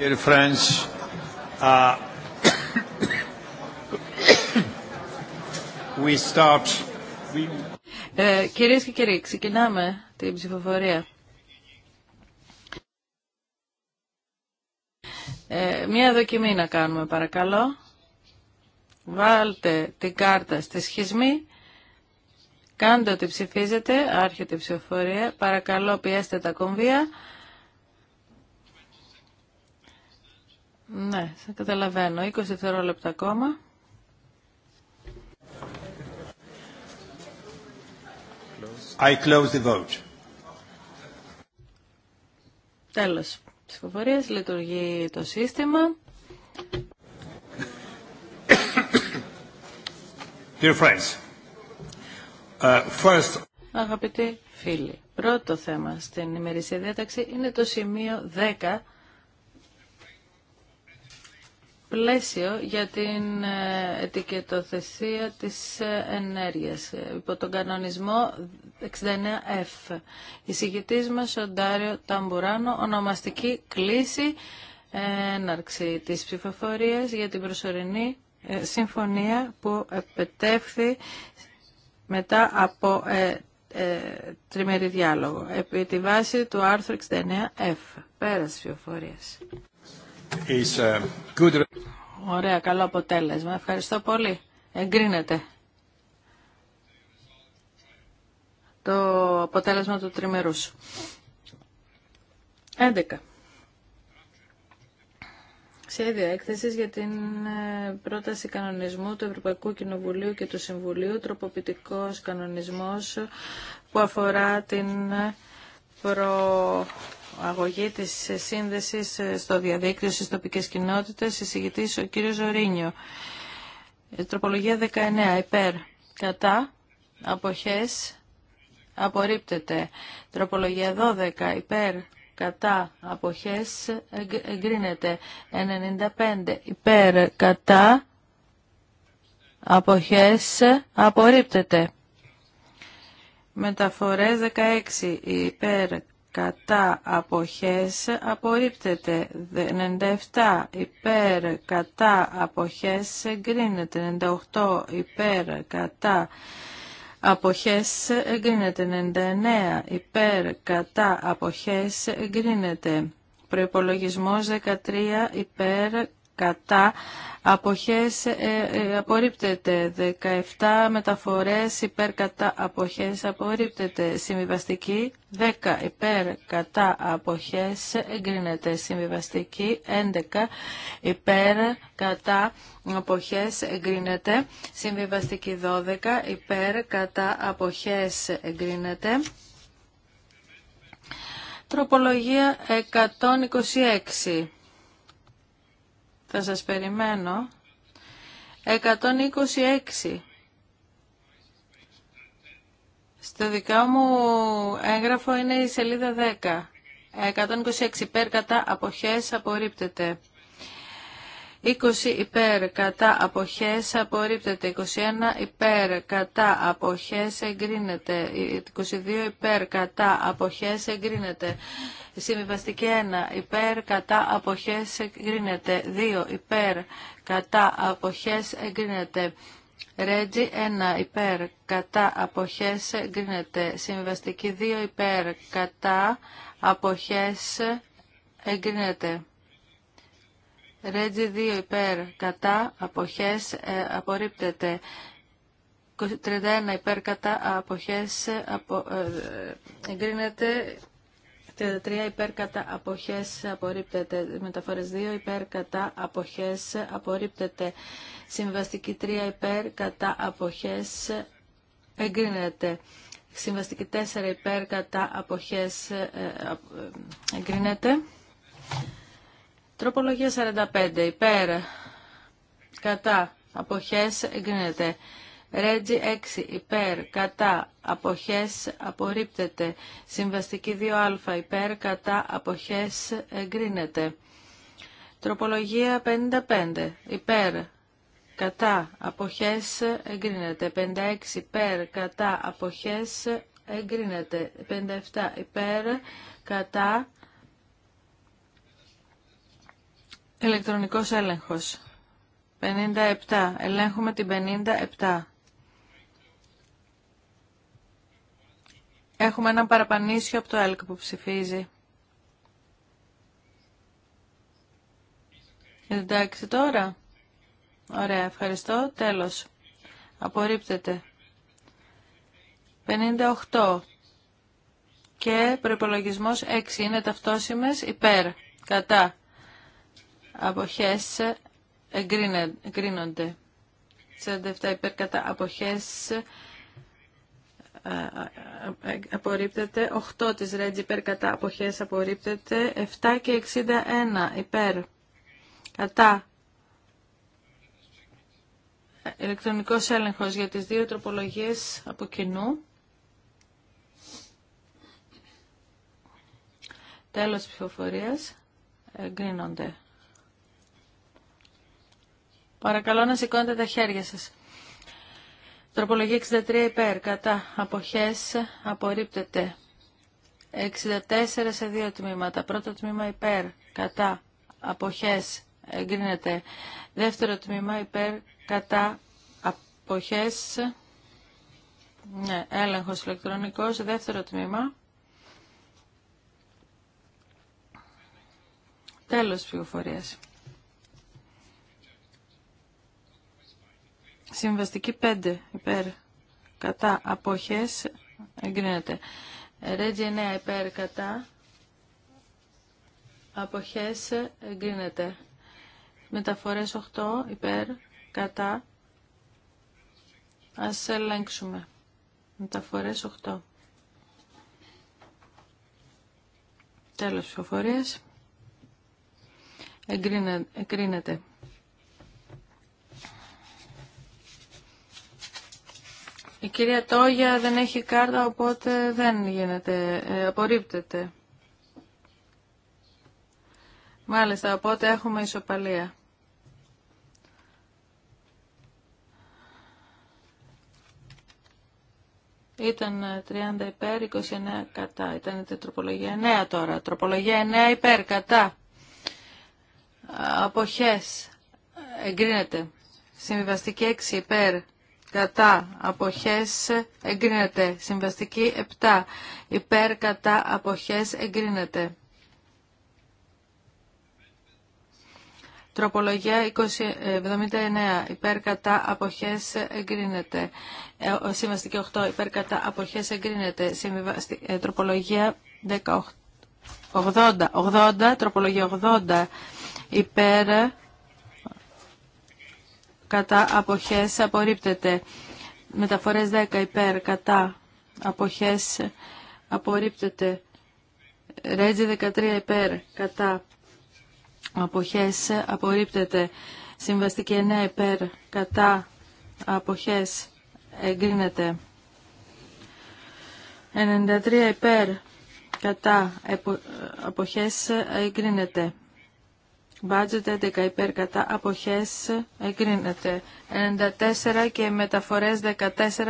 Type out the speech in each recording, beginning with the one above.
Dear uh, we ε, κυρίες και κύριοι, ξεκινάμε την ψηφοφορία. Ε, μία δοκιμή να κάνουμε, παρακαλώ. Βάλτε την κάρτα στη σχισμή. Κάντε ότι ψηφίζετε, άρχεται η ψηφοφορία. Παρακαλώ, πιέστε τα κομβία. Ναι, θα καταλαβαίνω. 20 δευτερόλεπτα ακόμα. I close the vote. Τέλος. Ψηφοφορίας λειτουργεί το σύστημα. Dear friends, uh, first... Αγαπητοί φίλοι, πρώτο θέμα στην ημερησία διάταξη είναι το σημείο 10 πλαίσιο για την ε, ετικετοθεσία της ε, ενέργειας ε, υπό τον κανονισμό 69F. Η συγκητής μας ο Ντάριο Ταμπουράνο ονομαστική κλίση έναρξη της ψηφοφορίας για την προσωρινή συμφωνία που επετέφθη μετά από ε, τριμερή διάλογο επί τη βάση του άρθρου 69F πέρας ψηφοφορίας. Uh, Ωραία, καλό αποτέλεσμα. Ευχαριστώ πολύ. Εγκρίνεται. Το αποτέλεσμα του τριμερούς. 11. Σχέδιο έκθεσης για την ε, πρόταση κανονισμού του Ευρωπαϊκού Κοινοβουλίου και του Συμβουλίου, τροποποιητικός κανονισμός που αφορά την ε, προ αγωγή τη σύνδεση ε, στο διαδίκτυο στις τοπικές κοινότητες, εισηγητή ο κ. Ζωρίνιο. Ε, τροπολογία 19, υπέρ, κατά, αποχές, απορρίπτεται. Τροπολογία 12, υπέρ, κατά, αποχές, εγκρίνεται. 95, υπέρ, κατά, αποχές, απορρίπτεται. Μεταφορές 16, υπέρ, κατά αποχές απορρίπτεται 97 υπέρ κατά αποχές εγκρίνεται 98 υπέρ κατά αποχές εγκρίνεται 99 υπέρ κατά αποχές εγκρίνεται προϋπολογισμός 13 υπέρ κατά αποχές ε, ε απορρίπτεται 17 μεταφορές υπέρ κατά αποχές απορρίπτεται συμβιβαστική 10 υπέρ κατά αποχές εγκρίνεται συμβιβαστική 11 υπέρ κατά αποχές εγκρίνεται συμβιβαστική 12 υπέρ κατά αποχές εγκρίνεται Τροπολογία 126 θα σας περιμένω. 126. Στο δικά μου έγγραφο είναι η σελίδα 10. 126 υπέρ κατά αποχές απορρίπτεται. 20 υπέρ κατά αποχές απορρίπτεται, 21 υπέρ κατά αποχές εγκρίνεται, 22 υπέρ κατά αποχές εγκρίνεται, συμβιβαστική 1 υπέρ κατά αποχές εγκρίνεται, 2 υπέρ κατά αποχές εγκρίνεται. Ρέτζι 1 υπέρ κατά αποχές εγκρίνεται. Συμβιβαστική 2 υπέρ κατά αποχές εγκρίνεται. Ρέτζι 2 υπέρ κατά αποχές ε, απορρίπτεται. 31 υπέρ κατά αποχές ε, απο, ε, εγκρίνεται. 33 υπέρ κατά αποχές απορρίπτεται. Μεταφορές 2 υπέρ κατά αποχές απορρίπτεται. Συμβαστική 3 υπέρ κατά αποχές εγκρίνεται. Συμβαστική 4 υπέρ κατά αποχές ε, ε, εγκρίνεται. Τροπολογία 45. Υπέρ. Κατά. Αποχές εγκρίνεται. Ρέτζι 6. Υπέρ. Κατά. Αποχές απορρίπτεται. Συμβαστική 2α. Υπέρ. Κατά. Αποχές εγκρίνεται. Τροπολογία 55. Υπέρ. Κατά. Αποχές εγκρίνεται. 56. Υπέρ. Κατά. Αποχές εγκρίνεται. 57. Υπέρ. Κατά. Ηλεκτρονικός έλεγχος. 57. Ελέγχουμε την 57. Έχουμε έναν παραπανίσιο από το ΕΛΚ που ψηφίζει. Εντάξει τώρα. Ωραία, ευχαριστώ. Τέλος. Απορρίπτεται. 58. Και προπολογισμό 6 είναι ταυτόσημες υπέρ. Κατά αποχές εγκρίνονται. 47 υπέρ κατά αποχές ε, ε, ε, απορρίπτεται. 8 της Ρέτζη υπέρ κατά αποχές απορρίπτεται. 7 και 61 υπέρ κατά ηλεκτρονικός έλεγχος για τις δύο τροπολογίες από κοινού. Τέλος ψηφοφορίας. Εγκρίνονται. Παρακαλώ να σηκώνετε τα χέρια σας. Τροπολογία 63 υπέρ, κατά, αποχές, απορρίπτεται. 64 σε δύο τμήματα. Πρώτο τμήμα υπέρ, κατά, αποχές, εγκρίνεται. Δεύτερο τμήμα υπέρ, κατά, αποχές, ναι, έλεγχος ηλεκτρονικός. Δεύτερο τμήμα. Τέλος ψηφοφορίας. Συμβαστική 5 υπέρ κατά αποχές εγκρίνεται. Ρέτζι 9 υπέρ κατά αποχές εγκρίνεται. Μεταφορές 8 υπέρ κατά ας ελέγξουμε. Μεταφορές 8. Τέλος ψηφοφορίας. Εγκρίνεται. Η κυρία Τόγια δεν έχει κάρτα, οπότε δεν γίνεται, ε, απορρίπτεται. Μάλιστα, οπότε έχουμε ισοπαλία. Ήταν 30 ε, υπέρ, 29 κατά. Ήταν η τροπολογία 9 τώρα. Τροπολογία 9 υπέρ, κατά. Αποχές. Εγκρίνεται. Συμβιβαστική 6 υπέρ, κατά αποχές εγκρίνεται. Συμβαστική 7 υπέρ κατά αποχές εγκρίνεται. Τροπολογία 79. Ε, υπέρ κατά αποχές εγκρίνεται. Ε, συμβαστική 8 υπέρ κατά αποχές εγκρίνεται. Ε, τροπολογία 18... 80, 80, τροπολογία 80 υπέρ κατά αποχές απορρίπτεται. Μεταφορές 10 υπέρ κατά αποχές απορρίπτεται. Ρέτζι 13 υπέρ κατά αποχές απορρίπτεται. Συμβαστική 9 υπέρ κατά αποχές εγκρίνεται. 93 υπέρ κατά αποχές εγκρίνεται. Μπάτζετ 11 υπέρ κατά αποχές εγκρίνεται. 94 και μεταφορές 14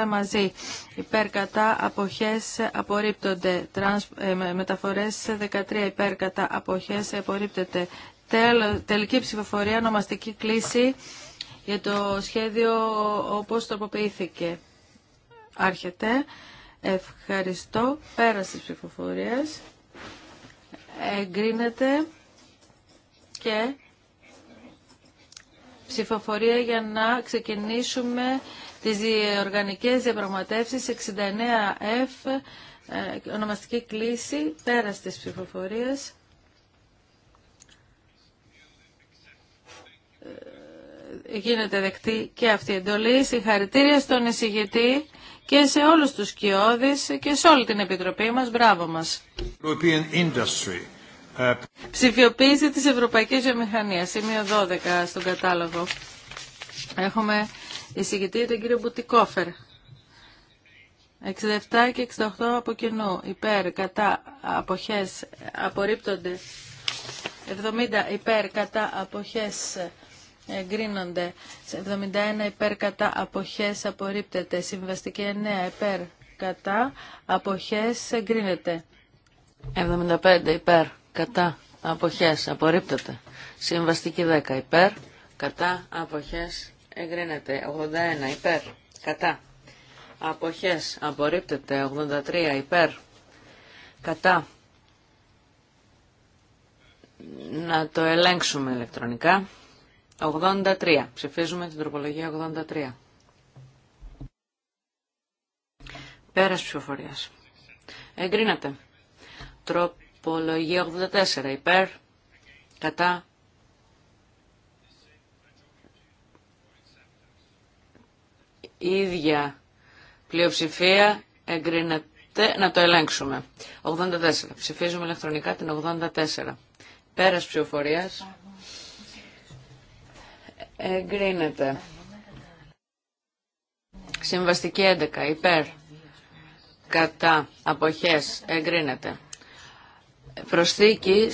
μαζί. Υπέρ κατά αποχές απορρίπτονται. Τρανσ, ε, μεταφορές 13 υπέρ κατά αποχές απορρίπτεται. Τελ, τελική ψηφοφορία, ονομαστική κλίση για το σχέδιο όπως τροποποιήθηκε. Άρχεται. Ευχαριστώ. Πέρασε τις ψηφοφορίας. Εγκρίνεται και ψηφοφορία για να ξεκινήσουμε τις διοργανικές διαπραγματεύσεις 69F, ε, ονομαστική κλίση, πέρας της ψηφοφορίας. Ε, γίνεται δεκτή και αυτή η εντολή. Συγχαρητήρια στον εισηγητή και σε όλους τους κοιόδης και σε όλη την Επιτροπή μας. Μπράβο μας. Ψηφιοποίηση της Ευρωπαϊκής Βιομηχανίας, σημείο 12 στον κατάλογο. Έχουμε εισηγητή τον κύριο Μπουτικόφερ. 67 και 68 από κοινού. Υπέρ, κατά, αποχές, απορρίπτονται. 70 υπέρ, κατά, αποχές, εγκρίνονται. 71 υπέρ, κατά, αποχές, απορρίπτεται. Συμβαστική 9 υπέρ, κατά, αποχές, εγκρίνεται. 75 υπέρ, κατά αποχές απορρίπτεται. Συμβαστική 10 υπέρ, κατά αποχές εγκρίνεται. 81 υπέρ, κατά αποχές απορρίπτεται. 83 υπέρ, κατά να το ελέγξουμε ηλεκτρονικά. 83. Ψηφίζουμε την τροπολογία 83. Πέρας ψηφοφορίας. Εγκρίνεται. Τροπολογία. Απολογία 84 υπέρ, κατά, ίδια πλειοψηφία εγκρίνεται να το ελέγξουμε. 84. Ψηφίζουμε ηλεκτρονικά την 84. Πέρας ψηφοφορίας εγκρίνεται. Συμβαστική 11. Υπέρ. Κατά. Αποχές. Εγκρίνεται. Προσθήκη,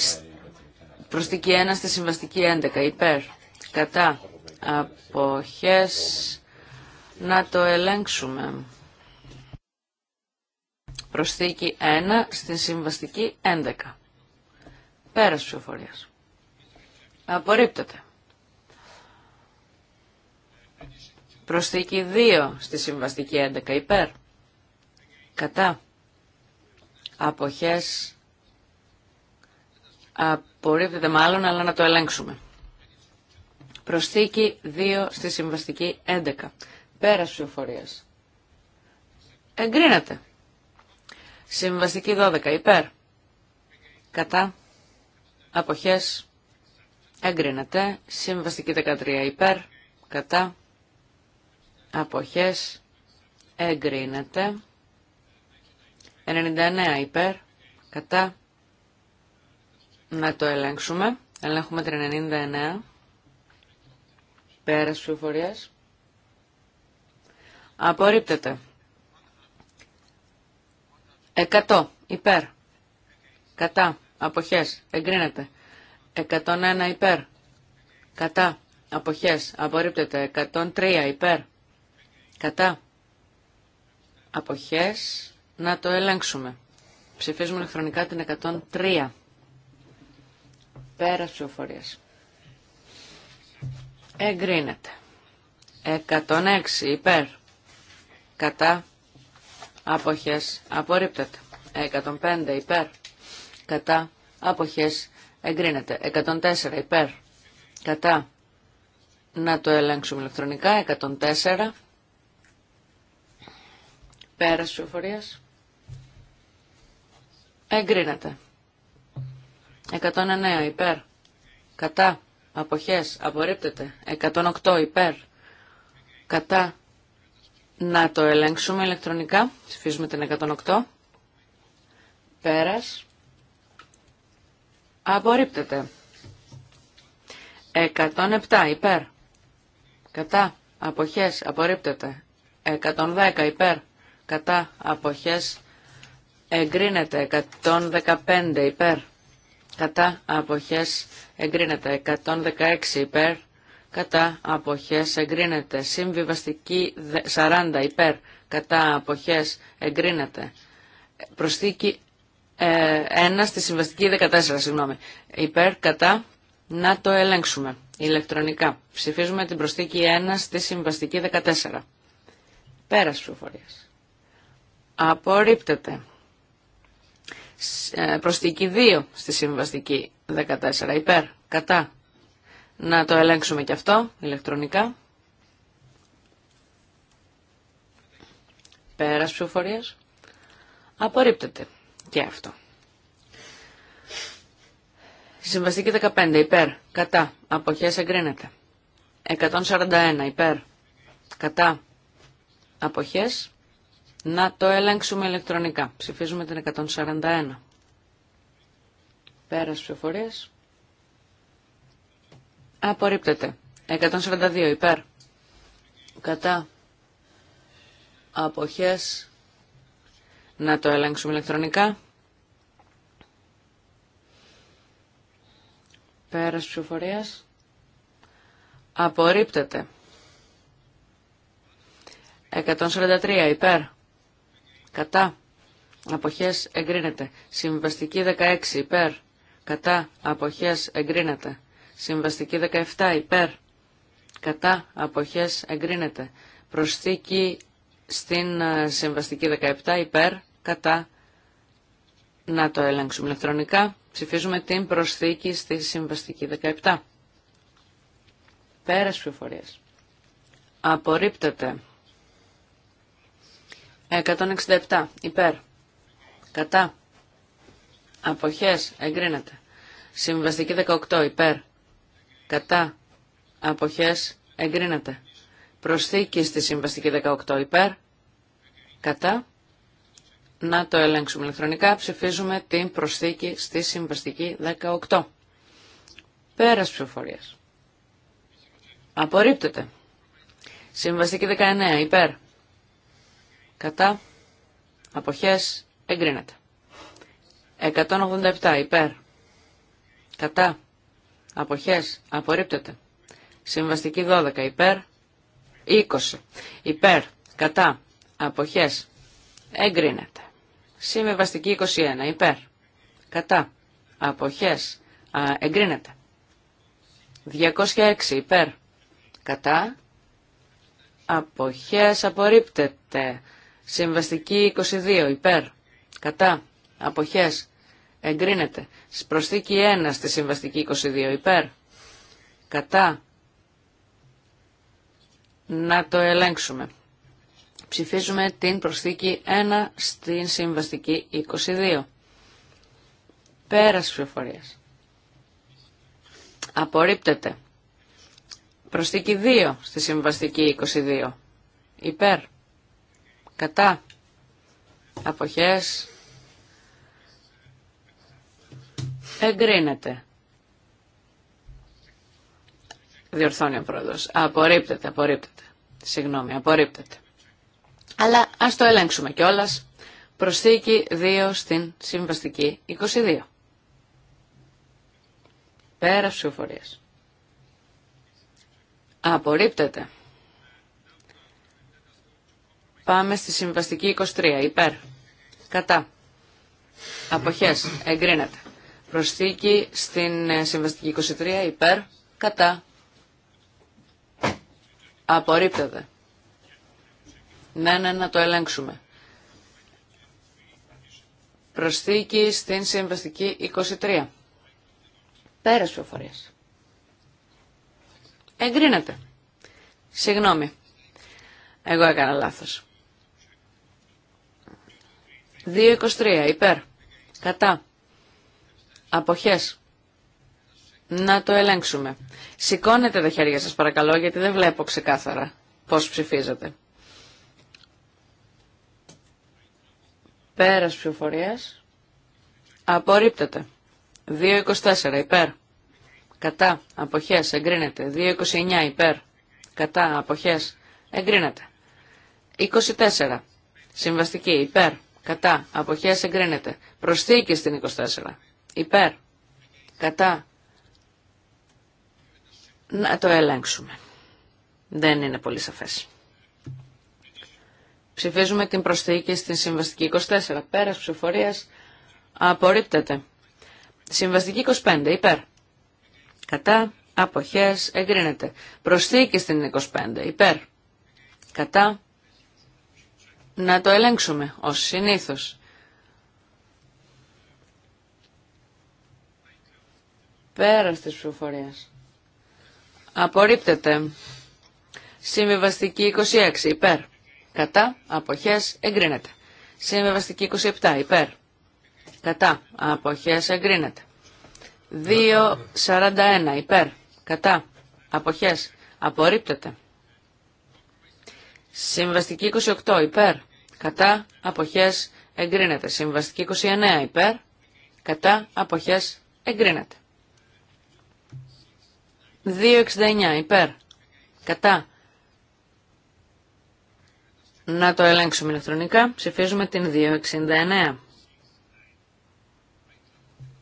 προσθήκη 1 στη συμβαστική 11. Υπέρ. Κατά. Αποχές. Να το ελέγξουμε. Προσθήκη 1 στη συμβαστική 11. Πέρας ψηφοφορίας. Απορρίπτεται. Προσθήκη 2 στη συμβαστική 11 υπέρ. Κατά. Αποχές Απορρίπτεται μάλλον, αλλά να το ελέγξουμε. Προσθήκη 2 στη συμβαστική 11. Πέρας εφορία. Εγκρίνεται. Συμβαστική 12. Υπέρ. Κατά. Αποχές. Εγκρίνεται. Συμβαστική 13. Υπέρ. Κατά. Αποχές. Εγκρίνεται. 99. Υπέρ. Κατά. Να το ελέγξουμε. Ελέγχουμε την 99. στις πληροφορίες. Απορρίπτεται. 100. Υπέρ. Κατά. Αποχές. Εγκρίνεται. 101 υπέρ. Κατά. Αποχές. Απορρίπτεται. 103 υπέρ. Κατά. Αποχές. Να το ελέγξουμε. Ψηφίζουμε ηλεκτρονικά την 103. Πέρας ψηφοφορίας. Εγκρίνεται. 106 υπέρ. Κατά. Αποχές. Απορρίπτεται. 105 υπέρ. Κατά. Αποχές. Εγκρίνεται. 104 υπέρ. Κατά. Να το ελέγξουμε ηλεκτρονικά. 104. Πέρας ψηφοφορίας. Εγκρίνεται. 109 υπέρ. Κατά. Αποχές. Απορρίπτεται. 108 υπέρ. Κατά. Να το ελέγξουμε ηλεκτρονικά. Ψηφίζουμε την 108. Πέρας. Απορρίπτεται. 107 υπέρ. Κατά. Αποχές. Απορρίπτεται. 110 υπέρ. Κατά. Αποχές. Εγκρίνεται. 115 υπέρ κατά αποχές εγκρίνεται 116 υπέρ κατά αποχές εγκρίνεται συμβιβαστική 40 υπέρ κατά αποχές εγκρίνεται προσθήκη 1 ε, στη συμβαστική 14 συγγνώμη υπέρ κατά να το ελέγξουμε ηλεκτρονικά ψηφίζουμε την προσθήκη 1 στη συμβαστική 14 πέρας ψηφοφορίας απορρίπτεται ε, προσθήκη 2 στη συμβαστική 14. Υπέρ. Κατά. Να το ελέγξουμε και αυτό ηλεκτρονικά. Πέρας ψηφοφορίας. Απορρίπτεται και αυτό. Συμβαστική 15. Υπέρ. Κατά. Αποχές εγκρίνεται. 141. Υπέρ. Κατά. Αποχές να το ελέγξουμε ηλεκτρονικά. Ψηφίζουμε την 141. Πέρας ψηφοφορίες. Απορρίπτεται. 142 υπέρ. Κατά. Αποχές. Να το ελέγξουμε ηλεκτρονικά. Πέρας ψηφοφορίες. Απορρίπτεται. 143 υπέρ κατά αποχές εγκρίνεται. Συμβαστική 16 υπέρ κατά αποχές εγκρίνεται. Συμβαστική 17 υπέρ κατά αποχές εγκρίνεται. Προσθήκη στην ε, συμβαστική 17 υπέρ κατά να το ελέγξουμε ηλεκτρονικά. Ψηφίζουμε την προσθήκη στη συμβαστική 17. Πέρας ψηφοφορίας. Απορρίπτεται. 167 υπέρ. Κατά. Αποχές εγκρίνεται. Συμβαστική 18 υπέρ. Κατά. Αποχές εγκρίνεται. Προσθήκη στη συμβαστική 18 υπέρ. Κατά. Να το ελέγξουμε ηλεκτρονικά. Ψηφίζουμε την προσθήκη στη συμβαστική 18. Πέρας ψηφοφορίας. Απορρίπτεται. Συμβαστική 19 υπέρ κατά, αποχές, εγκρίνεται. 187 υπέρ, κατά, αποχές, απορρίπτεται. Συμβαστική 12 υπέρ, 20 υπέρ, κατά, αποχές, εγκρίνεται. Συμβαστική 21 υπέρ, κατά, αποχές, α, εγκρίνεται. 206 υπέρ, κατά, αποχές, απορρίπτεται. Συμβαστική 22 υπέρ. Κατά. Αποχές. Εγκρίνεται. Προσθήκη 1 στη συμβαστική 22 υπέρ. Κατά. Να το ελέγξουμε. Ψηφίζουμε την προσθήκη 1 στην συμβαστική 22. Πέρας ψηφοφορίας. Απορρίπτεται. Προσθήκη 2 στη συμβαστική 22. Υπέρ κατά αποχές εγκρίνεται. Διορθώνει ο πρόεδρος. Απορρίπτεται, απορρίπτεται. Συγγνώμη, απορρίπτεται. Αλλά ας το ελέγξουμε κιόλας. Προσθήκη 2 στην συμβαστική 22. Πέρα ψηφοφορίας. Απορρίπτεται. Πάμε στη συμβαστική 23. Υπέρ. Κατά. Αποχές. Εγκρίνεται. Προσθήκη στην ε, συμβαστική 23. Υπέρ. Κατά. Απορρίπτεται. Ναι, ναι, να το ελέγξουμε. Προσθήκη στην συμβαστική 23. Πέρας πληροφορίας. Εγκρίνεται. Συγγνώμη. Εγώ έκανα λάθος. 2.23 υπέρ. Κατά. Αποχές. Να το ελέγξουμε. Σηκώνετε τα χέρια σας παρακαλώ γιατί δεν βλέπω ξεκάθαρα πώς ψηφίζετε. Πέρας ψηφοφορίας. Απορρίπτεται. 2.24 υπέρ. Κατά. Αποχές. Εγκρίνεται. 2.29 υπέρ. Κατά. Αποχές. Εγκρίνεται. 24. Συμβαστική υπέρ. Κατά. Αποχές εγκρίνεται. Προσθήκη στην 24. Υπέρ. Κατά. Να το ελέγξουμε. Δεν είναι πολύ σαφές. Ψηφίζουμε την προσθήκη στην συμβαστική 24. Πέρας ψηφορίας απορρίπτεται. Συμβαστική 25. Υπέρ. Κατά. Αποχές εγκρίνεται. Προσθήκη στην 25. Υπέρ. Κατά να το ελέγξουμε ως συνήθως. Πέρας της ψηφοφορίας. Απορρίπτεται. Συμβιβαστική 26 υπέρ. Κατά. Αποχές εγκρίνεται. Συμβιβαστική 27 υπέρ. Κατά. Αποχές εγκρίνεται. 2.41 υπέρ. Κατά. Αποχές. Απορρίπτεται. Συμβαστική 28 υπέρ. Κατά αποχές εγκρίνεται. Συμβαστική 29 υπέρ. Κατά αποχές εγκρίνεται. 269 υπέρ. Κατά. Να το ελέγξουμε ηλεκτρονικά. Ψηφίζουμε την 269.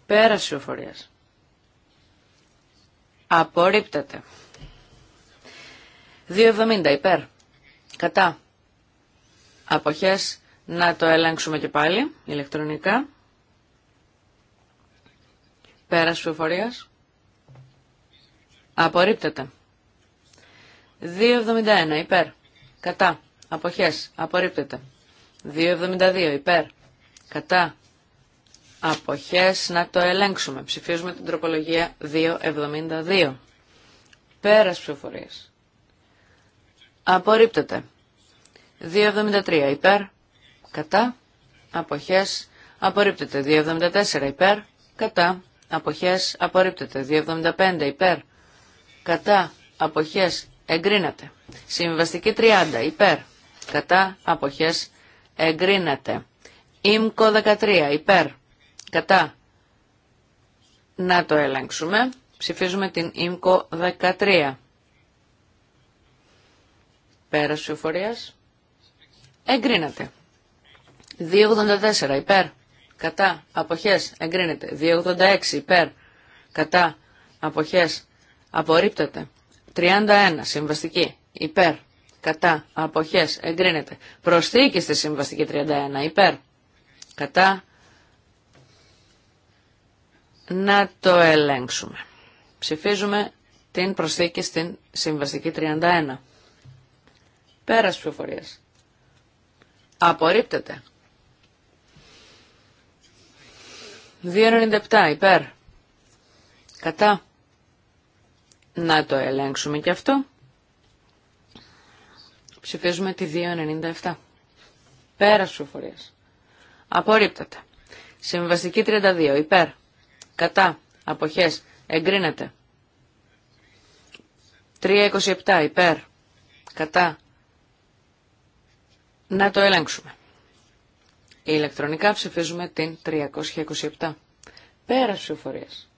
Πέραση οφορίας. Απορρίπτεται. 270 υπέρ. Κατά. Αποχές. Να το ελέγξουμε και πάλι ηλεκτρονικά. Πέρας ψηφοφορίας. Απορρίπτεται. 2,71 υπέρ. Κατά. Αποχές. Απορρίπτεται. 2,72 υπέρ. Κατά. Αποχές. Να το ελέγξουμε. Ψηφίζουμε την τροπολογία 2,72. Πέρας ψηφοφορίας. Απορρίπτεται. 2.73 υπέρ, κατά, αποχές, απορρίπτεται. 2.74 υπέρ, κατά, αποχές, απορρίπτεται. 2.75 υπέρ, κατά, αποχές, εγκρίνεται. Συμβαστική 30 υπέρ, κατά, αποχές, εγκρίνεται. Ήμκο 13 υπέρ, κατά, να το ελέγξουμε. Ψηφίζουμε την ΙΜΚΟ 13. Πέρας ψηφοφορίας εγκρίνεται. 284 υπέρ, κατά, αποχές, εγκρίνεται. 286 υπέρ, κατά, αποχές, απορρίπτεται. 31 συμβαστική υπέρ, κατά, αποχές, εγκρίνεται. Προσθήκη στη συμβαστική 31 υπέρ, κατά, να το ελέγξουμε. Ψηφίζουμε την προσθήκη στην συμβαστική 31. Πέρας ψηφοφορίας. Απορρίπτεται. 2.97 υπέρ. Κατά. Να το ελέγξουμε και αυτό. Ψηφίζουμε τη 2.97. Πέρα ψηφοφορίας. Απορρίπτεται. Συμβαστική 32 υπέρ. Κατά. Αποχές. Εγκρίνεται. 3.27 υπέρ. Κατά. Να το ελέγξουμε. Ηλεκτρονικά ψηφίζουμε την 327. Πέρα ψηφοφορίας.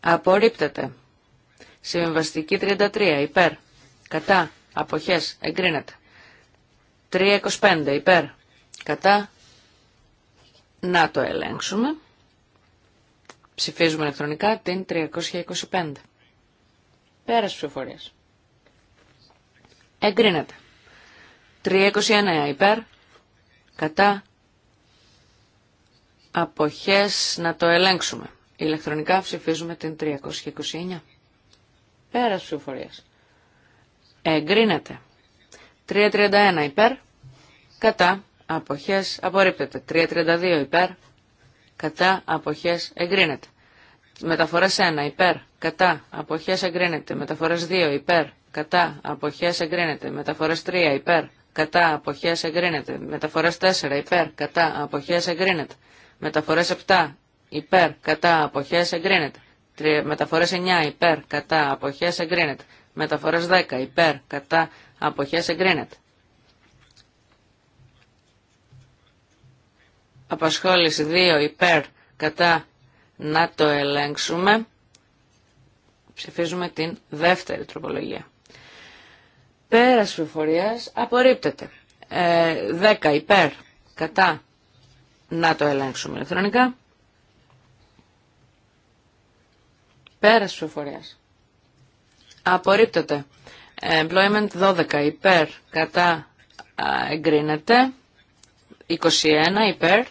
Απορρίπτεται. Συμβαστική 33. Υπέρ. Κατά. Αποχές. Εγκρίνεται. 325. Υπέρ. Κατά. Να το ελέγξουμε. Ψηφίζουμε ηλεκτρονικά την 325. Πέρας ψηφοφορίας. Εγκρίνεται. 329 υπέρ, κατά, αποχές να το ελέγξουμε. Ηλεκτρονικά ψηφίζουμε την 329. Πέρα ψηφοφορίας. Εγκρίνεται. 331 υπέρ, κατά, αποχές απορρίπτεται. 332 υπέρ, κατά, αποχές εγκρίνεται. Μεταφορές 1 υπέρ, κατά, αποχές εγκρίνεται. Μεταφορές 2 υπέρ, κατά, αποχές εγκρίνεται. Μεταφορές 3 υπέρ, κατά αποχές εγκρίνεται. Μεταφορές 4 υπέρ κατά αποχέ εγκρίνεται. Μεταφορές 7 υπέρ κατά αποχέ, εγκρίνεται. Μεταφορές 9 υπέρ κατά αποχέ, εγκρίνεται. Μεταφορές 10 υπέρ κατά αποχές εγκρίνεται. Απασχόληση 2 υπέρ κατά να το ελέγξουμε. Ψηφίζουμε την δεύτερη τροπολογία. Πέρας πληροφορίας, απορρίπτεται. 10 ε, υπέρ κατά να το ελέγξουμε ηλεκτρονικά. Πέρας πληροφορίας, Απορρίπτεται. Employment 12 υπέρ κατά εγκρίνεται. 21 υπέρ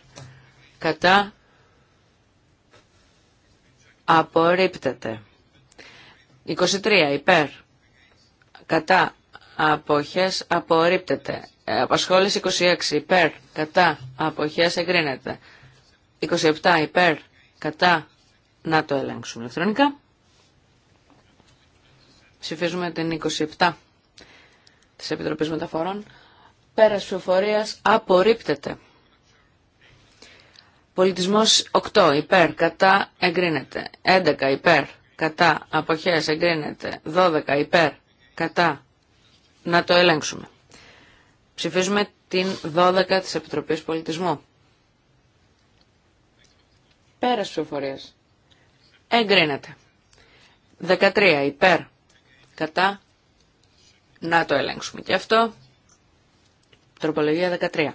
κατά απορρίπτεται. 23 υπέρ κατά αποχές απορρίπτεται. Ε, απασχόληση 26 υπέρ, κατά, αποχές εγκρίνεται. 27 υπέρ, κατά, να το ελέγξουμε ηλεκτρονικά. Ψηφίζουμε την 27 της Επιτροπής Μεταφορών. Πέρας ψηφοφορίας απορρίπτεται. Πολιτισμός 8 υπέρ, κατά, εγκρίνεται. 11 υπέρ, κατά, αποχές εγκρίνεται. 12 υπέρ, κατά, να το ελέγξουμε. Ψηφίζουμε την 12 της Επιτροπής Πολιτισμού. Πέρας ψηφοφορίας. Εγκρίνεται. 13 υπέρ. Κατά. Να το ελέγξουμε. Και αυτό. Τροπολογία 13.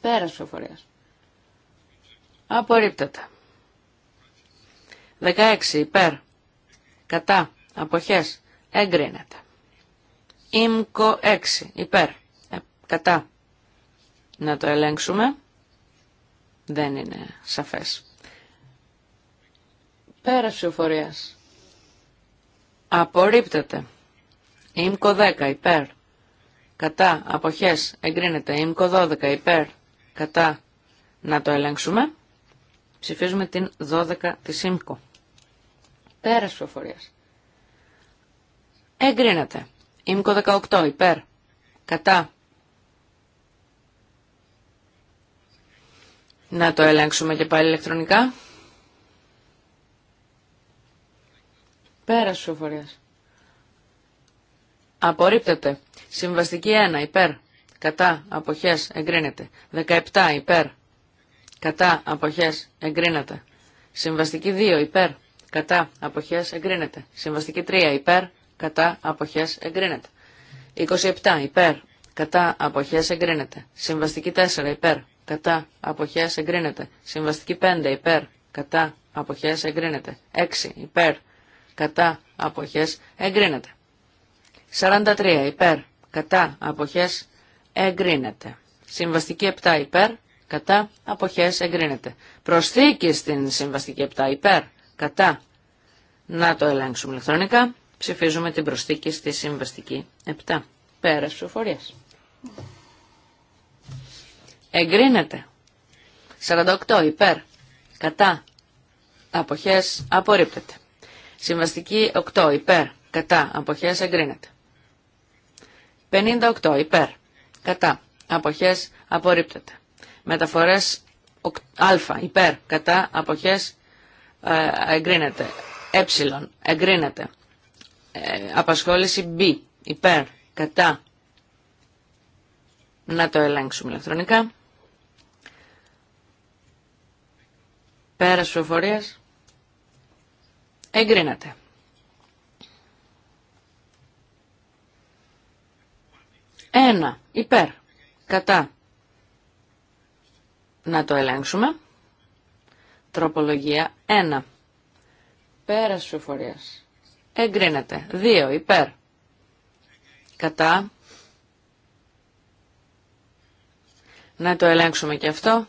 Πέρας ψηφοφορίας. Απορρίπτεται. 16 υπέρ. Κατά. Αποχές. Εγκρίνεται. ΥΜΚΟ 6 υπέρ. Ε, κατά. Να το ελέγξουμε. Δεν είναι σαφές. Πέρας ψηφοφορίας. Απορρίπτεται. ΥΜΚΟ 10 υπέρ. Κατά. Αποχές. Εγκρίνεται. ΥΜΚΟ 12 υπέρ. Κατά. Να το ελέγξουμε. Ψηφίζουμε την 12 της ΙΜΚΟ. Πέρας ψηφοφορίας. Εγκρίνεται. Ήμικο 18 υπέρ. Κατά. Να το ελέγξουμε και πάλι ηλεκτρονικά. Πέρα σου φορείας. Απορρίπτεται. Συμβαστική 1 υπέρ. Κατά. Αποχές εγκρίνεται. 17 υπέρ. Κατά. Αποχές εγκρίνεται. Συμβαστική 2 υπέρ. Κατά. Αποχές εγκρίνεται. Συμβαστική 3 υπέρ κατά αποχές εγκρίνεται. 27 υπέρ, κατά αποχές εγκρίνεται. Συμβαστική 4 υπέρ, κατά αποχές εγκρίνεται. Συμβαστική 5 υπέρ, κατά αποχές εγκρίνεται. 6 υπέρ, κατά αποχές εγκρίνεται. 43 υπέρ, κατά αποχές εγκρίνεται. Συμβαστική 7 υπέρ, κατά αποχές εγκρίνεται. Προσθήκη στην συμβαστική 7 υπέρ, κατά να το ελέγξουμε ηλεκτρονικά. Ψηφίζουμε την προσθήκη στη συμβαστική 7. Πέρας ψηφοφορίας. Εγκρίνεται. 48 υπέρ. Κατά. Αποχές απορρίπτεται. Συμβαστική 8 υπέρ. Κατά. Αποχές εγκρίνεται. 58 υπέρ. Κατά. Αποχές απορρίπτεται. Μεταφορές α υπέρ. Κατά. Αποχές ε, εγκρίνεται. Ε εγκρίνεται. Ε, απασχόληση B. Υπέρ. Κατά. Να το ελέγξουμε ηλεκτρονικά. Πέρας ψηφοφορίας. Εγκρίνατε. Ένα. Υπέρ. Κατά. Να το ελέγξουμε. Τροπολογία 1. Πέρας ψηφοφορίας εγκρίνεται. Δύο υπέρ κατά. Να το ελέγξουμε και αυτό.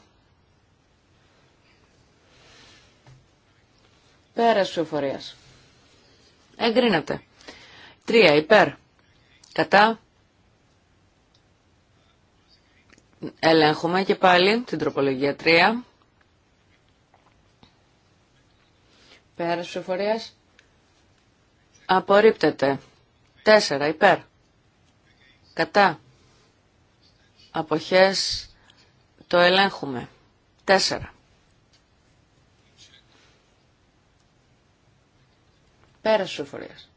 Πέρας ψηφοφορίας. Εγκρίνεται. Τρία υπέρ κατά. Ελέγχουμε και πάλι την τροπολογία 3. Πέρας ψηφοφορίας. Απορρίπτεται. Τέσσερα υπέρ. Κατά. Αποχές. Το ελέγχουμε. Τέσσερα. Πέρα στους εφορίες.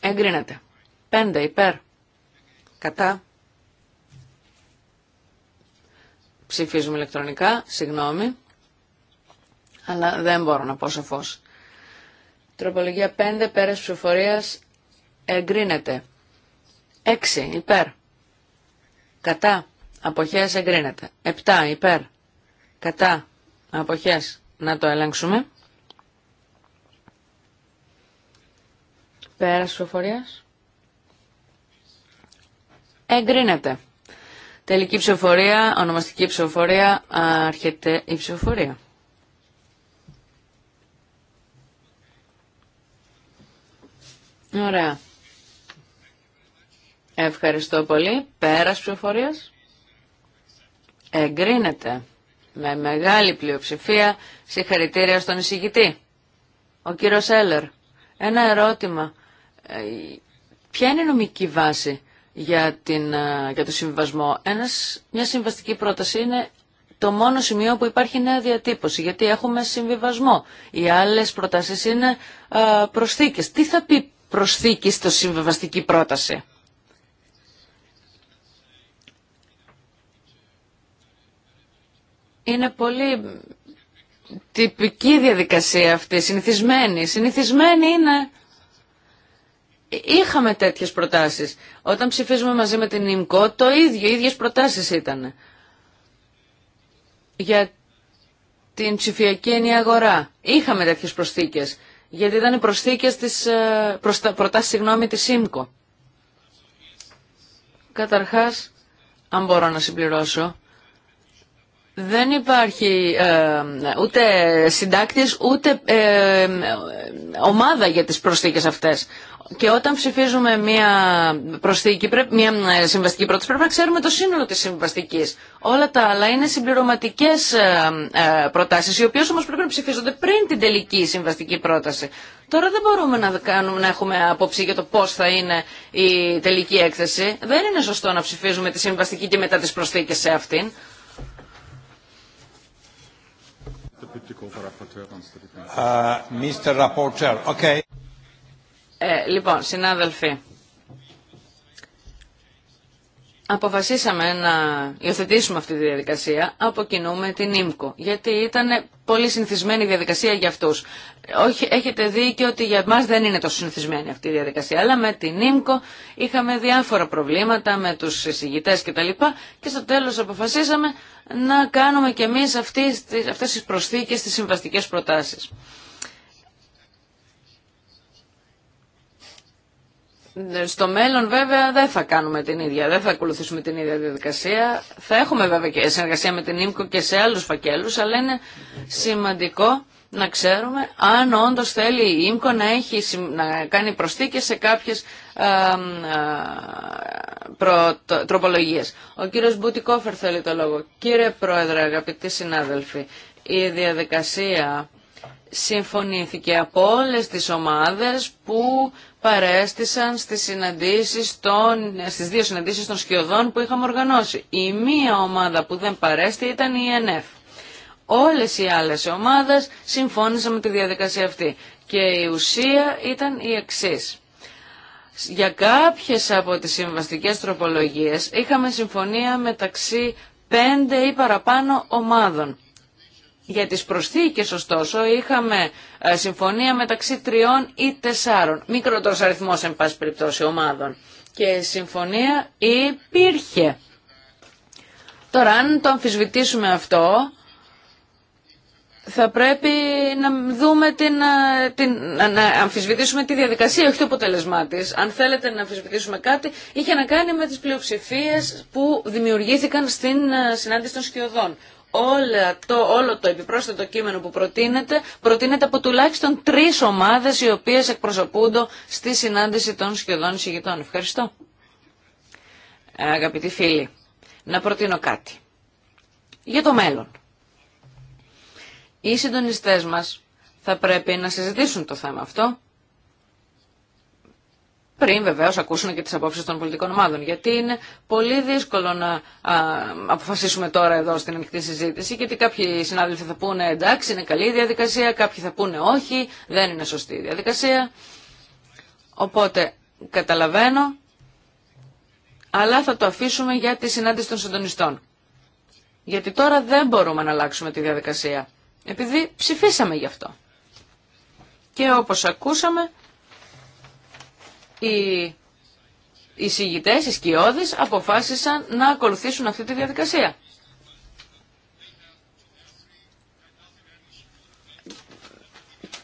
Εγκρίνεται. 5 υπέρ. Κατά. Ψηφίζουμε ηλεκτρονικά. Συγγνώμη. Αλλά δεν μπορώ να πω φως. Τροπολογία 5 πέρας ψηφοφορίας εγκρίνεται. 6 υπέρ. Κατά. Αποχές εγκρίνεται. 7 υπέρ. Κατά. Αποχές. Να το ελέγξουμε. Πέρας ψηφοφορίας. Εγκρίνεται. Τελική ψηφοφορία, ονομαστική ψηφοφορία, άρχεται η ψηφοφορία. Ωραία. Ευχαριστώ πολύ. Πέρας ψηφοφορίας. Εγκρίνεται με μεγάλη πλειοψηφία συγχαρητήρια στον εισηγητή. Ο κύριο Έλλερ. ένα ερώτημα. Ε, ποια είναι η νομική βάση για, την, ε, για το συμβιβασμό. Ένας, μια συμβαστική πρόταση είναι το μόνο σημείο που υπάρχει νέα διατύπωση, γιατί έχουμε συμβιβασμό. Οι άλλες προτάσεις είναι ε, προσθήκες. Τι θα πει προσθήκη στο συμβεβαστική πρόταση. Είναι πολύ τυπική διαδικασία αυτή, συνηθισμένη. Συνηθισμένη είναι... Είχαμε τέτοιες προτάσεις. Όταν ψηφίζουμε μαζί με την ΙΜΚΟ, το ίδιο, οι ίδιες προτάσεις ήταν. Για την ψηφιακή ενιαγορά. Είχαμε τέτοιες προσθήκες γιατί ήταν οι προσθήκες της, ε, προστα, προτάσεις συγγνώμη της ΣΥΜΚΟ. Καταρχάς, αν μπορώ να συμπληρώσω, δεν υπάρχει ε, ούτε συντάκτης ούτε ε, ομάδα για τις προσθήκες αυτές. Και όταν ψηφίζουμε μια, προσθήκη, μια ε, συμβαστική πρόταση πρέπει να ξέρουμε το σύνολο της συμβαστικής. Όλα τα άλλα είναι συμπληρωματικές ε, ε, προτάσεις, οι οποίες όμως πρέπει να ψηφίζονται πριν την τελική συμβαστική πρόταση. Τώρα δεν μπορούμε να, κάνουμε, να έχουμε απόψη για το πώ θα είναι η τελική έκθεση. Δεν είναι σωστό να ψηφίζουμε τη συμβαστική και μετά τι προσθήκε σε αυτήν. Uh, Mr. okay. Ε, λοιπόν, συνάδελφοι, αποφασίσαμε να υιοθετήσουμε αυτή τη διαδικασία από κοινού με την ΙΜΚΟ, γιατί ήταν πολύ συνηθισμένη η διαδικασία για αυτούς. Όχι, έχετε δει και ότι για εμάς δεν είναι τόσο συνηθισμένη αυτή η διαδικασία, αλλά με την ΙΜΚΟ είχαμε διάφορα προβλήματα με τους και κτλ. Και, και στο τέλος αποφασίσαμε να κάνουμε κι εμείς αυτές τις προσθήκες στις συμβαστικές προτάσεις. Ναι, στο μέλλον βέβαια δεν θα κάνουμε την ίδια, δεν θα ακολουθήσουμε την ίδια διαδικασία. Θα έχουμε βέβαια και συνεργασία με την ΙΜΚΟ και σε άλλους φακέλους, αλλά είναι σημαντικό να ξέρουμε αν όντως θέλει η ΙΜΚΟ να, έχει, να κάνει προσθήκες σε κάποιες α, α, προ, το, τροπολογίες. Ο κύριος Μπουτικόφερ θέλει το λόγο. Κύριε Πρόεδρε, αγαπητοί συνάδελφοι, η διαδικασία συμφωνήθηκε από όλες τις ομάδες που παρέστησαν στις, συναντήσεις των, στις δύο συναντήσεις των σκιωδών που είχαμε οργανώσει. Η μία ομάδα που δεν παρέστη ήταν η ΕΝΕΦ. Όλες οι άλλες ομάδες συμφώνησαν με τη διαδικασία αυτή. Και η ουσία ήταν η εξής. Για κάποιες από τις συμβαστικές τροπολογίες είχαμε συμφωνία μεταξύ πέντε ή παραπάνω ομάδων. Για τις προσθήκες ωστόσο είχαμε ε, συμφωνία μεταξύ τριών ή τεσσάρων, μικρότερος αριθμός εν πάση περιπτώσει ομάδων. Και συμφωνία υπήρχε. Τώρα αν το αμφισβητήσουμε αυτό, θα πρέπει να δούμε την, ε, την, να αμφισβητήσουμε τη διαδικασία, όχι το αποτέλεσμά τη. Αν θέλετε να αμφισβητήσουμε κάτι, είχε να κάνει με τις πλειοψηφίε που δημιουργήθηκαν στην ε, συνάντηση των σκιωδών όλα το, όλο το επιπρόσθετο κείμενο που προτείνεται, προτείνεται από τουλάχιστον τρεις ομάδες οι οποίες εκπροσωπούνται στη συνάντηση των σχεδόν εισηγητών. Ευχαριστώ. Ε, αγαπητοί φίλοι, να προτείνω κάτι. Για το μέλλον. Οι συντονιστές μας θα πρέπει να συζητήσουν το θέμα αυτό πριν βεβαίω ακούσουν και τι απόψει των πολιτικών ομάδων. Γιατί είναι πολύ δύσκολο να αποφασίσουμε τώρα εδώ στην ανοιχτή συζήτηση, γιατί κάποιοι συνάδελφοι θα πούνε εντάξει, είναι καλή η διαδικασία, κάποιοι θα πούνε όχι, δεν είναι σωστή η διαδικασία. Οπότε καταλαβαίνω, αλλά θα το αφήσουμε για τη συνάντηση των συντονιστών. Γιατί τώρα δεν μπορούμε να αλλάξουμε τη διαδικασία, επειδή ψηφίσαμε γι' αυτό. Και όπως ακούσαμε, οι εισηγητές, οι σκιώδεις, αποφάσισαν να ακολουθήσουν αυτή τη διαδικασία.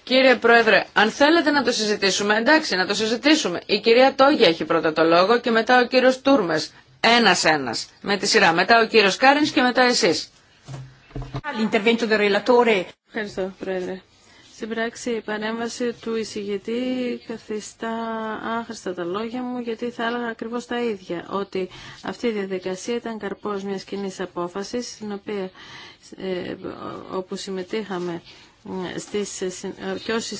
Κύριε Πρόεδρε, αν θέλετε να το συζητήσουμε, εντάξει, να το συζητήσουμε. Η κυρία Τόγια έχει πρώτα το λόγο και μετά ο κύριος Τούρμες. Ένας-ένας, με τη σειρά. Μετά ο κύριος Κάρινς και μετά εσείς. Ευχαριστώ, Πρόεδρε. Στην πράξη η παρέμβαση του εισηγητή καθιστά άχρηστα τα λόγια μου γιατί θα έλεγα ακριβώς τα ίδια ότι αυτή η διαδικασία ήταν καρπός μιας κοινή απόφασης στην οποία, ε, όπου συμμετείχαμε ε, στις, ε, ε, και όσοι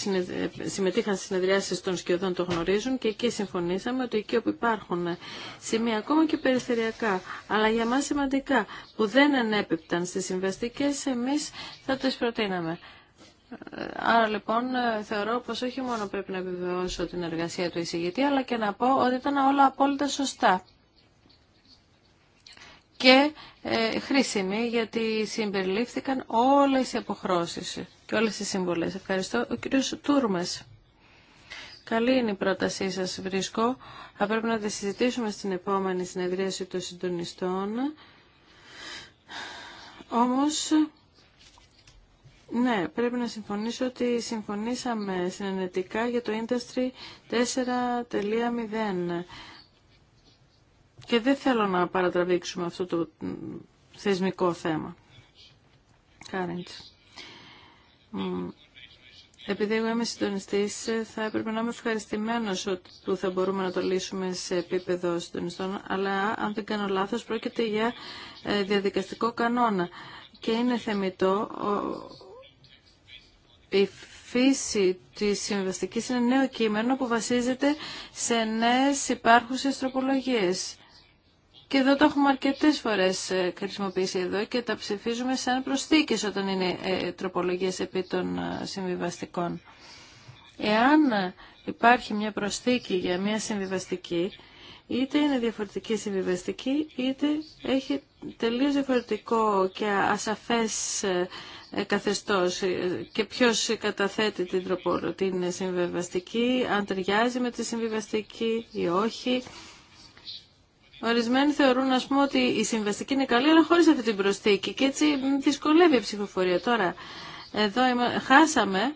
συμμετείχαν στις συνεδριάσεις των σκιωδών το γνωρίζουν και εκεί συμφωνήσαμε ότι εκεί όπου υπάρχουν σημεία ακόμα και περιφερειακά αλλά για μας σημαντικά που δεν ανέπιπταν στις συμβαστικές εμείς θα τι προτείναμε. Άρα λοιπόν θεωρώ πως όχι μόνο πρέπει να επιβεβαιώσω την εργασία του εισηγητή, αλλά και να πω ότι ήταν όλα απόλυτα σωστά και ε, χρήσιμη γιατί συμπεριλήφθηκαν όλες οι αποχρώσεις και όλες οι σύμβολες. Ευχαριστώ. Ο κύριος Τούρμες. Καλή είναι η πρότασή σας βρίσκω. Θα πρέπει να τη συζητήσουμε στην επόμενη συνεδρίαση των συντονιστών. Όμως ναι, πρέπει να συμφωνήσω ότι συμφωνήσαμε συνενετικά για το Industry 4.0 και δεν θέλω να παρατραβήξουμε αυτό το θεσμικό θέμα. Current. Επειδή εγώ είμαι συντονιστής θα έπρεπε να είμαι ευχαριστημένο ότι θα μπορούμε να το λύσουμε σε επίπεδο συντονιστών, αλλά αν δεν κάνω λάθος, πρόκειται για ε, διαδικαστικό κανόνα. Και είναι θεμητό η φύση της συμβιβαστικής είναι νέο κείμενο που βασίζεται σε νέες υπάρχουσες τροπολογίες. Και εδώ το έχουμε αρκετές φορές ε, χρησιμοποιήσει εδώ και τα ψηφίζουμε σαν προσθήκες όταν είναι ε, τροπολογίες επί των ε, συμβιβαστικών. Εάν υπάρχει μια προσθήκη για μια συμβιβαστική, είτε είναι διαφορετική συμβιβαστική, είτε έχει τελείως διαφορετικό και ασαφές ε, ε, καθεστώς ε, και ποιος καταθέτει την, τροπο, την συμβιβαστική, αν ταιριάζει με τη συμβιβαστική ή όχι. Ορισμένοι θεωρούν ας πούμε ότι η συμβαστική είναι καλή αλλά χωρίς αυτή την προσθήκη και έτσι δυσκολεύει η ψηφοφορία. Τώρα εδώ είμα... χάσαμε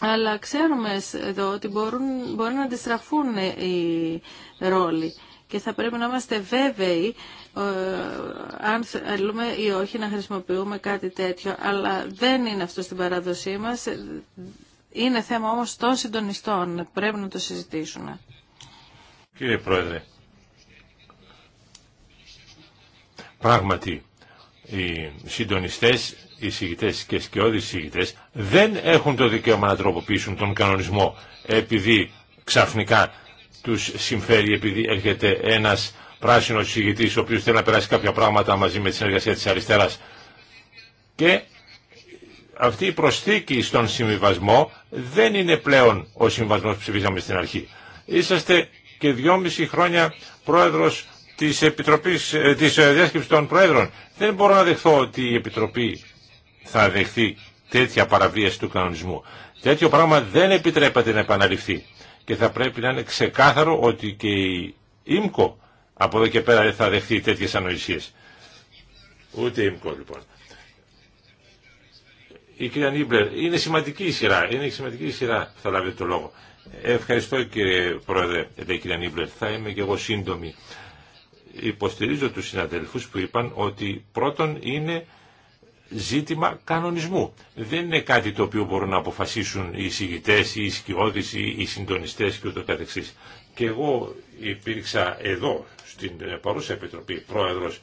αλλά ξέρουμε χασαμε ότι μπορούν, μπορεί να αντιστραφούν οι ρόλοι και θα πρέπει να είμαστε βέβαιοι ε, αν θέλουμε ή όχι να χρησιμοποιούμε κάτι τέτοιο. Αλλά δεν είναι αυτό στην παράδοσή μας. Είναι θέμα όμως των συντονιστών. Πρέπει να το συζητήσουμε. Κύριε Πρόεδρε, πράγματι οι συντονιστές, οι συγητές και σκιώδεις συγητές δεν έχουν το δικαίωμα να τροποποιήσουν τον κανονισμό επειδή ξαφνικά τους συμφέρει επειδή έρχεται ένας πράσινο συγητή, ο οποίο θέλει να περάσει κάποια πράγματα μαζί με τη συνεργασία τη αριστερά. Και αυτή η προσθήκη στον συμβιβασμό δεν είναι πλέον ο συμβασμός που ψηφίσαμε στην αρχή. Είσαστε και δυόμιση χρόνια πρόεδρο τη Επιτροπής, ε, της ε, Διάσκεψης των Πρόεδρων. Δεν μπορώ να δεχθώ ότι η Επιτροπή θα δεχθεί τέτοια παραβίαση του κανονισμού. Τέτοιο πράγμα δεν επιτρέπεται να επαναληφθεί. Και θα πρέπει να είναι ξεκάθαρο ότι και η ΙΜΚΟ από εδώ και πέρα δεν θα δεχθεί τέτοιες ανοησίες. Ούτε η ΜΚΟ, λοιπόν. Η κυρία Νίμπλερ, είναι σημαντική η σειρά, είναι σημαντική η σειρά θα λάβετε το λόγο. Ευχαριστώ κύριε Πρόεδρε, λέει η κυρία Νίμπλερ, θα είμαι και εγώ σύντομη. Υποστηρίζω τους συναδελφούς που είπαν ότι πρώτον είναι ζήτημα κανονισμού. Δεν είναι κάτι το οποίο μπορούν να αποφασίσουν οι εισηγητές, οι ισκιώδεις, οι συντονιστές και ούτω καθεξής. Και εγώ υπήρξα εδώ, στην παρούσα Επιτροπή, πρόεδρος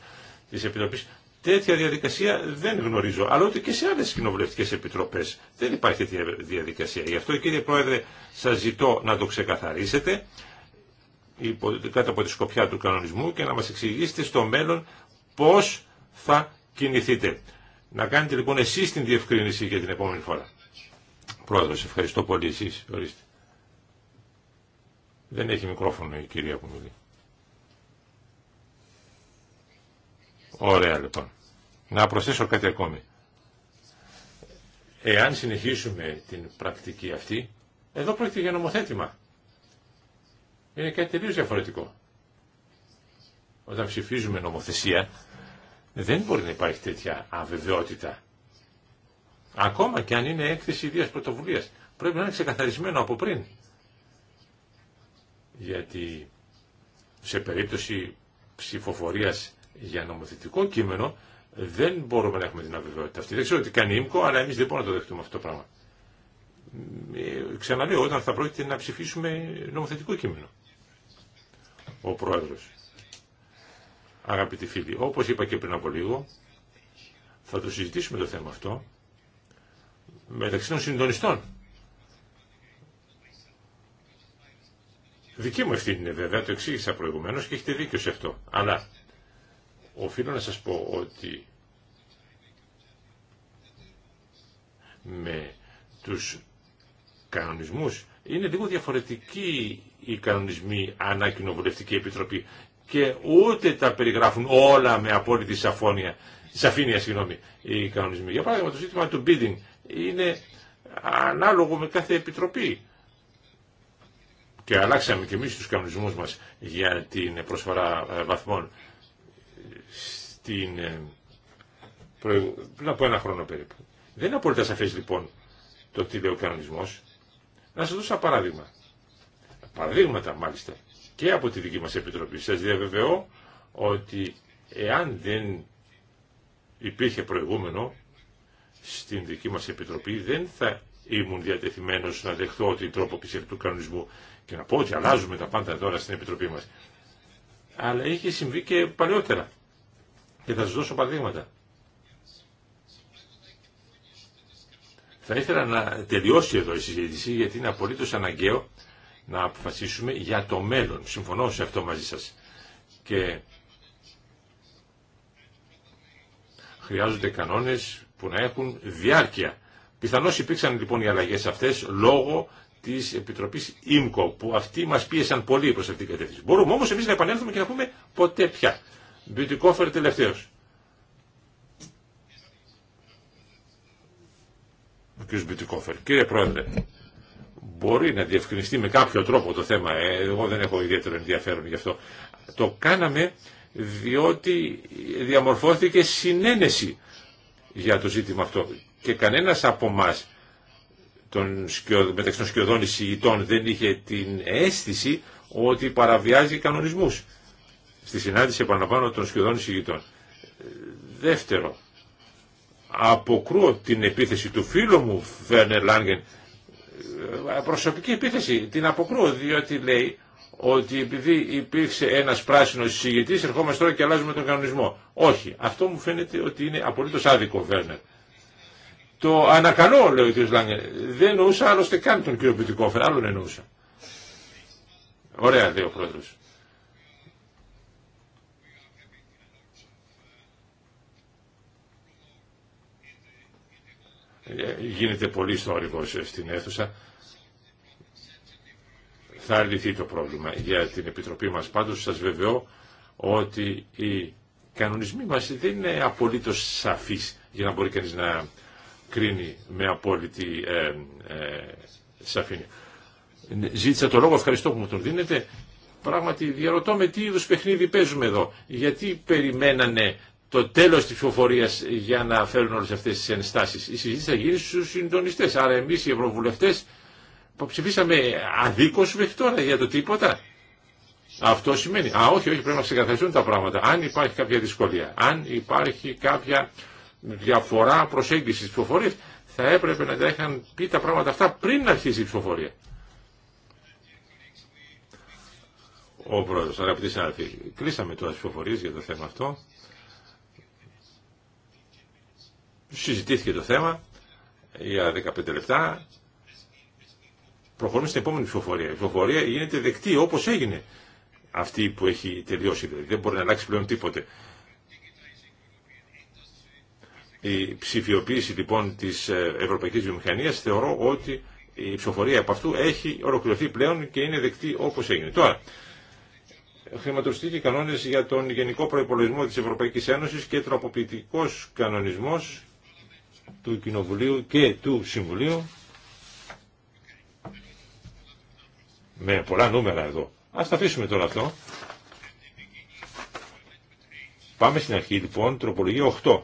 της Επιτροπής. Τέτοια διαδικασία δεν γνωρίζω, αλλά ούτε και σε άλλες κοινοβουλευτικές επιτροπές δεν υπάρχει τέτοια διαδικασία. Γι' αυτό κύριε Πρόεδρε σας ζητώ να το ξεκαθαρίσετε κάτω από τη σκοπιά του κανονισμού και να μας εξηγήσετε στο μέλλον πώς θα κινηθείτε. Να κάνετε λοιπόν εσείς την διευκρίνηση για την επόμενη φορά. Πρόεδρος, ευχαριστώ πολύ εσείς. Δεν έχει μικρόφωνο η κυρία που μιλεί. Ωραία λοιπόν. Να προσθέσω κάτι ακόμη. Εάν συνεχίσουμε την πρακτική αυτή, εδώ πρόκειται για νομοθέτημα. Είναι κάτι τελείως διαφορετικό. Όταν ψηφίζουμε νομοθεσία, δεν μπορεί να υπάρχει τέτοια αβεβαιότητα. Ακόμα και αν είναι έκθεση ιδίας πρωτοβουλίας. Πρέπει να είναι ξεκαθαρισμένο από πριν γιατί σε περίπτωση ψηφοφορίας για νομοθετικό κείμενο δεν μπορούμε να έχουμε την αβεβαιότητα αυτή. Δεν ξέρω τι κάνει η ΙΜΚΟ, αλλά εμείς δεν μπορούμε να το δεχτούμε αυτό το πράγμα. Ε, ξαναλέω, όταν θα πρόκειται να ψηφίσουμε νομοθετικό κείμενο. Ο Πρόεδρος. Αγαπητοί φίλοι, όπως είπα και πριν από λίγο, θα το συζητήσουμε το θέμα αυτό μεταξύ των συντονιστών. Δική μου ευθύνη είναι βέβαια, το εξήγησα προηγουμένω και έχετε δίκιο σε αυτό. Αλλά οφείλω να σα πω ότι με του κανονισμού είναι λίγο διαφορετικοί οι κανονισμοί ανά κοινοβουλευτική επιτροπή και ούτε τα περιγράφουν όλα με απόλυτη σαφώνεια, σαφήνεια συγγνώμη, οι κανονισμοί. Για παράδειγμα το ζήτημα του bidding είναι ανάλογο με κάθε επιτροπή και αλλάξαμε και εμεί του κανονισμούς μας για την προσφορά ε, βαθμών στην, ε, πριν από ένα χρόνο περίπου. Δεν είναι απόλυτα σαφέ λοιπόν το τι λέει ο κανονισμό. Να σα δώσω παράδειγμα. Παραδείγματα μάλιστα και από τη δική μας Επιτροπή. Σας διαβεβαιώ ότι εάν δεν υπήρχε προηγούμενο στην δική μας Επιτροπή δεν θα ήμουν διατεθειμένος να δεχθώ την τρόπο του κανονισμού και να πω ότι αλλάζουμε τα πάντα τώρα στην Επιτροπή μας. Αλλά είχε συμβεί και παλιότερα. Και θα σας δώσω παραδείγματα. Θα ήθελα να τελειώσει εδώ η συζήτηση γιατί είναι απολύτως αναγκαίο να αποφασίσουμε για το μέλλον. Συμφωνώ σε αυτό μαζί σας. Και χρειάζονται κανόνες που να έχουν διάρκεια. Πιθανώς υπήρξαν λοιπόν οι αλλαγές αυτές λόγω Τη επιτροπή ΙΜΚΟ που αυτοί μας πίεσαν πολύ προ αυτήν την κατεύθυνση. Μπορούμε όμως εμεί να επανέλθουμε και να πούμε ποτέ πια. Μπιουτικόφερ τελευταίο. Ο κ. Μπιουτικόφερ. Κύριε Πρόεδρε, μπορεί να διευκρινιστεί με κάποιο τρόπο το θέμα. Ε, εγώ δεν έχω ιδιαίτερο ενδιαφέρον γι' αυτό. Το κάναμε διότι διαμορφώθηκε συνένεση για το ζήτημα αυτό. Και κανένας από μας των, μεταξύ των σκιωδών εισηγητών δεν είχε την αίσθηση ότι παραβιάζει κανονισμούς στη συνάντηση επαναλαμβάνω των σκιωδών εισηγητών. Δεύτερο, αποκρούω την επίθεση του φίλου μου Βέρνερ Λάγκεν, ε, προσωπική επίθεση, την αποκρούω διότι λέει ότι επειδή υπήρξε ένας πράσινος εισηγητής ερχόμαστε τώρα και αλλάζουμε τον κανονισμό. Όχι, αυτό μου φαίνεται ότι είναι απολύτως άδικο Βέρνερ. Το ανακαλώ, λέει ο κ. Λάγκερ. Δεν εννοούσα άλλωστε καν τον κύριο Πιτικόφερ, άλλον εννοούσα. Ωραία, λέει ο πρόεδρο. Ε, γίνεται πολύ ιστορικό ε, στην αίθουσα. Θα λυθεί το πρόβλημα για την Επιτροπή μας. Πάντως σας βεβαιώ ότι οι κανονισμοί μας δεν είναι απολύτως σαφείς για να μπορεί κανείς να κρίνει με απόλυτη ε, ε, σαφήνεια. Ζήτησα το λόγο, ευχαριστώ που μου τον δίνετε. Πράγματι διαρωτώ με τι είδου παιχνίδι παίζουμε εδώ. Γιατί περιμένανε το τέλο τη ψηφοφορία για να φέρουν όλε αυτέ τι ενστάσει. Η συζήτηση θα γίνει στου συντονιστέ. Άρα εμεί οι ευρωβουλευτέ που ψηφίσαμε αδίκως μέχρι τώρα για το τίποτα. Αυτό σημαίνει. Α, όχι, όχι, πρέπει να ξεκαθαριστούν τα πράγματα. Αν υπάρχει κάποια δυσκολία, αν υπάρχει κάποια διαφορά προσέγγισης τη ψηφοφορίας. Θα έπρεπε να τα είχαν πει τα πράγματα αυτά πριν να αρχίσει η ψηφοφορία. Ο πρόεδρος, αγαπητοί συνάδελφοι, κλείσαμε τώρα τις ψηφοφορίες για το θέμα αυτό. Συζητήθηκε το θέμα για 15 λεπτά. Προχωρούμε στην επόμενη ψηφοφορία. Η ψηφοφορία γίνεται δεκτή όπως έγινε αυτή που έχει τελειώσει. Δηλαδή. δεν μπορεί να αλλάξει πλέον τίποτε. Η ψηφιοποίηση λοιπόν της ε, ευρωπαϊκής βιομηχανίας θεωρώ ότι η ψηφοφορία από αυτού έχει ολοκληρωθεί πλέον και είναι δεκτή όπως έγινε. Τώρα, και κανόνες για τον Γενικό Προϋπολογισμό της Ευρωπαϊκής Ένωσης και τροποποιητικός κανονισμός του Κοινοβουλίου και του Συμβουλίου με πολλά νούμερα εδώ. Ας τα αφήσουμε τώρα αυτό. Πάμε στην αρχή λοιπόν, τροπολογία 8.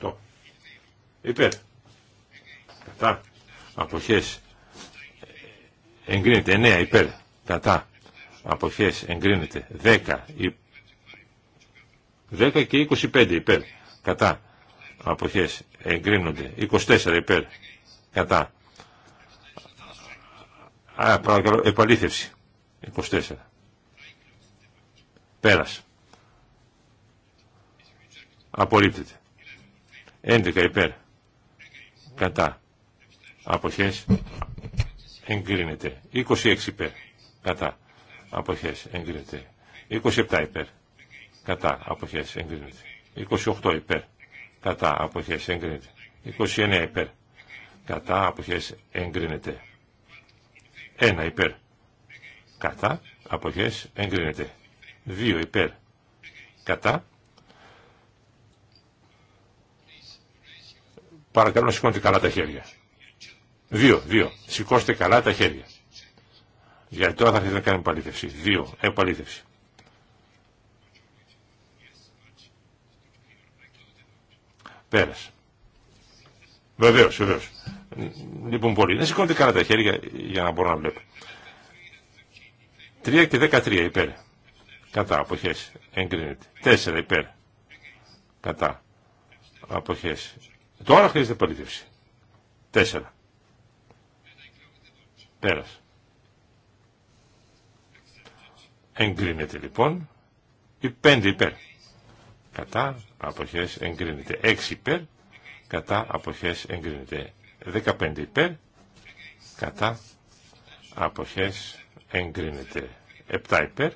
8. Υπέρ. Κατά. Αποχέ. Εγκρίνεται. 9. Υπέρ. Κατά. Αποχέ. Εγκρίνεται. 10. Υπέρ. 10 και 25 υπέρ. Κατά. Αποχές. Εγκρίνονται. 24 υπέρ. Κατά. Α, παρακαλώ, επαλήθευση. 24. Πέρας. Απορρίπτεται. 11 υπέρ. Κατά. Αποχές. Εγκρίνεται. 26 υπέρ. Κατά. Αποχές. Εγκρίνεται. 27 υπέρ. Κατά. Αποχές. Εγκρίνεται. 28 υπέρ. Κατά. Αποχές. Εγκρίνεται. 29 υπέρ. Κατά. Αποχές. Εγκρίνεται. 1 υπέρ. Κατά. Αποχές. Εγκρίνεται. 2 υπέρ. Κατά. Παρακαλώ να σηκώνετε καλά τα χέρια. Δύο, δύο. Σηκώστε καλά τα χέρια. Γιατί τώρα θα χρειάζεται να κάνουμε επαλήθευση. Δύο, επαλήθευση. Πέρασε. Βεβαίω, βεβαίω. Λοιπόν, πολύ. Να σηκώνετε καλά τα χέρια για να μπορώ να βλέπω. Τρία και δεκατρία υπέρ. Κατά αποχέ. Εγκρίνεται. Τέσσερα υπέρ. Κατά αποχέ. Τώρα χρειάζεται επαλήθευση. Τέσσερα. Πέρας. Εγκρίνεται λοιπόν η πέντε υπέρ. Κατά αποχές εγκρίνεται. Έξι υπέρ. Κατά αποχές εγκρίνεται. Δεκαπέντε υπέρ. Κατά αποχές εγκρίνεται. Επτά υπέρ.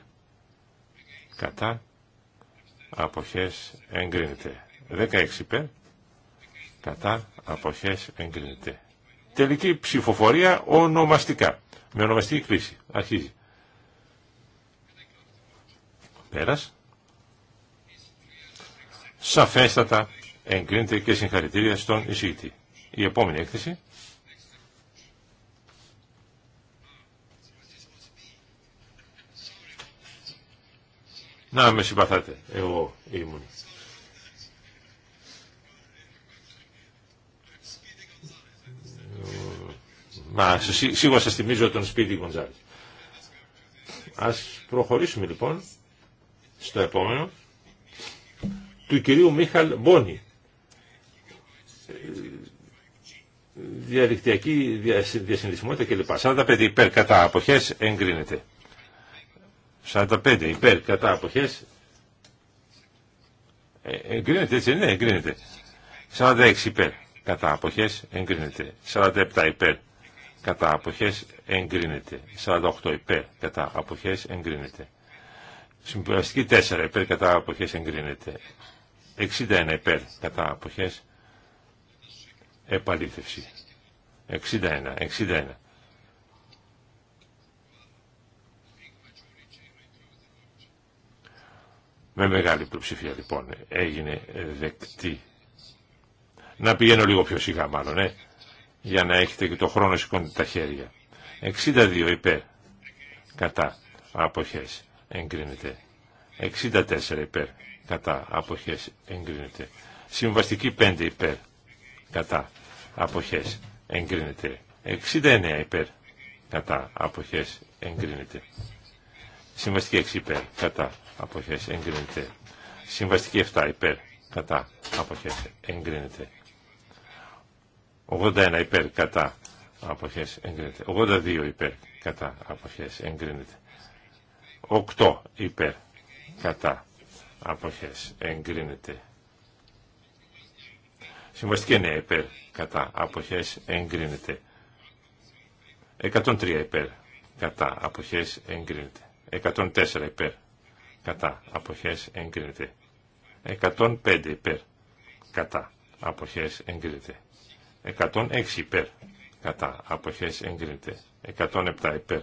Κατά αποχές εγκρίνεται. Δεκαέξι υπέρ κατά αποχές εγκρίνεται. Τελική ψηφοφορία ονομαστικά. Με ονομαστική κλίση. Αρχίζει. Πέρας. Σαφέστατα εγκρίνεται και συγχαρητήρια στον εισηγητή. Η επόμενη έκθεση. Να με συμπαθάτε. Εγώ ήμουν. Μα σίγουρα σας θυμίζω τον Σπίτι Γκοντζάλη. Ας προχωρήσουμε λοιπόν στο επόμενο του κυρίου Μίχαλ Μπόνι. Διαδικτυακή διασυνδεσιμότητα κλπ. 45 υπέρ κατά αποχές εγκρίνεται. 45 ε, ναι, υπέρ κατά αποχές εγκρίνεται έτσι, ναι εγκρίνεται. 46 υπέρ κατά αποχές εγκρίνεται. 47 υπέρ κατά αποχές εγκρίνεται. 48 υπέρ κατά αποχές εγκρίνεται. Συμπεραστική 4 υπέρ κατά αποχές εγκρίνεται. 61 υπέρ κατά αποχές επαλήθευση. 61, 61. Με μεγάλη πλειοψηφία λοιπόν έγινε δεκτή. Να πηγαίνω λίγο πιο σιγά μάλλον, ε για να έχετε και το χρόνο σηκώνετε τα χέρια. 62 υπέρ κατά αποχές εγκρίνεται. 64 υπέρ κατά αποχές εγκρίνεται. Συμβαστική 5 υπέρ κατά αποχές εγκρίνεται. 69 υπέρ κατά αποχές εγκρίνεται. Συμβαστική 6 υπέρ κατά αποχές εγκρίνεται. Συμβαστική 7 υπέρ κατά αποχές εγκρίνεται. 81 υπέρ κατά αποχές εγκρίνεται. 82 υπέρ κατά αποχές εγκρίνεται. 8 υπέρ κατά αποχές εγκρίνεται. Συμβαστική 9 υπέρ κατά αποχές εγκρίνεται. 103 υπέρ κατά αποχές εγκρίνεται. 104 υπέρ κατά αποχές εγκρίνεται. 105 υπέρ κατά αποχές εγκρίνεται. 106 υπέρ κατά αποχές εγκρίνεται 107 υπέρ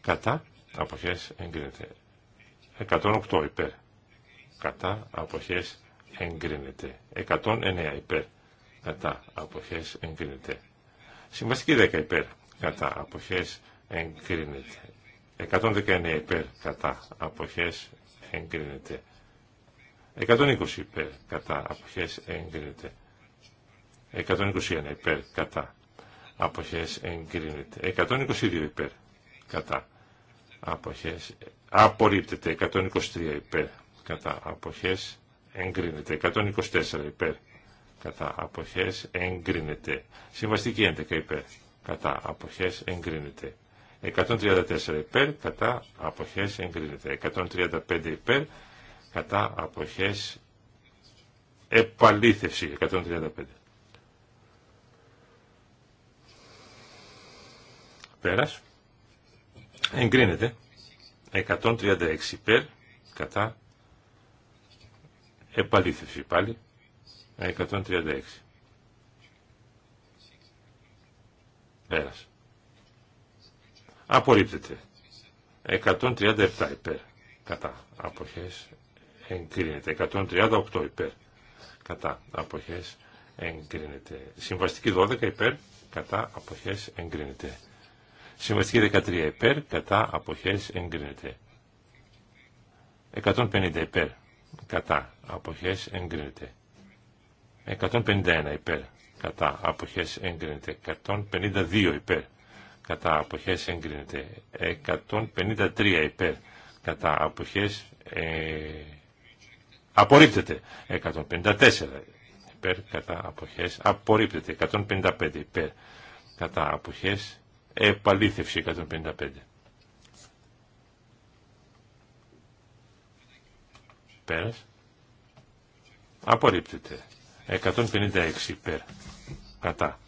κατά αποχές εγκρίνεται 108 υπέρ κατά αποχές εγκρίνεται 109 υπέρ κατά αποχές εγκρίνεται συμβαστική 10 υπέρ κατά αποχές εγκρίνεται 119 υπέρ κατά αποχές εγκρίνεται 120 υπέρ κατά αποχές εγκρίνεται 121 υπέρ κατά αποχές εγκρίνεται. 122 υπέρ κατά αποχές απορρίπτεται. 123 υπέρ κατά αποχές εγκρίνεται. 124 υπέρ κατά αποχές εγκρίνεται. Συμβαστική 11 υπέρ κατά αποχές εγκρίνεται. 134 υπέρ κατά αποχές εγκρίνεται. 135 υπέρ κατά αποχές επαλήθευση 135. Πέρας. Εγκρίνεται. 136 υπέρ. Κατά. Επαλήθευση πάλι. 136. Πέρας. Απορρίπτεται. 137 υπέρ. Κατά. Αποχές. Εγκρίνεται. 138 υπέρ. Κατά. Αποχές. Εγκρίνεται. Συμβαστική 12 υπέρ. Κατά. Αποχές. Εγκρίνεται. Συμβαστική 13 υπέρ, κατά, αποχές, εγκρίνεται. 150 υπέρ, κατά, αποχές, εγκρίνεται. 151 υπέρ, κατά, αποχές, εγκρίνεται. 152 υπέρ, κατά, αποχές, εγκρίνεται. 153 υπέρ, κατά, αποχές, ε, απορρίπτεται. 154 υπέρ, κατά, αποχές, απορρίπτεται. 155 υπέρ, κατά, αποχές, επαλήθευση 155. Πέρας. Απορρίπτεται. 156 υπέρ. Κατά.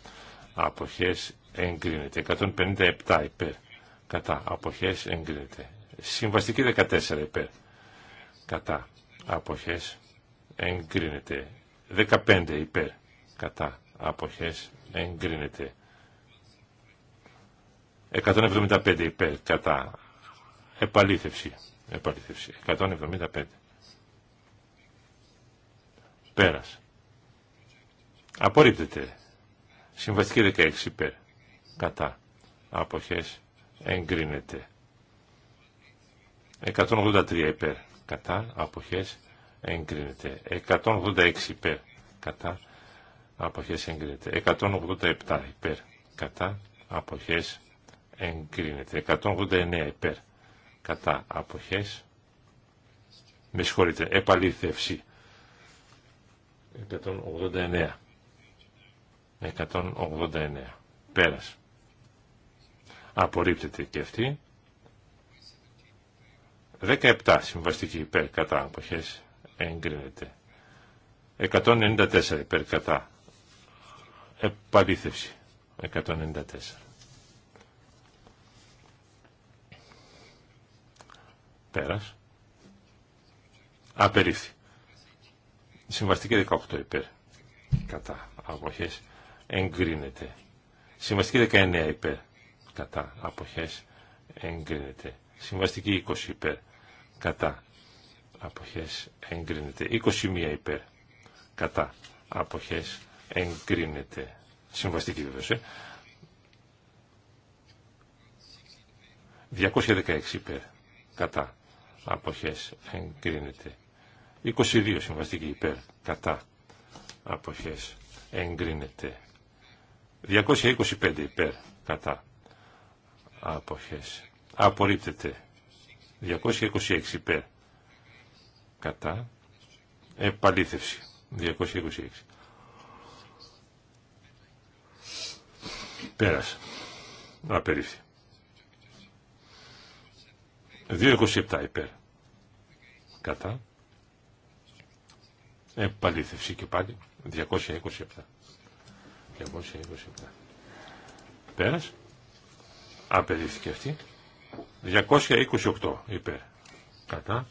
Αποχές εγκρίνεται. 157 υπέρ. Κατά. Αποχές εγκρίνεται. Συμβαστική 14 υπέρ. Κατά. Αποχές εγκρίνεται. 15 υπέρ. Κατά. Αποχές εγκρίνεται. 175 υπέρ κατά επαλήθευση. Επαλήθευση. 175. Πέρας. Απορρίπτεται. Συμβαστική 16 υπέρ. Κατά. Αποχές. Εγκρίνεται. 183 υπέρ. Κατά. Αποχές. Εγκρίνεται. 186 υπέρ. Κατά. Αποχές εγκρίνεται. 187 υπέρ. Κατά. Αποχές εγκρίνεται. 189 υπέρ κατά αποχές. Με συγχωρείτε, επαλήθευση. 189. 189. Πέρας. Απορρίπτεται και αυτή. 17 συμβαστική υπέρ κατά αποχές εγκρίνεται. 194 υπέρ κατά επαλήθευση. 194. Πέρας. Απερίφθη. Συμβαστική 18 υπέρ. Κατά. Αποχές. Εγκρίνεται. Συμβαστική 19 υπέρ. Κατά. Αποχές. Εγκρίνεται. Συμβαστική 20 υπέρ. Κατά. Αποχές. Εγκρίνεται. 21 υπέρ. Κατά. Αποχές. Εγκρίνεται. Συμβαστική βέβαια. Ε. 216 υπέρ. Κατά αποχές εγκρίνεται. 22 συμβαστική υπέρ κατά αποχές εγκρίνεται. 225 υπέρ κατά αποχές απορρίπτεται. 226 υπέρ κατά επαλήθευση. 226. Πέρασε. Απερίφθη. 2.27 υπέρ. Κατά. Επαλήθευση και πάλι. 227. 227. Πέρας. Απελήθηκε αυτή. 228 υπέρ. Κατά.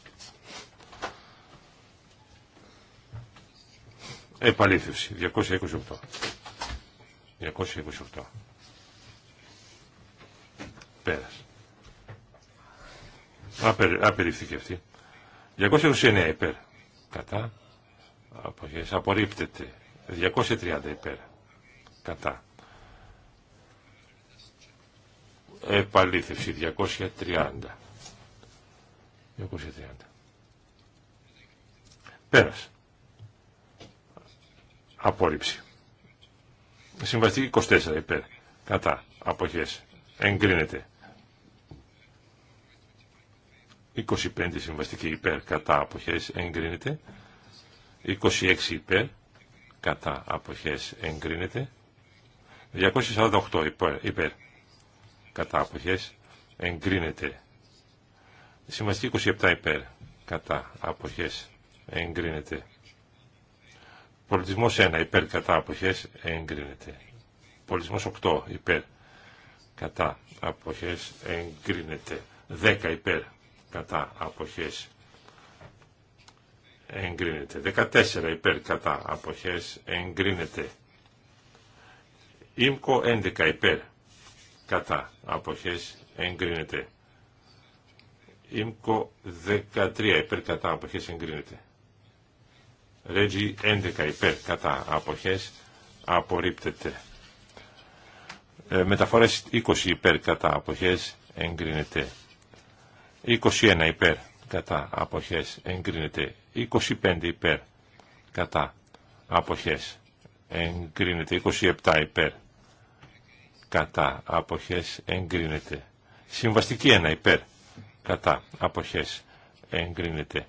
Επαλήθευση. 228. 228. Πέρας απεριφθήκε αυτή. 229 υπέρ. Κατά. Αποχές. Απορρίπτεται. 230 υπέρ. Κατά. Επαλήθευση. 230. 230. Πέρας. Απόρριψη. Συμβαστική 24 υπέρ. Κατά. Αποχές. Εγκρίνεται. 25 συμβαστική υπέρ κατά αποχές εγκρίνεται. 26 υπέρ κατά αποχές εγκρίνεται. 248 υπέρ, υπέρ κατά αποχές εγκρίνεται. Συμβαστική 27 υπέρ κατά αποχές εγκρίνεται. Πολιτισμός 1 υπέρ κατά αποχές εγκρίνεται. Πολιτισμός 8 υπέρ κατά αποχές εγκρίνεται. 10 υπέρ κατά αποχές εγκρίνεται. 14 υπέρ κατά αποχές εγκρίνεται. Ήμκο 11 υπέρ κατά αποχές εγκρίνεται. Ήμκο 13 υπέρ κατά αποχές εγκρίνεται. Ρέτζι 11 υπέρ κατά αποχές απορρίπτεται. Ε, μεταφορές 20 υπέρ κατά αποχές εγκρίνεται. 21 υπέρ κατά αποχές εγκρίνεται 25 υπέρ κατά αποχές εγκρίνεται 27 υπέρ κατά αποχές εγκρίνεται συμβαστική 1 υπέρ κατά αποχές εγκρίνεται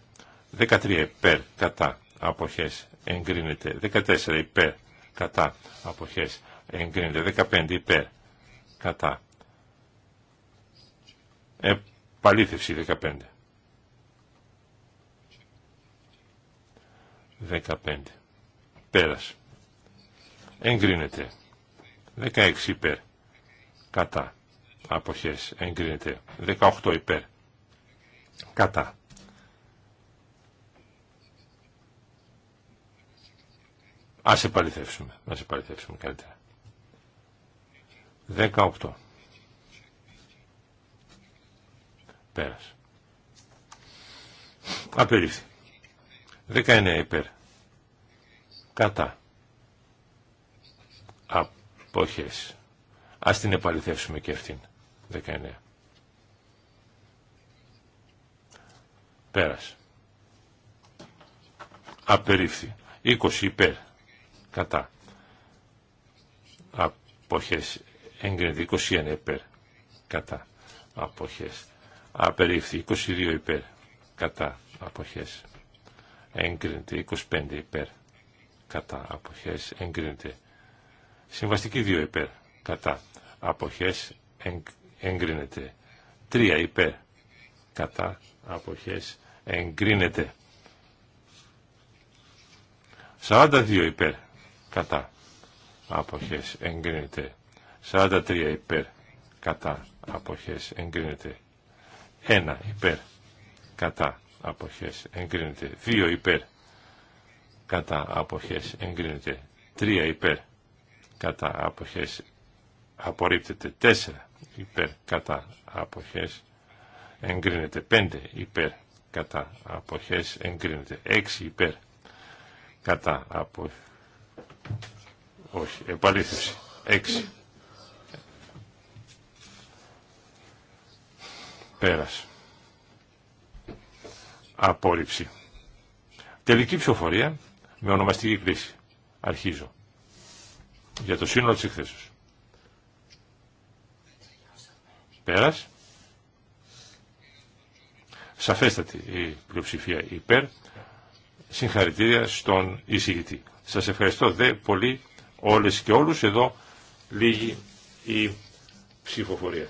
13 υπέρ κατά αποχές εγκρίνεται 14 υπέρ κατά αποχές εγκρίνεται 15 υπέρ κατά ε, Παλήθευση 15. 15. Πέρας. Εγκρίνεται. 16 υπέρ. Κατά. Αποχές. Εγκρίνεται. 18 υπέρ. Κατά. Ας επαληθεύσουμε. Ας επαληθεύσουμε καλύτερα. 18. Πέρας. Απερίφθη. 19 υπέρ. Κατά. Αποχές. Α την επαληθεύσουμε και αυτήν. 19. Πέρας. Απερίφθη. 20 υπέρ. Κατά. Αποχές. Έγκρινεται 21 υπέρ. Κατά. Αποχές απερίφθη 22 υπέρ κατά αποχές εγκρίνεται 25 υπέρ κατά αποχές εγκρίνεται συμβαστική 2 υπέρ κατά αποχές εγκρίνεται 3 υπέρ κατά αποχές εγκρίνεται 42 υπέρ κατά αποχές εγκρίνεται 43 υπέρ κατά αποχές εγκρίνεται 1 υπέρ κατά αποχές εγκρίνεται 2 υπέρ κατά αποχές εγκρίνεται 3 υπέρ κατά αποχές απορρίπτεται 4 υπέρ κατά αποχές εγκρίνεται 5 υπέρ κατά αποχές εγκρίνεται 6 υπέρ κατά αποχές όχι επαλήθευση Πέρας. Απόρριψη. Τελική ψηφοφορία με ονομαστική κρίση. Αρχίζω. Για το σύνολο της εκθέσεως. Πέρας. Σαφέστατη η πλειοψηφία υπέρ. Συγχαρητήρια στον εισηγητή. Σας ευχαριστώ δε πολύ όλες και όλους. Εδώ λίγη η ψηφοφορία.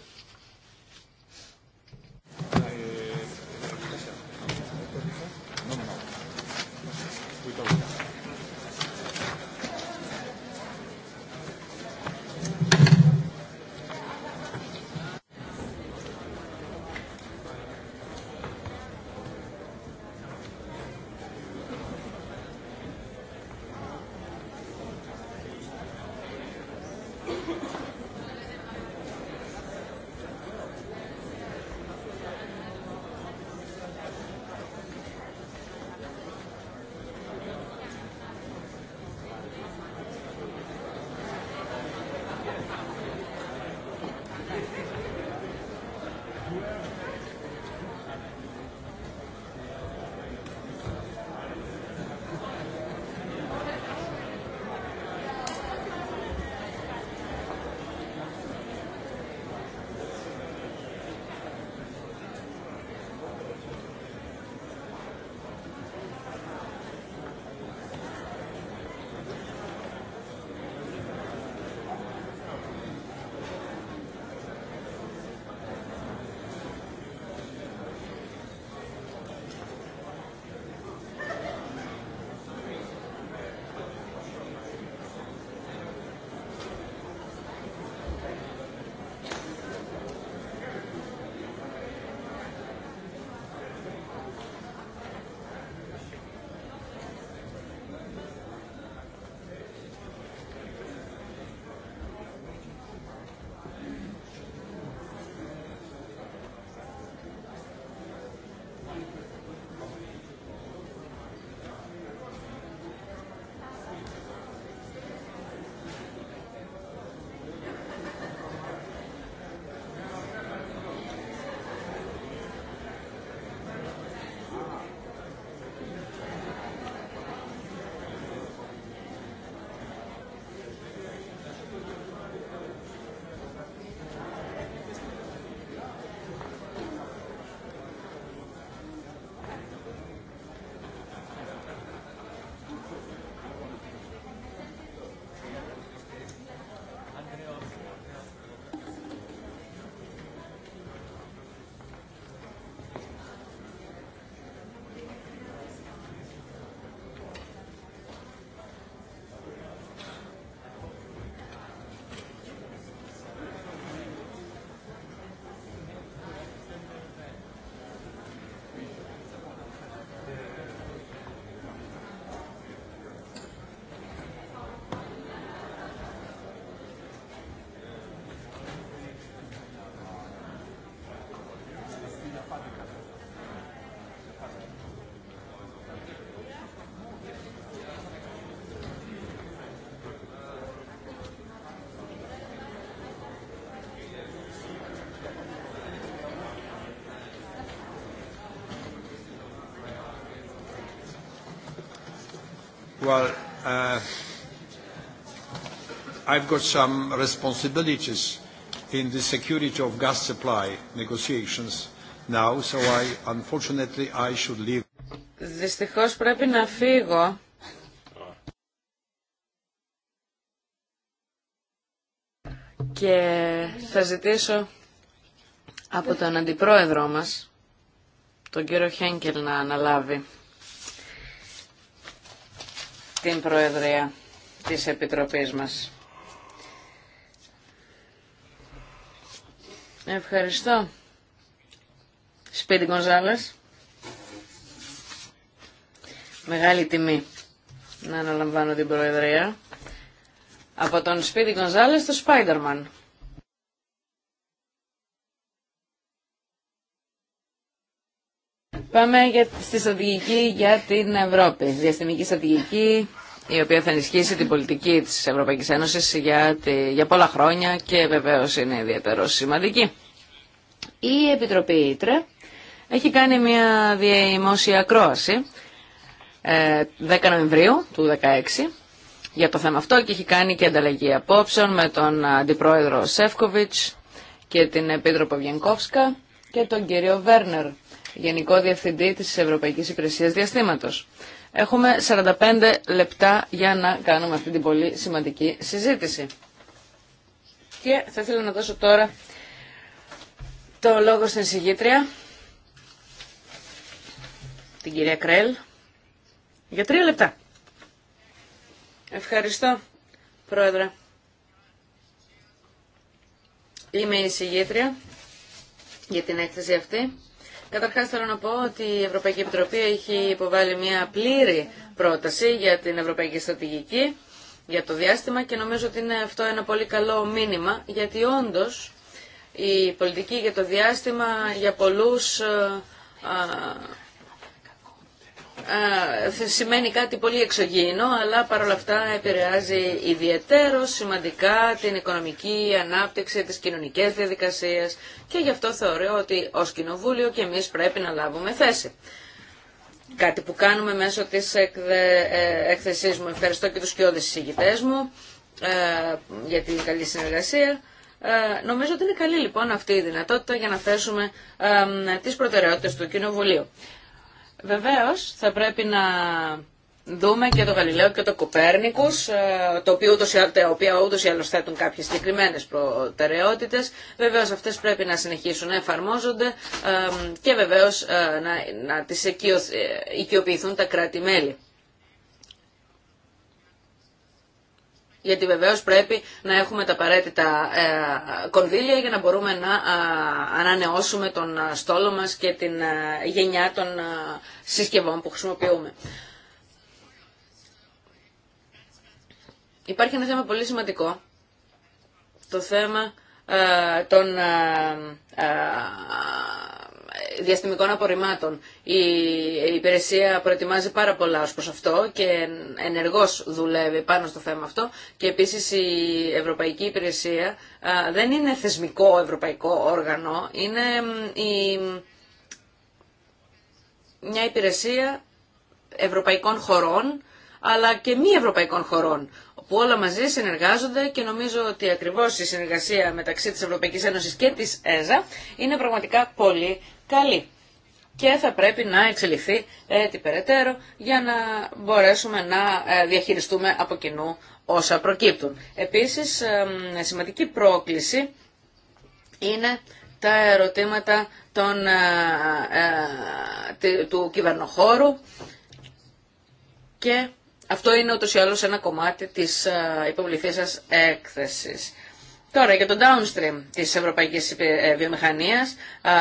Well, uh, I've got some responsibilities in the security of gas supply negotiations now, so I, unfortunately, I should leave. Δυστυχώς πρέπει να φύγω. Και θα ζητήσω από τον αντιπρόεδρό μας, τον κύριο Χένκελ, να αναλάβει στην Προεδρία της Επιτροπής μας. Ευχαριστώ. Σπίτι Γκονζάλες. Μεγάλη τιμή να αναλαμβάνω την Προεδρία. Από τον Σπίτι Γκονζάλες στο spider Πάμε για, στη στρατηγική για την Ευρώπη. Διαστημική στρατηγική η οποία θα ενισχύσει την πολιτική της Ευρωπαϊκής Ένωσης για, για πολλά χρόνια και βεβαίως είναι ιδιαίτερο σημαντική. Η Επιτροπή Ήτρε έχει κάνει μια δημόσια ακρόαση 10 ε, Νοεμβρίου του 2016 για το θέμα αυτό και έχει κάνει και ανταλλαγή απόψεων με τον Αντιπρόεδρο Σεύκοβιτς και την Επίτροπο Βιενκόφσκα και τον κύριο Βέρνερ Γενικό Διευθυντή της Ευρωπαϊκής Υπηρεσίας Διαστήματος. Έχουμε 45 λεπτά για να κάνουμε αυτή την πολύ σημαντική συζήτηση. Και θα ήθελα να δώσω τώρα το λόγο στην συγγήτρια, την κυρία Κρέλ, για τρία λεπτά. Ευχαριστώ, Πρόεδρε. Είμαι η συγγήτρια για την έκθεση αυτή Καταρχά θέλω να πω ότι η Ευρωπαϊκή Επιτροπή έχει υποβάλει μια πλήρη πρόταση για την Ευρωπαϊκή Στρατηγική για το διάστημα και νομίζω ότι είναι αυτό ένα πολύ καλό μήνυμα γιατί όντω η πολιτική για το διάστημα για πολλού. Ε, ε, σημαίνει κάτι πολύ εξωγήινο, αλλά παρόλα αυτά επηρεάζει ιδιαίτερο σημαντικά την οικονομική ανάπτυξη, τις κοινωνικές διαδικασίες και γι' αυτό θεωρώ ότι ως Κοινοβούλιο και εμείς πρέπει να λάβουμε θέση. Κάτι που κάνουμε μέσω της εκθεσής ε, μου. Ευχαριστώ και τους κοιόδες συζητητές μου ε, για την καλή συνεργασία. Νομίζω ότι είναι καλή λοιπόν αυτή η δυνατότητα για να θέσουμε τις προτεραιότητες του Κοινοβουλίου. Βεβαίως θα πρέπει να δούμε και το Γαλιλαίο και το Κοπέρνικους, ε, το οποίο τα οποία ούτως ή άλλως θέτουν κάποιες συγκεκριμένες προτεραιότητες. Βεβαίως αυτές πρέπει να συνεχίσουν να εφαρμόζονται ε, και βεβαίως ε, να, να τις οικειοποιηθούν τα κράτη-μέλη. γιατί βεβαίως πρέπει να έχουμε τα απαραίτητα ε, κονδύλια για να μπορούμε να ανανεώσουμε τον στόλο μας και την γενιά των συσκευών που χρησιμοποιούμε. Υπάρχει ένα θέμα πολύ σημαντικό, το θέμα ε, των ε, διαστημικών απορριμμάτων. Η υπηρεσία προετοιμάζει πάρα πολλά ως προς αυτό και ενεργώς δουλεύει πάνω στο θέμα αυτό και επίσης η Ευρωπαϊκή Υπηρεσία δεν είναι θεσμικό ευρωπαϊκό όργανο, είναι η... μια υπηρεσία ευρωπαϊκών χωρών αλλά και μη ευρωπαϊκών χωρών που όλα μαζί συνεργάζονται και νομίζω ότι ακριβώς η συνεργασία μεταξύ της Ευρωπαϊκής Ένωσης και της ΕΖΑ είναι πραγματικά πολύ καλή και θα πρέπει να εξελιχθεί έτσι ε, περαιτέρω για να μπορέσουμε να ε, διαχειριστούμε από κοινού όσα προκύπτουν. Επίσης, σημαντική πρόκληση είναι τα ερωτήματα των, ε, του κυβερνοχώρου και αυτό είναι ούτως ή άλλως ένα κομμάτι της υποβληθής σας έκθεσης. Τώρα για το downstream της ευρωπαϊκής ε, βιομηχανίας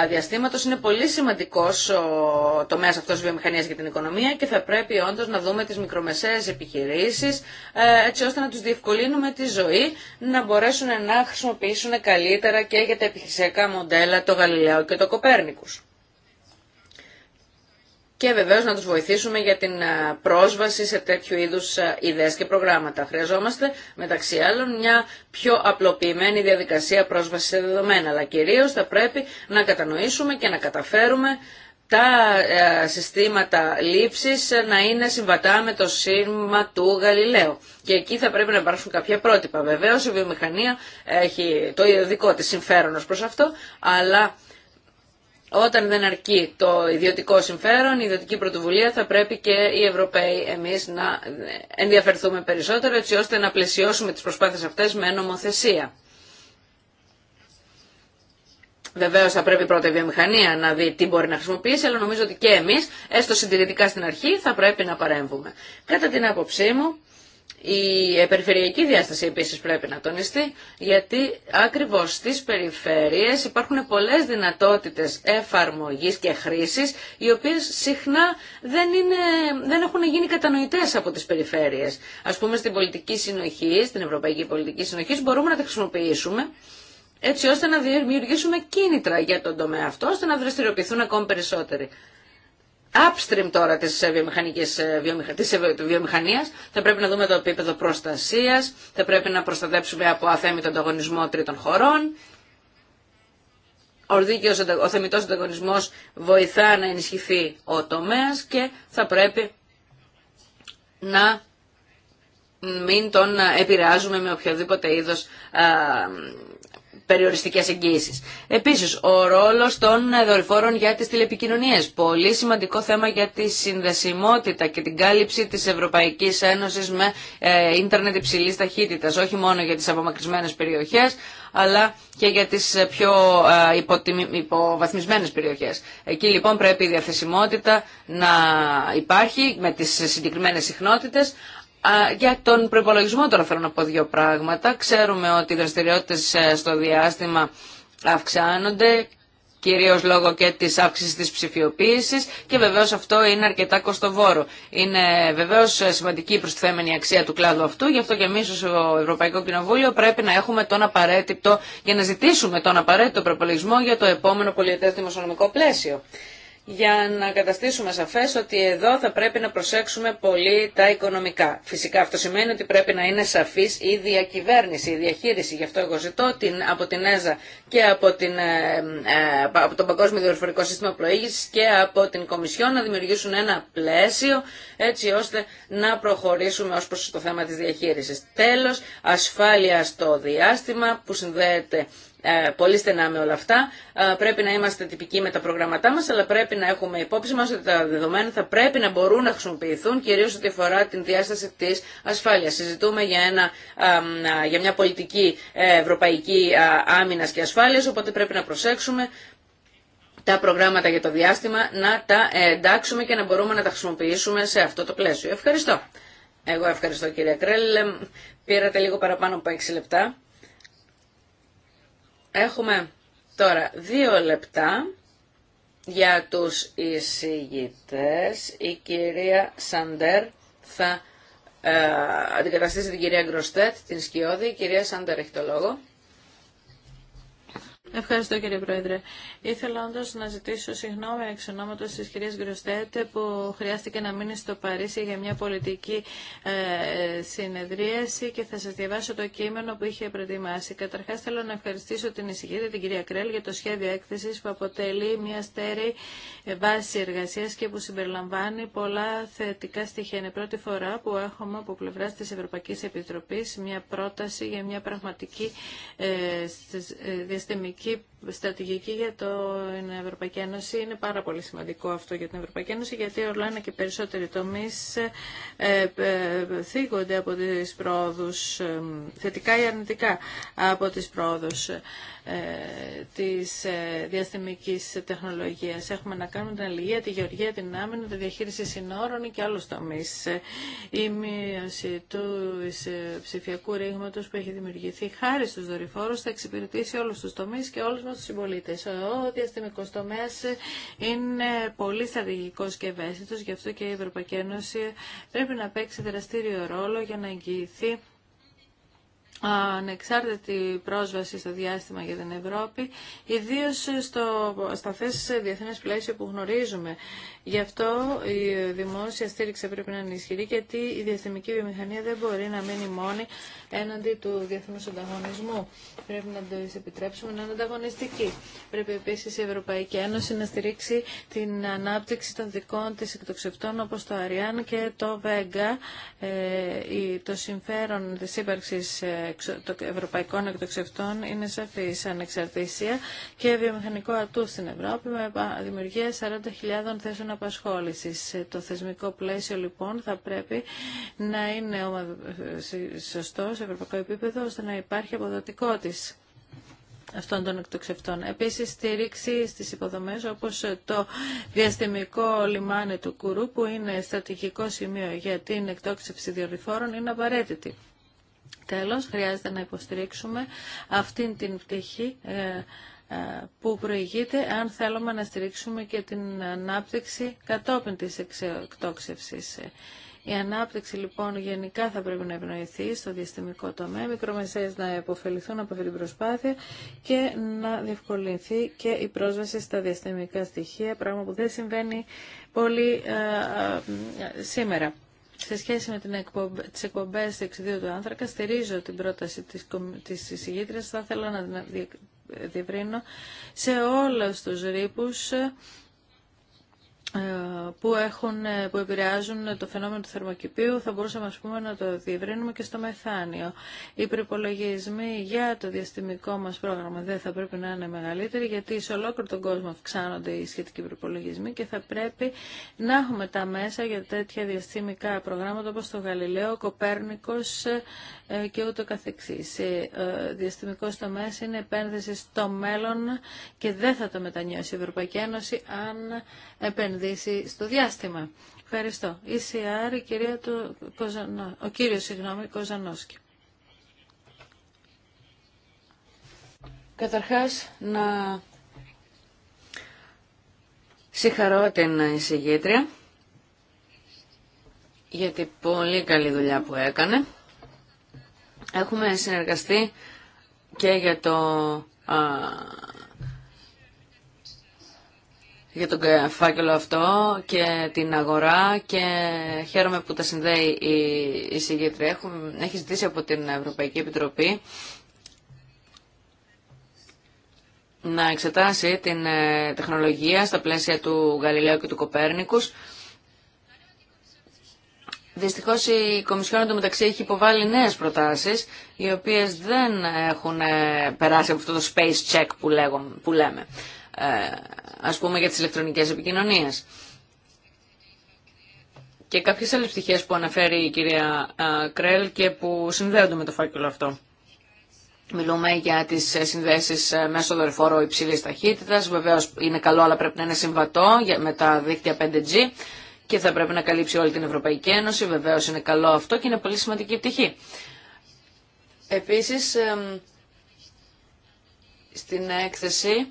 διαστήματος είναι πολύ σημαντικός ο τομέας αυτός βιομηχανίας για την οικονομία και θα πρέπει όντως να δούμε τις μικρομεσαίες επιχειρήσεις ε, έτσι ώστε να τους διευκολύνουμε τη ζωή να μπορέσουν να χρησιμοποιήσουν καλύτερα και για τα επιχειρησιακά μοντέλα το Γαλιλαίο και το Κοπέρνικους και βεβαίως να τους βοηθήσουμε για την πρόσβαση σε τέτοιου είδους ιδέες και προγράμματα. Χρειαζόμαστε μεταξύ άλλων μια πιο απλοποιημένη διαδικασία πρόσβασης σε δεδομένα, αλλά κυρίως θα πρέπει να κατανοήσουμε και να καταφέρουμε τα συστήματα λήψη ε, να είναι συμβατά με το σύστημα του Γαλιλαίου. Και εκεί θα πρέπει να υπάρξουν κάποια πρότυπα. βεβαίω, η βιομηχανία έχει το δικό τη συμφέρον προ αυτό, αλλά όταν δεν αρκεί το ιδιωτικό συμφέρον, η ιδιωτική πρωτοβουλία θα πρέπει και οι Ευρωπαίοι εμείς να ενδιαφερθούμε περισσότερο έτσι ώστε να πλαισιώσουμε τις προσπάθειες αυτές με νομοθεσία. Βεβαίω θα πρέπει πρώτα η βιομηχανία να δει τι μπορεί να χρησιμοποιήσει, αλλά νομίζω ότι και εμείς, έστω συντηρητικά στην αρχή, θα πρέπει να παρέμβουμε. Κατά την άποψή μου, η περιφερειακή διάσταση επίσης πρέπει να τονιστεί, γιατί ακριβώς στις περιφέρειες υπάρχουν πολλές δυνατότητες εφαρμογής και χρήσης, οι οποίες συχνά δεν, είναι, δεν έχουν γίνει κατανοητές από τις περιφέρειες. Ας πούμε στην πολιτική συνοχή, στην ευρωπαϊκή πολιτική συνοχή, μπορούμε να τα χρησιμοποιήσουμε έτσι ώστε να δημιουργήσουμε κίνητρα για τον τομέα αυτό, ώστε να δραστηριοποιηθούν ακόμη περισσότεροι upstream τώρα της, ε, βιομηχανικής, ε, της ε, βιομηχανίας. Θα πρέπει να δούμε το επίπεδο προστασίας, θα πρέπει να προστατέψουμε από αθέμητο ανταγωνισμό τρίτων χωρών. Ο δίκαιος, ο θεμητός ανταγωνισμός βοηθά να ενισχυθεί ο τομέας και θα πρέπει να μην τον επηρεάζουμε με οποιοδήποτε είδος περιοριστικές εγγύησεις. Επίσης, ο ρόλος των δορυφόρων για τις τηλεπικοινωνίες. Πολύ σημαντικό θέμα για τη συνδεσιμότητα και την κάλυψη τη Ευρωπαϊκή Ένωση με ε, ίντερνετ υψηλή ταχύτητα, όχι μόνο για τις απομακρυσμένες περιοχές, αλλά και για τις ε, πιο ε, υποβαθμισμένες περιοχές. Εκεί λοιπόν πρέπει η διαθεσιμότητα να υπάρχει με τις συγκεκριμένες συχνότητες, για τον προπολογισμό τώρα θέλω να πω δύο πράγματα. Ξέρουμε ότι οι δραστηριότητε ε, στο διάστημα αυξάνονται κυρίως λόγω και της αύξησης της ψηφιοποίησης και βεβαίως αυτό είναι αρκετά κοστοβόρο. Είναι βεβαίως ε, σημαντική η προστιθέμενη αξία του κλάδου αυτού, γι' αυτό και εμείς ως ε, Ευρωπαϊκό Κοινοβούλιο πρέπει να έχουμε τον απαραίτητο, για να ζητήσουμε τον απαραίτητο προπολογισμό για το επόμενο πολιετές δημοσιονομικό πλαίσιο για να καταστήσουμε σαφές ότι εδώ θα πρέπει να προσέξουμε πολύ τα οικονομικά. Φυσικά αυτό σημαίνει ότι πρέπει να είναι σαφής η διακυβέρνηση, η διαχείριση. Γι' αυτό εγώ ζητώ την, από την ΕΖΑ και από, την, ε, ε, το Παγκόσμιο Διορφορικό Σύστημα Πλοήγησης και από την Κομισιόν να δημιουργήσουν ένα πλαίσιο έτσι ώστε να προχωρήσουμε ως προς το θέμα της διαχείρισης. Τέλος, ασφάλεια στο διάστημα που συνδέεται ε, πολύ στενά με όλα αυτά. Ε, πρέπει να είμαστε τυπικοί με τα προγραμματά μα, αλλά πρέπει να έχουμε υπόψη μα ότι τα δεδομένα θα πρέπει να μπορούν να χρησιμοποιηθούν, κυρίω ό,τι αφορά την διάσταση τη ασφάλεια. Συζητούμε για, ένα, για μια πολιτική ε, ευρωπαϊκή Άμυνα και ασφάλεια, οπότε πρέπει να προσέξουμε τα προγράμματα για το διάστημα να τα εντάξουμε και να μπορούμε να τα χρησιμοποιήσουμε σε αυτό το πλαίσιο. Ευχαριστώ. Εγώ ευχαριστώ κύριε Κρέλ. Πήρατε λίγο παραπάνω από 6 λεπτά. Έχουμε τώρα δύο λεπτά για τους εισηγητές. Η κυρία Σαντέρ θα ε, αντικαταστήσει την κυρία Γκροστέτ, την Σκιώδη. Η κυρία Σαντέρ έχει το λόγο. Ευχαριστώ κύριε Πρόεδρε. Ήθελα όντω να ζητήσω συγγνώμη εξ ονόματο τη κυρία Γκροστέτε που χρειάστηκε να μείνει στο Παρίσι για μια πολιτική ε, συνεδρίαση και θα σα διαβάσω το κείμενο που είχε προετοιμάσει. Καταρχά θέλω να ευχαριστήσω την εισηγήτη, την κυρία Κρέλ για το σχέδιο έκθεση που αποτελεί μια στέρεη ε, βάση εργασία και που συμπεριλαμβάνει πολλά θετικά στοιχεία. Είναι πρώτη φορά που έχουμε από πλευρά τη Ευρωπαϊκή Επιτροπή μια πρόταση για μια πραγματική ε, ε διαστημική και στρατηγική για την Ευρωπαϊκή Ένωση. Είναι πάρα πολύ σημαντικό αυτό για την Ευρωπαϊκή Ένωση, γιατί ένα και περισσότεροι τομεί ε, ε, ε, θίγονται από τι πρόοδους, θετικά ή αρνητικά από τις πρόοδους της διαστημικής τεχνολογίας. Έχουμε να κάνουμε την αλληλεία, τη γεωργία, την άμυνα, τη διαχείριση συνόρων και άλλους τομείς. Η μείωση του ψηφιακού της διαστημικη που έχει δημιουργηθεί χάρη στους δορυφόρους θα εξυπηρετήσει όλους τους τομείς και αλλου τομει η μειωση του ψηφιακου ρηγματο που εχει δημιουργηθει χαρη στου δορυφορου θα εξυπηρετησει ολου του τομει και ολου κόσμο, στους συμπολίτες. Ο διαστημικός τομέας είναι πολύ στρατηγικός και ευαίσθητος, γι' αυτό και η Ευρωπαϊκή Ένωση πρέπει να παίξει δραστήριο ρόλο για να εγγυηθεί ανεξάρτητη πρόσβαση στο διάστημα για την Ευρώπη, ιδίω στο, στα θέσεις διεθνέ πλαίσιο που γνωρίζουμε. Γι' αυτό η δημόσια στήριξη πρέπει να είναι ισχυρή, γιατί η διαστημική βιομηχανία δεν μπορεί να μείνει μόνη έναντι του διεθνού ανταγωνισμού. Πρέπει να το επιτρέψουμε να είναι ανταγωνιστική. Πρέπει επίση η Ευρωπαϊκή Ένωση να στηρίξει την ανάπτυξη των δικών τη εκτοξευτών όπω το Αριάν και το Βέγγα, ε, το συμφέρον τη ύπαρξη. Ε, ευρωπαϊκών εκτοξευτών είναι σαφή ανεξαρτησία και βιομηχανικό ατού στην Ευρώπη με δημιουργία 40.000 θέσεων απασχόλησης. Ε, το θεσμικό πλαίσιο λοιπόν θα πρέπει να είναι σωστό σε ευρωπαϊκό επίπεδο ώστε να υπάρχει αποδοτικό αυτών των εκτοξευτών. Επίσης, στήριξη στις υποδομές όπως ε, το διαστημικό λιμάνι του Κουρού που είναι στρατηγικό σημείο για την εκτόξευση διορυφόρων είναι απαραίτητη. Τέλος, χρειάζεται να υποστηρίξουμε αυτήν την πτυχή ε, ε, που προηγείται αν θέλουμε να στηρίξουμε και την ανάπτυξη κατόπιν της εκτόξευσης. Η ανάπτυξη λοιπόν γενικά θα πρέπει να ευνοηθεί στο διαστημικό τομέα, μικρομεσαίες να υποφεληθούν από αυτή την προσπάθεια και να διευκολυνθεί και η πρόσβαση στα διαστημικά στοιχεία, πράγμα που δεν συμβαίνει πολύ ε, σήμερα σε σχέση με την εκπομπέ τις εκπομπές του άνθρακα, στηρίζω την πρόταση τη της Θα θέλω να ε, διευρύνω σε όλου του ρήπου. Ε, που, έχουν, ε, που επηρεάζουν το φαινόμενο του θερμοκηπίου θα μπορούσαμε ας πούμε, να το διευρύνουμε και στο μεθάνιο. Οι προπολογισμοί για το διαστημικό μας πρόγραμμα δεν θα πρέπει να είναι μεγαλύτεροι γιατί σε ολόκληρο τον κόσμο αυξάνονται οι σχετικοί προπολογισμοί και θα πρέπει να έχουμε τα μέσα για τέτοια διαστημικά προγράμματα όπως το Γαλιλαίο, Κοπέρνικος ε, και ούτω καθεξής. Διαστημικό τομέα είναι επένδυση στο μέλλον και δεν θα το μετανιώσει η Ευρωπαϊκή Ένωση αν επενδύσει στο διάστημα. Ευχαριστώ. η κυρία του Κοζανό, ο κύριος, συγγνώμη, Κοζανόσκη. Καταρχάς, να συγχαρώ την εισηγήτρια για την πολύ καλή δουλειά που έκανε. Έχουμε συνεργαστεί και για το για τον φάκελο αυτό και την αγορά και χαίρομαι που τα συνδέει η συγκέντρια. Έχει ζητήσει από την Ευρωπαϊκή Επιτροπή να εξετάσει την ε, τεχνολογία στα πλαίσια του Γαλιλαίου και του Κοπέρνικου. Δυστυχώ η Κομισιόν εντωμεταξύ έχει υποβάλει νέε προτάσει, οι οποίε δεν έχουν ε, περάσει από αυτό το space check που, που λέμε. Ε, ας πούμε για τις ηλεκτρονικές επικοινωνίες. Και κάποιες άλλες πτυχές που αναφέρει η κυρία ε, Κρέλ και που συνδέονται με το φάκελο αυτό. Μιλούμε για τι ε, συνδέσει μέσω δορυφόρου υψηλή ταχύτητα. Βεβαίω είναι καλό, αλλά πρέπει να είναι συμβατό με τα δίκτυα 5G και θα πρέπει να καλύψει όλη την Ευρωπαϊκή Ένωση. Βεβαίω είναι καλό αυτό και είναι πολύ σημαντική πτυχή. Επίση, στην έκθεση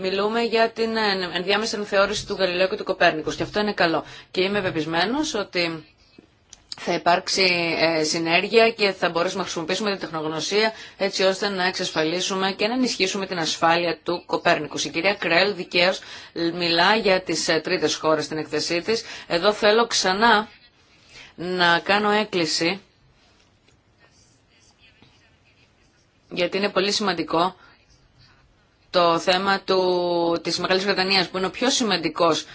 μιλούμε για την ενδιάμεση θεώρηση του Γαλιλαίου και του Κοπέρνικου και αυτό είναι καλό. Και είμαι πεπισμένο ότι θα υπάρξει ε, συνέργεια και θα μπορέσουμε να χρησιμοποιήσουμε την τεχνογνωσία έτσι ώστε να εξασφαλίσουμε και να ενισχύσουμε την ασφάλεια του Κοπέρνικου. Η κυρία Κρέλ δικαίω μιλά για τις ε, τρίτε χώρε στην εκθεσή τη. Εδώ θέλω ξανά να κάνω έκκληση γιατί είναι πολύ σημαντικό το θέμα του, της Μεγάλης Βρετανίας που είναι ο πιο σημαντικός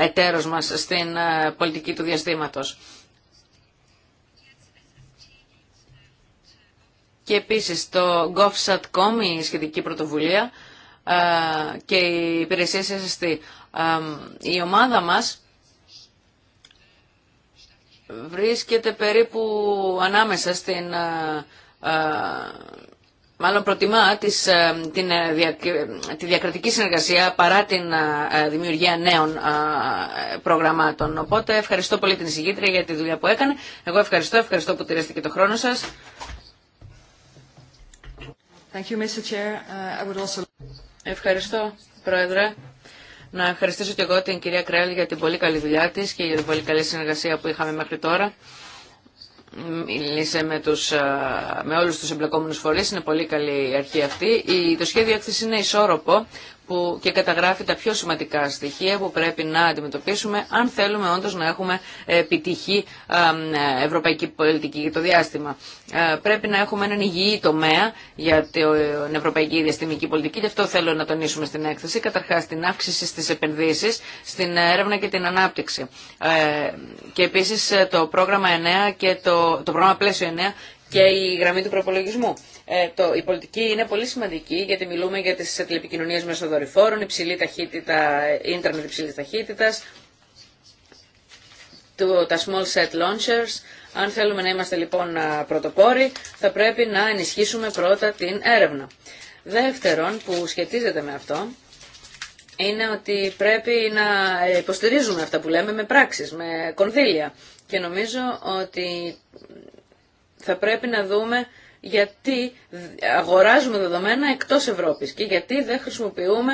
εταίρος μας στην πολιτική του διαστήματος. Και επίσης το GovSatcom, η σχετική πρωτοβουλία και η υπηρεσία SST. Η ομάδα μας βρίσκεται περίπου ανάμεσα στην μάλλον προτιμά τις, ε, την, ε, τη διακρατική συνεργασία παρά την ε, δημιουργία νέων προγραμμάτων. Οπότε ευχαριστώ πολύ την εισηγήτρια για τη δουλειά που έκανε. Εγώ ευχαριστώ, ευχαριστώ που τηρέστηκε το χρόνο σας. Uh, ευχαριστώ, Πρόεδρε. Να ευχαριστήσω και εγώ την κυρία Κρέλ για την πολύ καλή δουλειά της και για την πολύ καλή συνεργασία που είχαμε μέχρι τώρα μίλησε με, τους, ε, με όλους τους εμπλεκόμενους φορείς, είναι πολύ καλή η αρχή αυτή. το σχέδιο έκθεση είναι ισόρροπο, που και καταγράφει τα πιο σημαντικά στοιχεία που πρέπει να αντιμετωπίσουμε αν θέλουμε όντως να έχουμε επιτυχή ευρωπαϊκή πολιτική για το διάστημα. Ε, πρέπει να έχουμε έναν υγιή τομέα για την ευρωπαϊκή διαστημική πολιτική και αυτό θέλω να τονίσουμε στην έκθεση. Καταρχάς την αύξηση στις επενδύσεις, στην έρευνα και την ανάπτυξη. Ε, και επίσης το πρόγραμμα 9 και το, το πρόγραμμα πλαίσιο 9 και η γραμμή του προπολογισμού. Ε, το, η πολιτική είναι πολύ σημαντική γιατί μιλούμε για τις τηλεπικοινωνίες μέσω δορυφόρων, υψηλή ταχύτητα, ίντερνετ υψηλής ταχύτητας, το, τα small set launchers. Αν θέλουμε να είμαστε λοιπόν πρωτοπόροι, θα πρέπει να ενισχύσουμε πρώτα την έρευνα. Δεύτερον, που σχετίζεται με αυτό, είναι ότι πρέπει να υποστηρίζουμε αυτά που λέμε με πράξεις, με κονδύλια. Και νομίζω ότι θα πρέπει να δούμε γιατί αγοράζουμε δεδομένα εκτός Ευρώπης και γιατί δεν χρησιμοποιούμε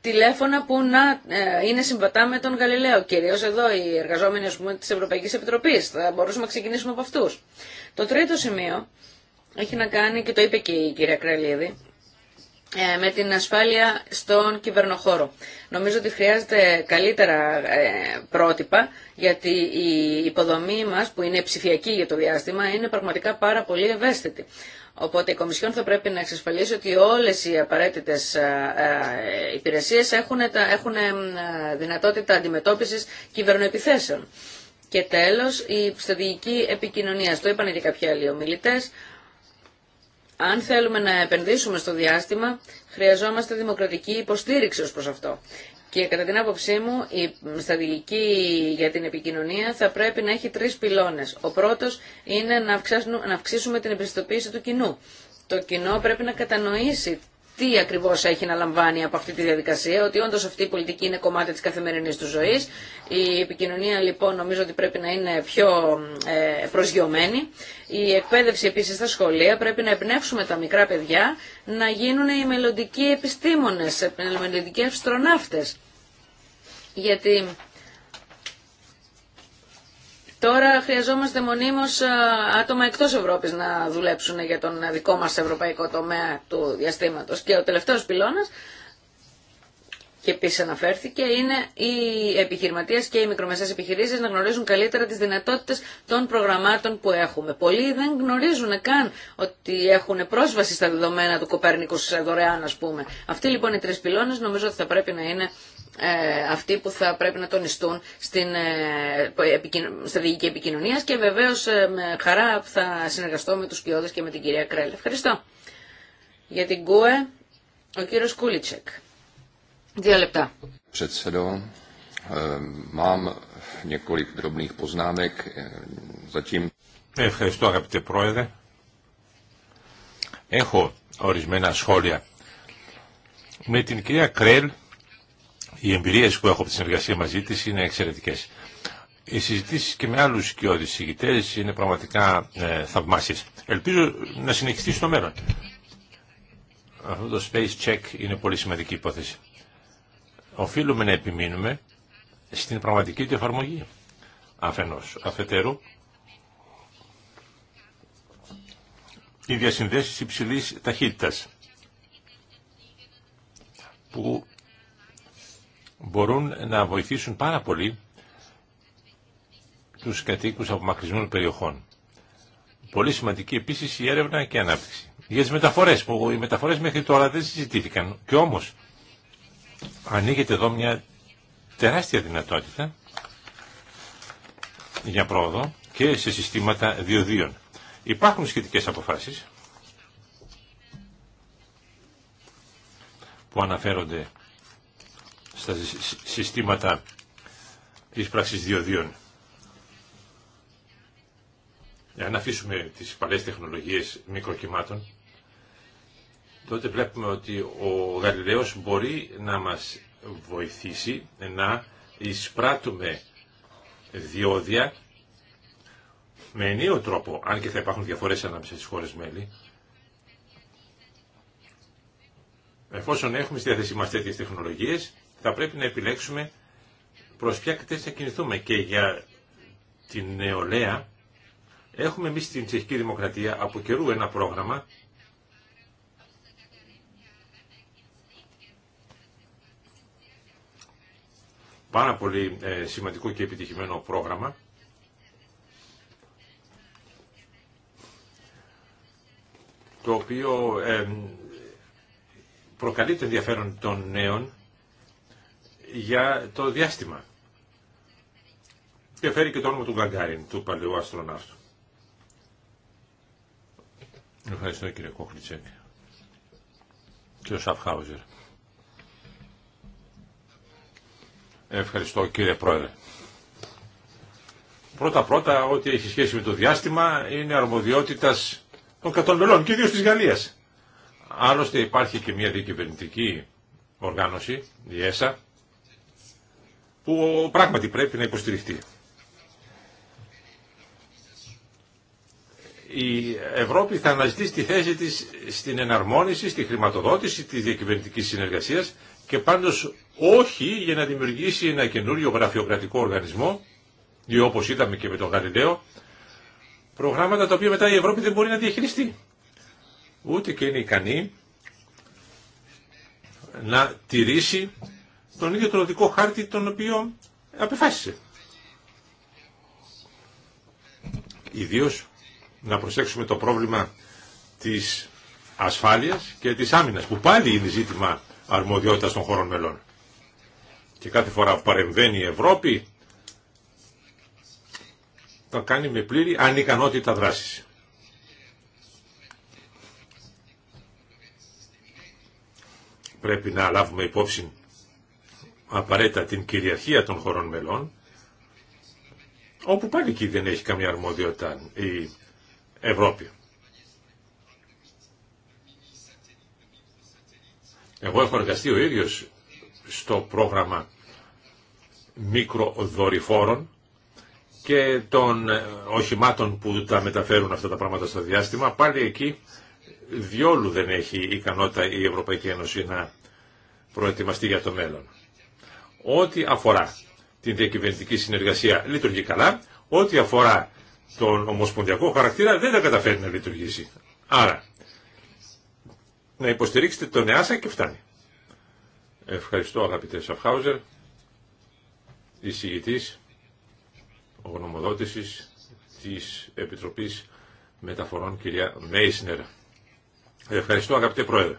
τηλέφωνα που να ε, είναι συμβατά με τον Γαλιλαίο. Κυρίως εδώ οι εργαζόμενοι πούμε, της Ευρωπαϊκής Επιτροπής. Θα μπορούσαμε να ξεκινήσουμε από αυτούς. Το τρίτο σημείο έχει να κάνει, και το είπε και η κυρία Κραλίδη, ε, με την ασφάλεια στον κυβερνοχώρο. Νομίζω ότι χρειάζεται καλύτερα ε, πρότυπα γιατί η υποδομή μας που είναι ψηφιακή για το διάστημα είναι πραγματικά πάρα πολύ ευαίσθητη. Οπότε η Κομισιόν θα πρέπει να εξασφαλίσει ότι όλες οι απαραίτητες ε, υπηρεσίες έχουν, έχουν δυνατότητα αντιμετώπισης κυβερνοεπιθέσεων. Και τέλος η στρατηγική επικοινωνία. Το είπαν και κάποιοι άλλοι ομιλητές αν θέλουμε να επενδύσουμε στο διάστημα, χρειαζόμαστε δημοκρατική υποστήριξη ως προς αυτό. Και κατά την άποψή μου, η στρατηγική για την επικοινωνία θα πρέπει να έχει τρεις πυλώνες. Ο πρώτος είναι να αυξήσουμε την επιστοποίηση του κοινού. Το κοινό πρέπει να κατανοήσει τι ακριβώς έχει να λαμβάνει από αυτή τη διαδικασία, ότι όντω αυτή η πολιτική είναι κομμάτι της καθημερινής του ζωής. Η επικοινωνία λοιπόν νομίζω ότι πρέπει να είναι πιο ε, προσγειωμένη. Η εκπαίδευση επίση στα σχολεία πρέπει να εμπνεύσουμε τα μικρά παιδιά να γίνουν οι μελλοντικοί επιστήμονες, οι μελλοντικοί αστροναύτε. Τώρα χρειαζόμαστε μονίμως άτομα εκτός Ευρώπης να δουλέψουν για τον δικό μας ευρωπαϊκό τομέα του διαστήματος. Και ο τελευταίος πυλώνας, και επίση αναφέρθηκε, είναι οι επιχειρηματίες και οι μικρομεσαίες επιχειρήσεις να γνωρίζουν καλύτερα τις δυνατότητες των προγραμμάτων που έχουμε. Πολλοί δεν γνωρίζουν καν ότι έχουν πρόσβαση στα δεδομένα του Κοπέρνικου δωρεάν, ας πούμε. Αυτοί λοιπόν οι τρεις πυλώνες νομίζω ότι θα πρέπει να είναι ε, αυτοί που θα πρέπει να τονιστούν στην ε, στρατηγική επικοινωνία και βεβαίω ε, με χαρά θα συνεργαστώ με του κοιόδε και με την κυρία Κρέλ. Ευχαριστώ. Για την ΚΟΕ, ο κύριο Κούλιτσεκ. Δύο λεπτά. Ευχαριστώ αγαπητέ πρόεδρε. Έχω ορισμένα σχόλια. Με την κυρία Κρέλ οι εμπειρίες που έχω από τη συνεργασία μαζί της είναι εξαιρετικές. Οι συζητήσεις και με άλλους και ηγητές είναι πραγματικά ε, Ελπίζω να συνεχιστεί στο μέλλον. Αυτό το space check είναι πολύ σημαντική υπόθεση. Οφείλουμε να επιμείνουμε στην πραγματική του εφαρμογή. Αφενός. Αφετέρου, οι διασυνδέσεις υψηλής ταχύτητας που μπορούν να βοηθήσουν πάρα πολύ τους κατοίκους απομακρυσμένων περιοχών. Πολύ σημαντική επίσης η έρευνα και η ανάπτυξη. Για τις μεταφορές, που οι μεταφορές μέχρι τώρα δεν συζητήθηκαν. Και όμως ανοίγεται εδώ μια τεράστια δυνατότητα για πρόοδο και σε συστήματα διοδίων. Υπάρχουν σχετικές αποφάσεις που αναφέρονται στα συστήματα πράξης διοδίων. Αν αφήσουμε τις παλές τεχνολογίες μικροκυμάτων, τότε βλέπουμε ότι ο Γαλιλαίος μπορεί να μας βοηθήσει να εισπράττουμε διόδια με ενίο τρόπο, αν και θα υπάρχουν διαφορές ανάμεσα στις χώρες μέλη, εφόσον έχουμε στη διάθεσή μας τέτοιες τεχνολογίες, θα πρέπει να επιλέξουμε προς ποια κατεύθυνση θα κινηθούμε. Και για την νεολαία έχουμε εμεί στην Τσεχική Δημοκρατία από καιρού ένα πρόγραμμα πάρα πολύ ε, σημαντικό και επιτυχημένο πρόγραμμα το οποίο ε, προκαλεί το ενδιαφέρον των νέων για το διάστημα. Και φέρει και το όνομα του Γκαγκάριν, του παλαιού αστροναύτου. Ευχαριστώ και ο Κύριο Σαφχάουζερ. Ευχαριστώ κύριε Πρόεδρε. Πρώτα-πρώτα ό,τι έχει σχέση με το διάστημα είναι αρμοδιότητας των κατών και ιδίως της Γαλλίας. Άλλωστε υπάρχει και μια διακυβερνητική οργάνωση, η ΕΣΑ, που πράγματι πρέπει να υποστηριχτεί. Η Ευρώπη θα αναζητήσει τη θέση της στην εναρμόνιση, στη χρηματοδότηση της διακυβερνητικής συνεργασίας και πάντως όχι για να δημιουργήσει ένα καινούριο γραφειοκρατικό οργανισμό ή όπως είδαμε και με τον Γαλιλαίο, προγράμματα τα οποία μετά η Ευρώπη δεν μπορεί να διαχειριστεί. Ούτε και είναι ικανή να τηρήσει τον ίδιο τον οδικό χάρτη τον οποίο απεφάσισε. Ιδίως να προσέξουμε το πρόβλημα της ασφάλειας και της άμυνας που πάλι είναι ζήτημα αρμοδιότητας των χωρών μελών. Και κάθε φορά που παρεμβαίνει η Ευρώπη το κάνει με πλήρη ανικανότητα δράσης. Πρέπει να λάβουμε υπόψη απαραίτητα την κυριαρχία των χωρών μελών, όπου πάλι εκεί δεν έχει καμία αρμοδιότητα η Ευρώπη. Εγώ έχω εργαστεί ο ίδιος στο πρόγραμμα μικροδορυφόρων και των οχημάτων που τα μεταφέρουν αυτά τα πράγματα στο διάστημα. Πάλι εκεί διόλου δεν έχει ικανότητα η Ευρωπαϊκή Ένωση να προετοιμαστεί για το μέλλον. Ό,τι αφορά την διακυβερνητική συνεργασία λειτουργεί καλά, ό,τι αφορά τον ομοσπονδιακό χαρακτήρα δεν τα καταφέρει να λειτουργήσει. Άρα, να υποστηρίξετε τον ΕΑΣΑ και φτάνει. Ευχαριστώ αγαπητέ Σαφχάουζερ, εισηγητής ογνωμοδότησης της Επιτροπής Μεταφορών κυρία Μέισνερ. Ευχαριστώ αγαπητέ Πρόεδρε.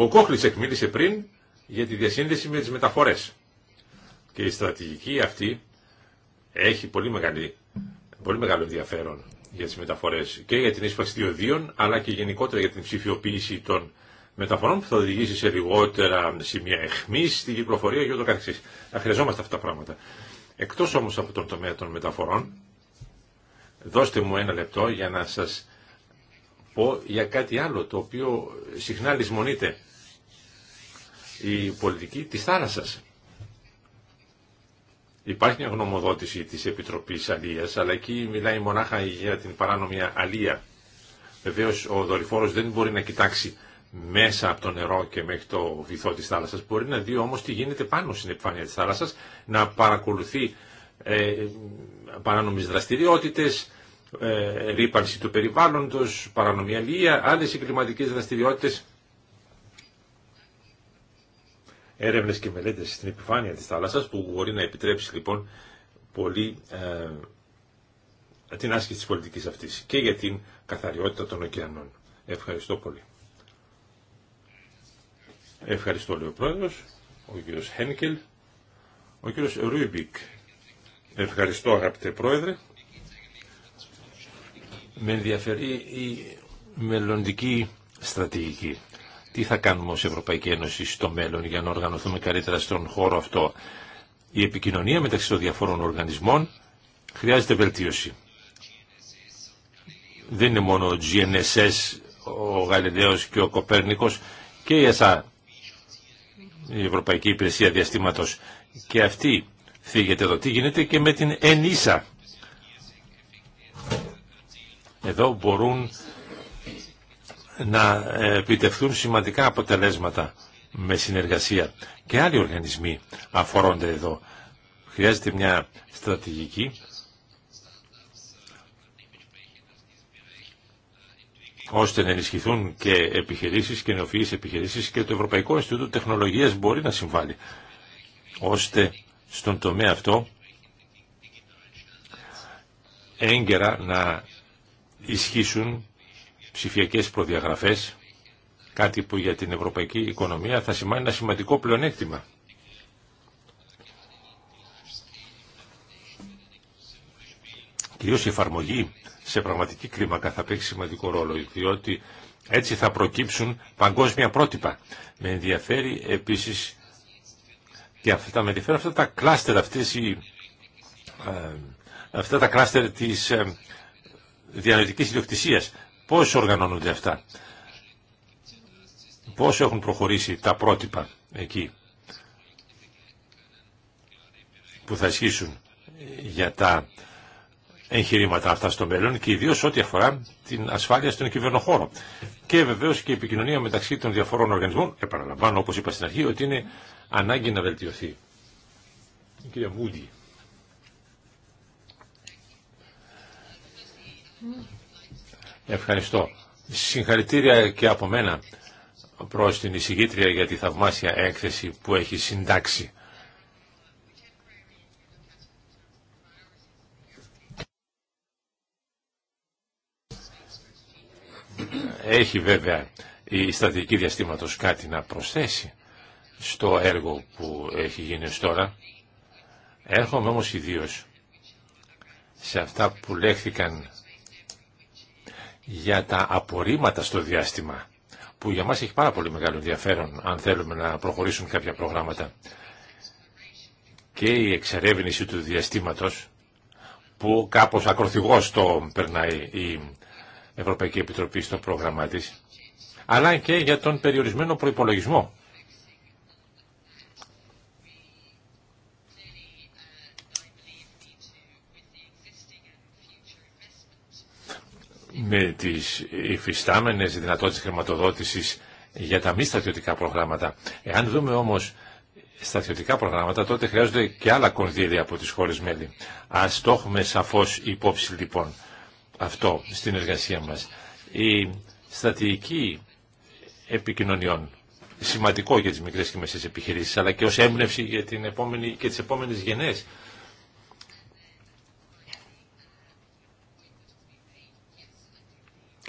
Ο Κόχλησεκ μίλησε πριν για τη διασύνδεση με τις μεταφορές. Και η στρατηγική αυτή έχει πολύ, μεγάλη, πολύ μεγάλο ενδιαφέρον για τις μεταφορές και για την ίσπαση διοδίων αλλά και γενικότερα για την ψηφιοποίηση των μεταφορών που θα οδηγήσει σε λιγότερα σημεία εχμή στην κυκλοφορία και ούτω καθεξής. Θα χρειαζόμαστε αυτά τα πράγματα. Εκτός όμως από τον τομέα των μεταφορών, δώστε μου ένα λεπτό για να σας πω για κάτι άλλο το οποίο συχνά λησμονείται η πολιτική της θάλασσας. Υπάρχει μια γνωμοδότηση της Επιτροπής Αλίας, αλλά εκεί μιλάει μονάχα για την παράνομη αλία. Βεβαίως ο δορυφόρος δεν μπορεί να κοιτάξει μέσα από το νερό και μέχρι το βυθό της θάλασσας. Μπορεί να δει όμως τι γίνεται πάνω στην επιφάνεια της θάλασσας, να παρακολουθεί ε, παράνομες δραστηριότητες, ε, ρήπανση του περιβάλλοντος, παρανομιαλία, άλλες εγκληματικές δραστηριότητες. έρευνες και μελέτες στην επιφάνεια της θάλασσας που μπορεί να επιτρέψει λοιπόν πολύ ε, την άσκηση της πολιτικής αυτής και για την καθαριότητα των ωκεανών. Ευχαριστώ πολύ. Ευχαριστώ λέει ο Πρόεδρος, ο κύριος Χένκελ, ο κύριος Ρούιμπικ. Ευχαριστώ αγαπητέ Πρόεδρε. Με ενδιαφέρει η μελλοντική στρατηγική τι θα κάνουμε ως Ευρωπαϊκή Ένωση στο μέλλον για να οργανωθούμε καλύτερα στον χώρο αυτό. Η επικοινωνία μεταξύ των διαφόρων οργανισμών χρειάζεται βελτίωση. Δεν είναι μόνο ο GNSS, ο Γαλιλαίος και ο Κοπέρνικος και η ΕΣΑ, η Ευρωπαϊκή Υπηρεσία Διαστήματος. Και αυτή φύγεται εδώ. Τι γίνεται και με την ΕΝΙΣΑ. Εδώ μπορούν να επιτευχθούν σημαντικά αποτελέσματα με συνεργασία. Και άλλοι οργανισμοί αφορώνται εδώ. Χρειάζεται μια στρατηγική ώστε να ενισχυθούν και επιχειρήσεις και νεοφυείς επιχειρήσεις και το Ευρωπαϊκό Ινστιτούτο Τεχνολογίας μπορεί να συμβάλλει ώστε στον τομέα αυτό έγκαιρα να ισχύσουν ψηφιακές προδιαγραφές, κάτι που για την ευρωπαϊκή οικονομία θα σημαίνει ένα σημαντικό πλεονέκτημα. Κυρίως η εφαρμογή σε πραγματική κλίμακα θα παίξει σημαντικό ρόλο, διότι έτσι θα προκύψουν παγκόσμια πρότυπα. Με ενδιαφέρει επίσης και αυτά με ενδιαφέρουν αυτά τα κλάστερ, αυτές οι, ε, αυτά τα κλάστερ της ε, διανοητικής ιδιοκτησίας Πώς οργανώνονται αυτά. Πώς έχουν προχωρήσει τα πρότυπα εκεί που θα ισχύσουν για τα εγχειρήματα αυτά στο μέλλον και ιδίως ό,τι αφορά την ασφάλεια στον κυβερνοχώρο. Και βεβαίως και η επικοινωνία μεταξύ των διαφορών οργανισμών, επαναλαμβάνω όπως είπα στην αρχή, ότι είναι ανάγκη να βελτιωθεί. Η κυρία Ευχαριστώ. Συγχαρητήρια και από μένα προς την εισηγήτρια για τη θαυμάσια έκθεση που έχει συντάξει. Έχει βέβαια η στρατηγική διαστήματος κάτι να προσθέσει στο έργο που έχει γίνει ως τώρα. Έρχομαι όμως ιδίως σε αυτά που λέχθηκαν για τα απορρίμματα στο διάστημα, που για μας έχει πάρα πολύ μεγάλο ενδιαφέρον αν θέλουμε να προχωρήσουν κάποια προγράμματα. Και η εξερεύνηση του διαστήματος, που κάπως ακροθυγώς το περνάει η Ευρωπαϊκή Επιτροπή στο πρόγραμμά της, αλλά και για τον περιορισμένο προϋπολογισμό με τις υφιστάμενες δυνατότητες χρηματοδότησης για τα μη στατιωτικά προγράμματα. Εάν δούμε όμως στατιωτικά προγράμματα, τότε χρειάζονται και άλλα κονδύλια από τις χώρες μέλη. Ας το έχουμε σαφώς υπόψη λοιπόν αυτό στην εργασία μας. Η στατική επικοινωνιών, σημαντικό για τις μικρές και μεσές επιχειρήσεις, αλλά και ως έμπνευση για την επόμενη, και τις επόμενες γενναίες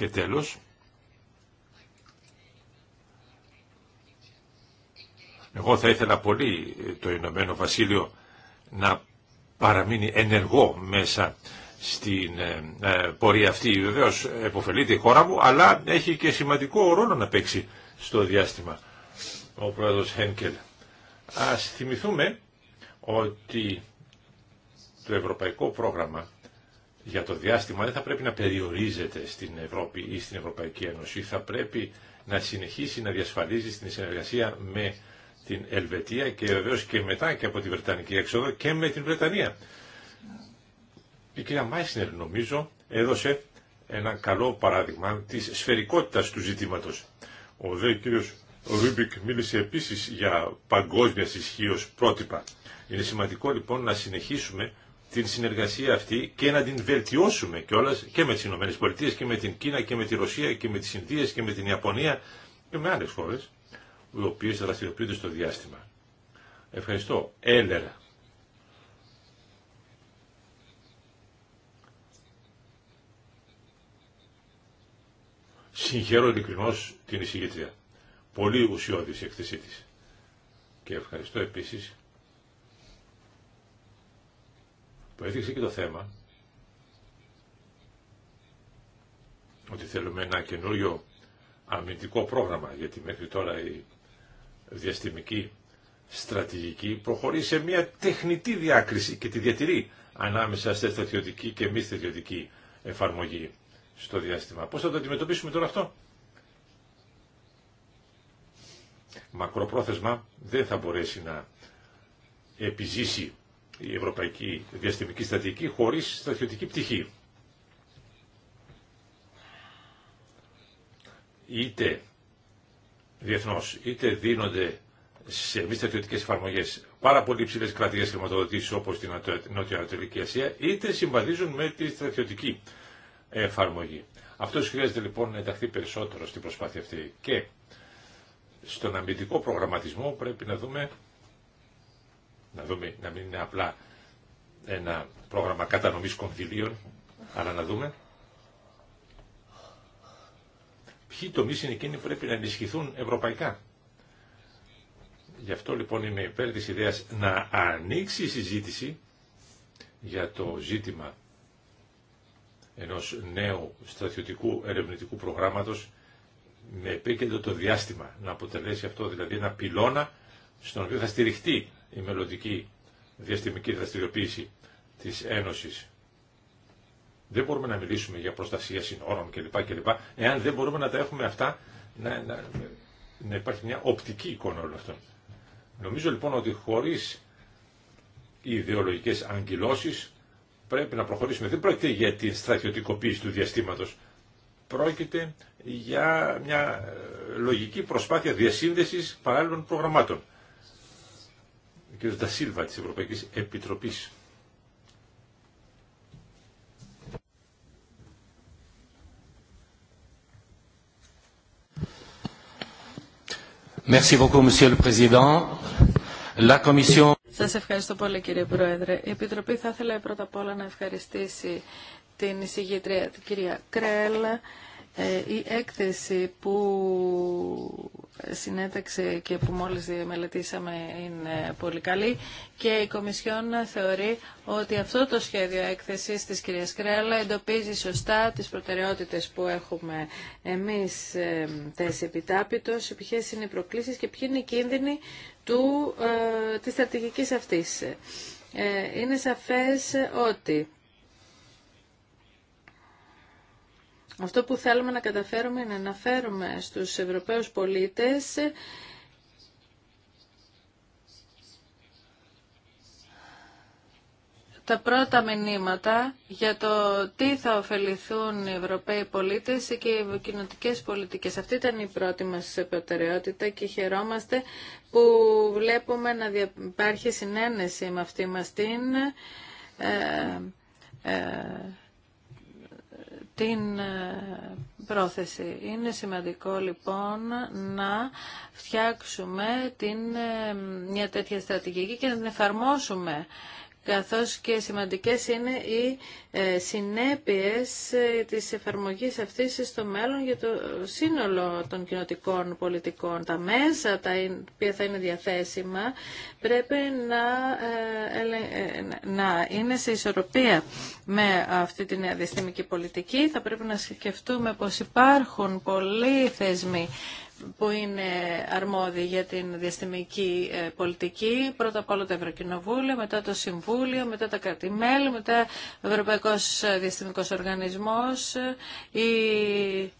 Και τέλος, εγώ θα ήθελα πολύ το Ηνωμένο Βασίλειο να παραμείνει ενεργό μέσα στην ε, ε, πορεία αυτή. Βεβαίω επωφελείται η χώρα μου, αλλά έχει και σημαντικό ρόλο να παίξει στο διάστημα ο πρόεδρος Χένκελ. Ας θυμηθούμε ότι το ευρωπαϊκό πρόγραμμα για το διάστημα δεν θα πρέπει να περιορίζεται στην Ευρώπη ή στην Ευρωπαϊκή Ένωση. Θα πρέπει να συνεχίσει να διασφαλίζει την συνεργασία με την Ελβετία και βεβαίω και μετά και από τη Βρετανική έξοδο και με την Βρετανία. Η κυρία Μάισνερ νομίζω έδωσε ένα καλό παράδειγμα της σφαιρικότητας του ζητήματος. Ο δε κύριος Ρούμπικ μίλησε επίσης για παγκόσμια ισχύω πρότυπα. Είναι σημαντικό λοιπόν να συνεχίσουμε την συνεργασία αυτή και να την βελτιώσουμε όλες και με τις Ηνωμένες Πολιτείες και με την Κίνα και με τη Ρωσία και με τις Ινδίες και με την Ιαπωνία και με άλλες χώρες οι οποίες δραστηριοποιούνται στο διάστημα. Ευχαριστώ. Έλερα. Συγχαίρω ειλικρινώς την εισηγήτρια. Πολύ ουσιώδης η εκθεσή της. Και ευχαριστώ επίσης που και το θέμα ότι θέλουμε ένα καινούριο αμυντικό πρόγραμμα, γιατί μέχρι τώρα η διαστημική στρατηγική προχωρεί σε μια τεχνητή διάκριση και τη διατηρεί ανάμεσα σε στρατιωτική και μη στρατιωτική εφαρμογή στο διάστημα. Πώς θα το αντιμετωπίσουμε τώρα αυτό. Μακροπρόθεσμα δεν θα μπορέσει να επιζήσει η Ευρωπαϊκή Διαστημική στατική χωρίς στρατιωτική πτυχή. Είτε διεθνώς, είτε δίνονται σε μη στρατιωτικέ εφαρμογέ πάρα πολύ υψηλέ κρατικέ χρηματοδοτήσει όπω στην Νότια ανατολικη Ασία, είτε συμβαδίζουν με τη στρατιωτική εφαρμογή. Αυτό χρειάζεται λοιπόν να ενταχθεί περισσότερο στην προσπάθεια αυτή. Και στον αμυντικό προγραμματισμό πρέπει να δούμε να δούμε, να μην είναι απλά ένα πρόγραμμα κατανομής κονδυλίων, αλλά να δούμε ποιοι τομείς είναι εκείνοι που πρέπει να ενισχυθούν ευρωπαϊκά. Γι' αυτό λοιπόν είμαι υπέρ της ιδέας να ανοίξει η συζήτηση για το ζήτημα ενός νέου στρατιωτικού ερευνητικού προγράμματος με επίκεντρο το διάστημα. Να αποτελέσει αυτό δηλαδή ένα πυλώνα στον οποίο θα στηριχτεί η μελλοντική διαστημική δραστηριοποίηση της Ένωσης. Δεν μπορούμε να μιλήσουμε για προστασία συνόρων κλπ. κλπ εάν δεν μπορούμε να τα έχουμε αυτά, να, να, να υπάρχει μια οπτική εικόνα όλων αυτών. Νομίζω λοιπόν ότι χωρίς ιδεολογικές αγκυλώσεις πρέπει να προχωρήσουμε. Δεν πρόκειται για την στρατιωτικοποίηση του διαστήματος. Πρόκειται για μια λογική προσπάθεια διασύνδεσης παράλληλων προγραμμάτων κ. Ντασίλβα της Ευρωπαϊκής Επιτροπής. Merci beaucoup, Monsieur le Président. La Commission... Σας ευχαριστώ πολύ κύριε Πρόεδρε. Η Επιτροπή θα ήθελε πρώτα απ' όλα να ευχαριστήσει την εισηγήτρια την κυρία Κρέλ ε, η έκθεση που συνέταξε και που μόλις μελετήσαμε είναι πολύ καλή και η Κομισιόν θεωρεί ότι αυτό το σχέδιο έκθεσης της κυρίας Κρέλλα εντοπίζει σωστά τις προτεραιότητες που έχουμε εμείς ε, θέσει επιτάπητος, ποιες είναι οι προκλήσεις και ποιοι είναι οι κίνδυνοι του, ε, της στρατηγικής αυτής. είναι σαφές ότι Αυτό που θέλουμε να καταφέρουμε είναι να φέρουμε στους Ευρωπαίους πολίτες τα πρώτα μηνύματα για το τι θα ωφεληθούν οι Ευρωπαίοι πολίτες και οι κοινοτικές πολιτικές. Αυτή ήταν η πρώτη μας προτεραιότητα και χαιρόμαστε που βλέπουμε να υπάρχει συνένεση με αυτή μας την ε, ε, την ε, πρόθεση. Είναι σημαντικό λοιπόν να φτιάξουμε την, ε, μια τέτοια στρατηγική και να την εφαρμόσουμε καθώς και σημαντικές είναι οι ε, συνέπειες ε, της εφαρμογής αυτής στο μέλλον για το σύνολο των κοινοτικών πολιτικών. Τα μέσα τα οποία θα είναι διαθέσιμα πρέπει να, ε, να είναι σε ισορροπία με αυτή την διαστημική πολιτική. Θα πρέπει να σκεφτούμε πως υπάρχουν πολλοί θεσμοί που είναι αρμόδιοι για την διαστημική ε, πολιτική. Πρώτα απ' όλα το Ευρωκοινοβούλιο, μετά το Συμβούλιο, μετά τα κρατημέλη, μετά ο Ευρωπαϊκός ε, Διαστημικός Οργανισμός, ε, η,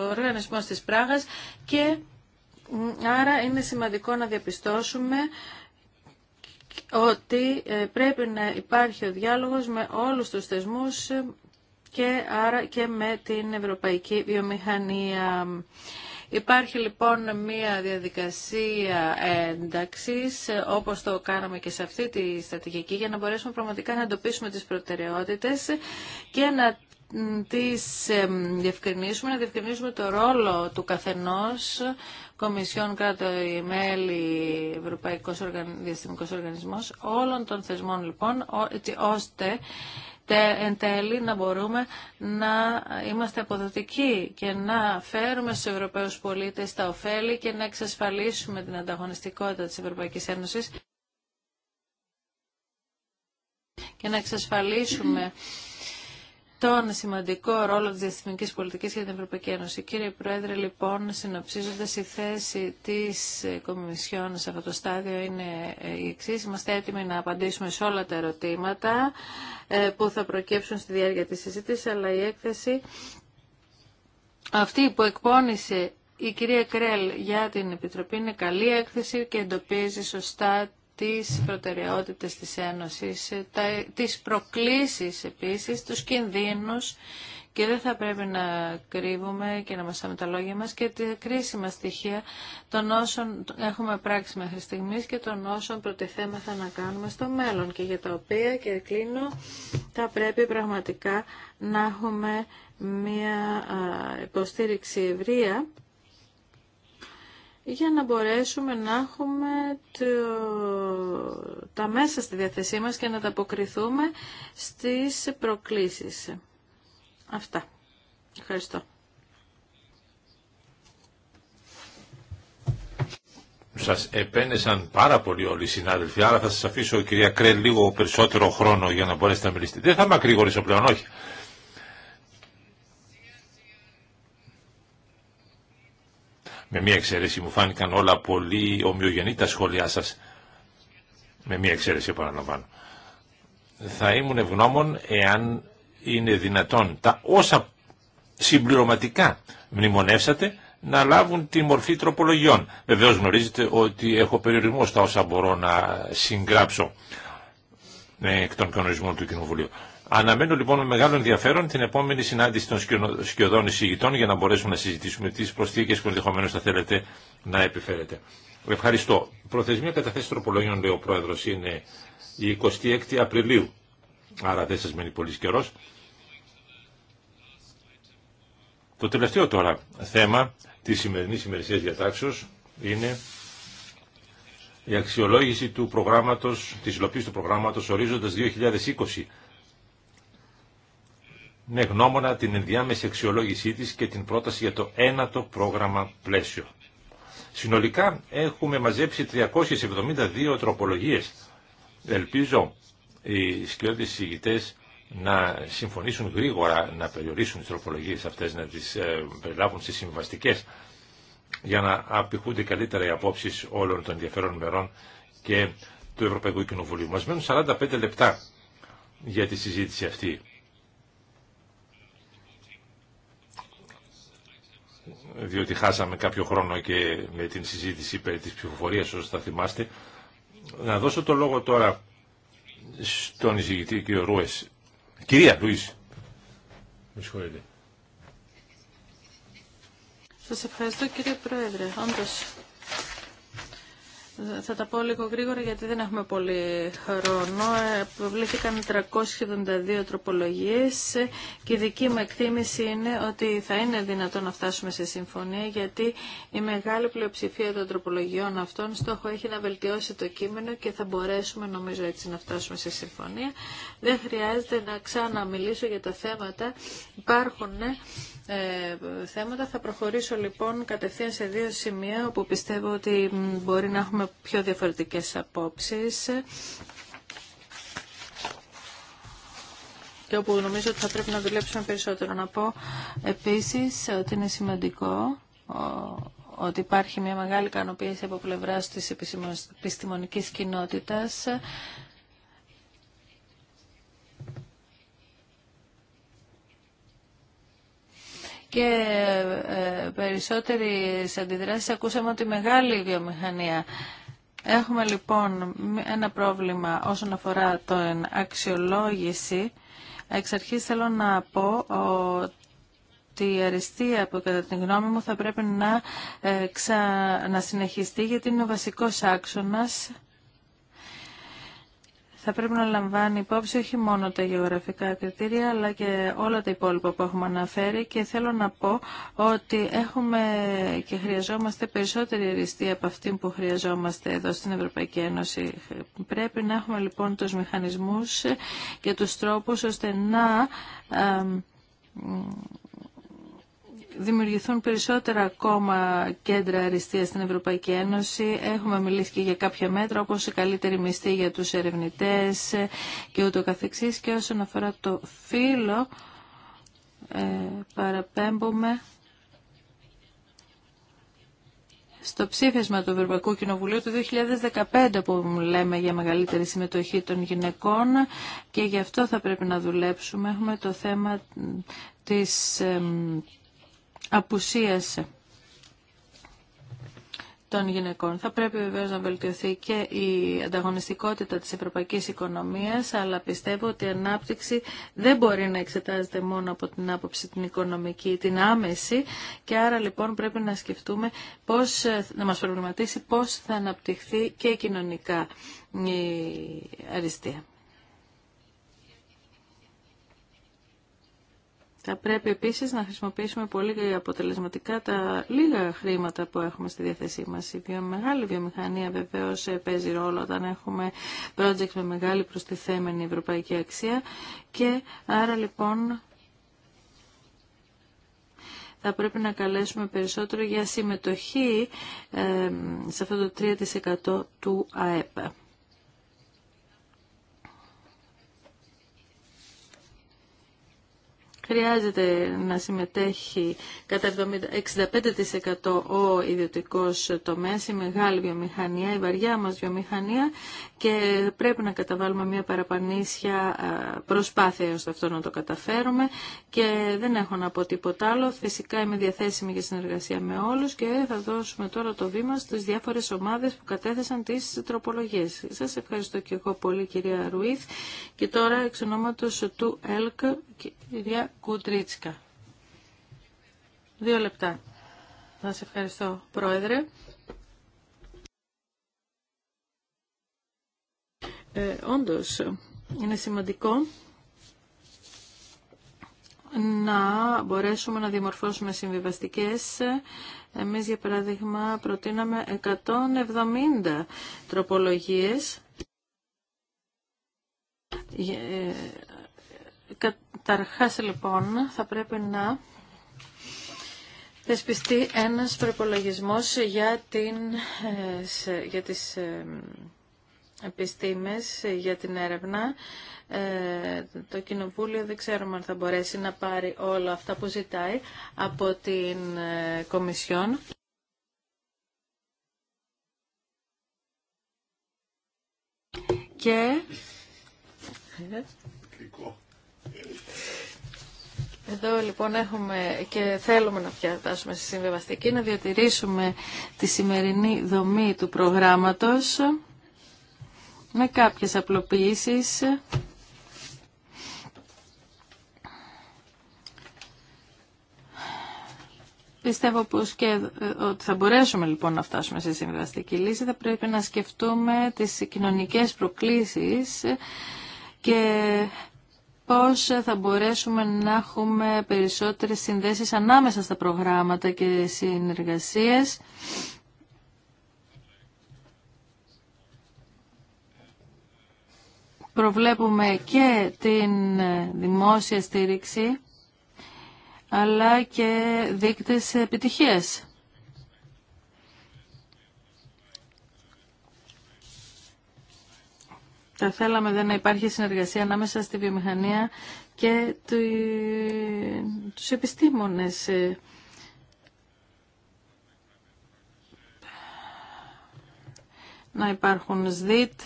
ο Οργανισμός της Πράγας και άρα είναι σημαντικό να διαπιστώσουμε ότι πρέπει να υπάρχει ο διάλογος με όλους τους θεσμούς και άρα και με την ευρωπαϊκή βιομηχανία. Υπάρχει λοιπόν μια διαδικασία ένταξης, όπως το κάναμε και σε αυτή τη στρατηγική, για να μπορέσουμε πραγματικά να εντοπίσουμε τις προτεραιότητες και να τις διευκρινίσουμε, να διευκρινίσουμε το ρόλο του καθενός Κομισιόν, Κράτο, Μέλη, Ευρωπαϊκός Διαστημικός Οργανισμός, όλων των θεσμών λοιπόν, έτσι ώστε εν τέλει να μπορούμε να είμαστε αποδοτικοί και να φέρουμε στους Ευρωπαίους πολίτες τα ωφέλη και να εξασφαλίσουμε την ανταγωνιστικότητα της Ευρωπαϊκής Ένωσης και να εξασφαλίσουμε τον σημαντικό ρόλο της διεθνικής πολιτικής για την Ευρωπαϊκή Ένωση. Κύριε Πρόεδρε, λοιπόν, συνοψίζοντας η θέση της Κομισιόν σε αυτό το στάδιο είναι ε, η εξή. Είμαστε έτοιμοι να απαντήσουμε σε όλα τα ερωτήματα ε, που θα προκύψουν στη διάρκεια της συζήτηση, αλλά η έκθεση αυτή που εκπώνησε η κυρία Κρέλ για την Επιτροπή είναι καλή έκθεση και εντοπίζει σωστά τις προτεραιότητες της Ένωσης, ε, τα, τις προκλήσεις επίσης, τους κινδύνους και δεν θα πρέπει να κρύβουμε και να μασάμε τα λόγια μας και τη κρίσιμα στοιχεία των όσων έχουμε πράξει μέχρι στιγμής και των όσων προτιθέμεθα να κάνουμε στο μέλλον και για τα οποία και κλείνω θα πρέπει πραγματικά να έχουμε μια υποστήριξη ευρεία για να μπορέσουμε να έχουμε το... τα μέσα στη διαθεσή μας και να τα αποκριθούμε στις προκλήσεις. Αυτά. Ευχαριστώ. Σας επένεσαν πάρα πολύ όλοι οι συνάδελφοι, άρα θα σας αφήσω κυρία Κρέλ λίγο περισσότερο χρόνο για να μπορέσετε να μιλήσετε. Δεν θα ακρηγορήσω πλέον, όχι. Με μία εξαίρεση μου φάνηκαν όλα πολύ ομοιογενή τα σχόλιά σας. Με μία εξαίρεση επαναλαμβάνω. Θα ήμουν ευγνώμων εάν είναι δυνατόν τα όσα συμπληρωματικά μνημονεύσατε να λάβουν τη μορφή τροπολογιών. Βεβαίως γνωρίζετε ότι έχω περιορισμό στα όσα μπορώ να συγγράψω ε, εκ των κανονισμών του Κοινοβουλίου. Αναμένω λοιπόν με μεγάλο ενδιαφέρον την επόμενη συνάντηση των σκιωδών εισηγητών για να μπορέσουμε να συζητήσουμε τι προσθήκε που ενδεχομένω θα θέλετε να επιφέρετε. Ευχαριστώ. Προθεσμία καταθέσει τροπολογίων, λέει ο Πρόεδρο, είναι η 26η Απριλίου. Άρα δεν σα μένει πολύ καιρό. Το τελευταίο τώρα θέμα τη σημερινή ημερησία διατάξεω είναι η αξιολόγηση του προγράμματος, της υλοποίησης του προγράμματο ορίζοντα 2020 με ναι, γνώμονα την ενδιάμεση αξιολόγησή της και την πρόταση για το ένατο πρόγραμμα πλαίσιο. Συνολικά έχουμε μαζέψει 372 τροπολογίες. Ελπίζω οι σκληρότητες συγητές να συμφωνήσουν γρήγορα να περιορίσουν τις τροπολογίες αυτές, να τις ε, περιλάβουν στις συμβαστικές για να απηχούνται καλύτερα οι απόψεις όλων των ενδιαφέρων μερών και του Ευρωπαϊκού Κοινοβουλίου. Μας μένουν 45 λεπτά για τη συζήτηση αυτή. διότι χάσαμε κάποιο χρόνο και με την συζήτηση περί της ψηφοφορίας, όσο θα θυμάστε. Να δώσω το λόγο τώρα στον εισηγητή κύριο Ρούες. Κυρία Λουίς, με συγχωρείτε. Σας ευχαριστώ κύριε Πρόεδρε. Όντως θα τα πω λίγο γρήγορα γιατί δεν έχουμε πολύ χρόνο. Προβλήθηκαν 372 τροπολογίες και η δική μου εκτίμηση είναι ότι θα είναι δυνατόν να φτάσουμε σε συμφωνία γιατί η μεγάλη πλειοψηφία των τροπολογιών αυτών στόχο έχει να βελτιώσει το κείμενο και θα μπορέσουμε νομίζω έτσι να φτάσουμε σε συμφωνία. Δεν χρειάζεται να ξαναμιλήσω για τα θέματα. Υπάρχουν ε, θέματα. Θα προχωρήσω λοιπόν κατευθείαν σε δύο σημεία όπου πιστεύω ότι μπορεί να έχουμε πιο διαφορετικές απόψεις και όπου νομίζω ότι θα πρέπει να δουλέψουμε περισσότερο. Να πω επίσης ότι είναι σημαντικό ότι υπάρχει μια μεγάλη ικανοποίηση από πλευράς της επιστημονικής κοινότητας και ε, περισσότερες αντιδράσεις ακούσαμε ότι μεγάλη βιομηχανία. Έχουμε λοιπόν ένα πρόβλημα όσον αφορά την αξιολόγηση. Εξ αρχής θέλω να πω ότι η αριστεία που κατά την γνώμη μου θα πρέπει να, ε, να συνεχιστεί γιατί είναι ο βασικός άξονας θα πρέπει να λαμβάνει υπόψη όχι μόνο τα γεωγραφικά κριτήρια αλλά και όλα τα υπόλοιπα που έχουμε αναφέρει και θέλω να πω ότι έχουμε και χρειαζόμαστε περισσότερη ρηστή από αυτή που χρειαζόμαστε εδώ στην Ευρωπαϊκή Ένωση. Πρέπει να έχουμε λοιπόν τους μηχανισμούς και τους τρόπους ώστε να δημιουργηθούν περισσότερα ακόμα κέντρα αριστεία στην Ευρωπαϊκή Ένωση. Έχουμε μιλήσει και για κάποια μέτρα όπως η καλύτερη μισθή για τους ερευνητές και ούτω καθεξής. Και όσον αφορά το φύλλο, ε, παραπέμπουμε στο ψήφισμα του Ευρωπαϊκού Κοινοβουλίου του 2015 που λέμε για μεγαλύτερη συμμετοχή των γυναικών και γι' αυτό θα πρέπει να δουλέψουμε. Έχουμε το θέμα της απουσίασε των γυναικών. Θα πρέπει βεβαίω να βελτιωθεί και η ανταγωνιστικότητα της ευρωπαϊκής οικονομίας, αλλά πιστεύω ότι η ανάπτυξη δεν μπορεί να εξετάζεται μόνο από την άποψη την οικονομική, την άμεση και άρα λοιπόν πρέπει να σκεφτούμε πώς, να μας προβληματίσει πώς θα αναπτυχθεί και κοινωνικά η αριστεία. Θα πρέπει επίσης να χρησιμοποιήσουμε πολύ αποτελεσματικά τα λίγα χρήματα που έχουμε στη διάθεσή μας. Η μεγάλη βιομηχανία βεβαίως ε, παίζει ρόλο όταν έχουμε project με μεγάλη προστιθέμενη ευρωπαϊκή αξία και άρα λοιπόν θα πρέπει να καλέσουμε περισσότερο για συμμετοχή ε, σε αυτό το 3% του ΑΕΠ. Χρειάζεται να συμμετέχει κατά 65% ο ιδιωτικός τομέας, η μεγάλη βιομηχανία, η βαριά μας βιομηχανία και πρέπει να καταβάλουμε μια παραπανήσια προσπάθεια ώστε αυτό να το καταφέρουμε και δεν έχω να πω τίποτα άλλο. Φυσικά είμαι διαθέσιμη για συνεργασία με όλους και θα δώσουμε τώρα το βήμα στις διάφορες ομάδες που κατέθεσαν τις τροπολογίες. Σας ευχαριστώ και εγώ πολύ κυρία Ρουίθ και τώρα εξ ονόματος του ΕΛΚ κυρία Κουτρίτσκα. Δύο λεπτά. Να σε ευχαριστώ, Πρόεδρε. Ε, όντως, είναι σημαντικό να μπορέσουμε να διαμορφώσουμε συμβιβαστικές. Εμείς, για παράδειγμα, προτείναμε 170 τροπολογίες ε, ε, Καταρχάς λοιπόν θα πρέπει να θεσπιστεί ένας προπολογισμό για, την, ε, για τις ε, επιστήμες, για την έρευνα. Ε, το Κοινοβούλιο δεν ξέρουμε αν θα μπορέσει να πάρει όλα αυτά που ζητάει από την Κομισιόν. Και... Εδώ λοιπόν έχουμε και θέλουμε να φτιάξουμε στη συμβεβαστική, να διατηρήσουμε τη σημερινή δομή του προγράμματος με κάποιες απλοποιήσεις. Πιστεύω πως και ε, ότι θα μπορέσουμε λοιπόν να φτάσουμε στη συμβαστική λύση. Θα πρέπει να σκεφτούμε τις κοινωνικές προκλήσεις και πώς θα μπορέσουμε να έχουμε περισσότερες συνδέσεις ανάμεσα στα προγράμματα και συνεργασίες. Προβλέπουμε και την δημόσια στήριξη, αλλά και δείκτες επιτυχίας. θα θέλαμε δεν να υπάρχει συνεργασία ανάμεσα στη βιομηχανία και του, τους επιστήμονες. Να υπάρχουν ΣΔΙΤ,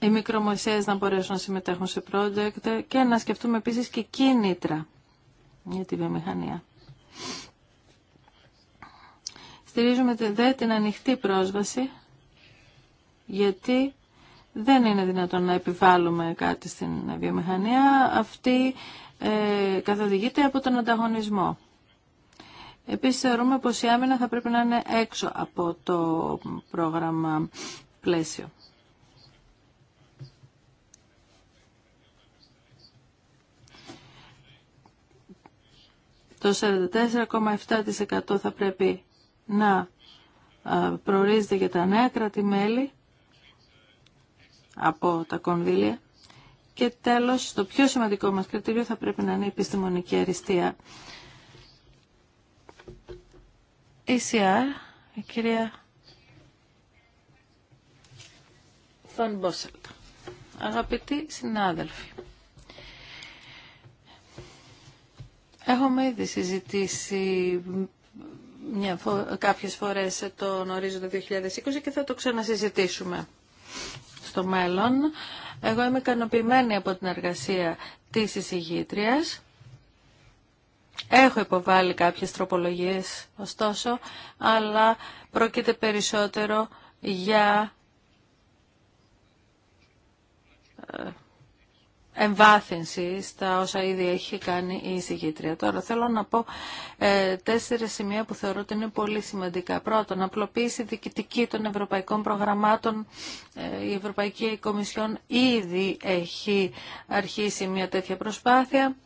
οι μικρομεσαίες να μπορέσουν να συμμετέχουν σε project και να σκεφτούμε επίσης και κίνητρα για τη βιομηχανία. Στηρίζουμε δε την ανοιχτή πρόσβαση γιατί δεν είναι δυνατόν να επιβάλλουμε κάτι στην βιομηχανία. Αυτή ε, καθοδηγείται από τον ανταγωνισμό. Επίσης θεωρούμε πως η άμυνα θα πρέπει να είναι έξω από το πρόγραμμα πλαίσιο. Το 44,7% θα πρέπει να ε, προορίζεται για τα νέα κράτη-μέλη από τα κονδύλια. Και τέλος, το πιο σημαντικό μας κριτήριο θα πρέπει να είναι η επιστημονική αριστεία. ECR, ε η κυρία Φαν Μπόσελτ. Αγαπητοί συνάδελφοι, έχουμε ήδη συζητήσει μια φο... κάποιες φορές τον ορίζοντα 2020 και θα το ξανασυζητήσουμε στο μέλλον. Εγώ είμαι ικανοποιημένη από την εργασία της εισηγήτριας. Έχω υποβάλει κάποιες τροπολογίες, ωστόσο, αλλά πρόκειται περισσότερο για ε, εμβάθυνση στα όσα ήδη έχει κάνει η εισηγήτρια. Τώρα θέλω να πω ε, τέσσερα σημεία που θεωρώ ότι είναι πολύ σημαντικά. Πρώτον, απλοποίηση διοικητική των ευρωπαϊκών προγραμμάτων. Ε, η Ευρωπαϊκή Κομισιόν ήδη έχει αρχίσει μια τέτοια προσπάθεια.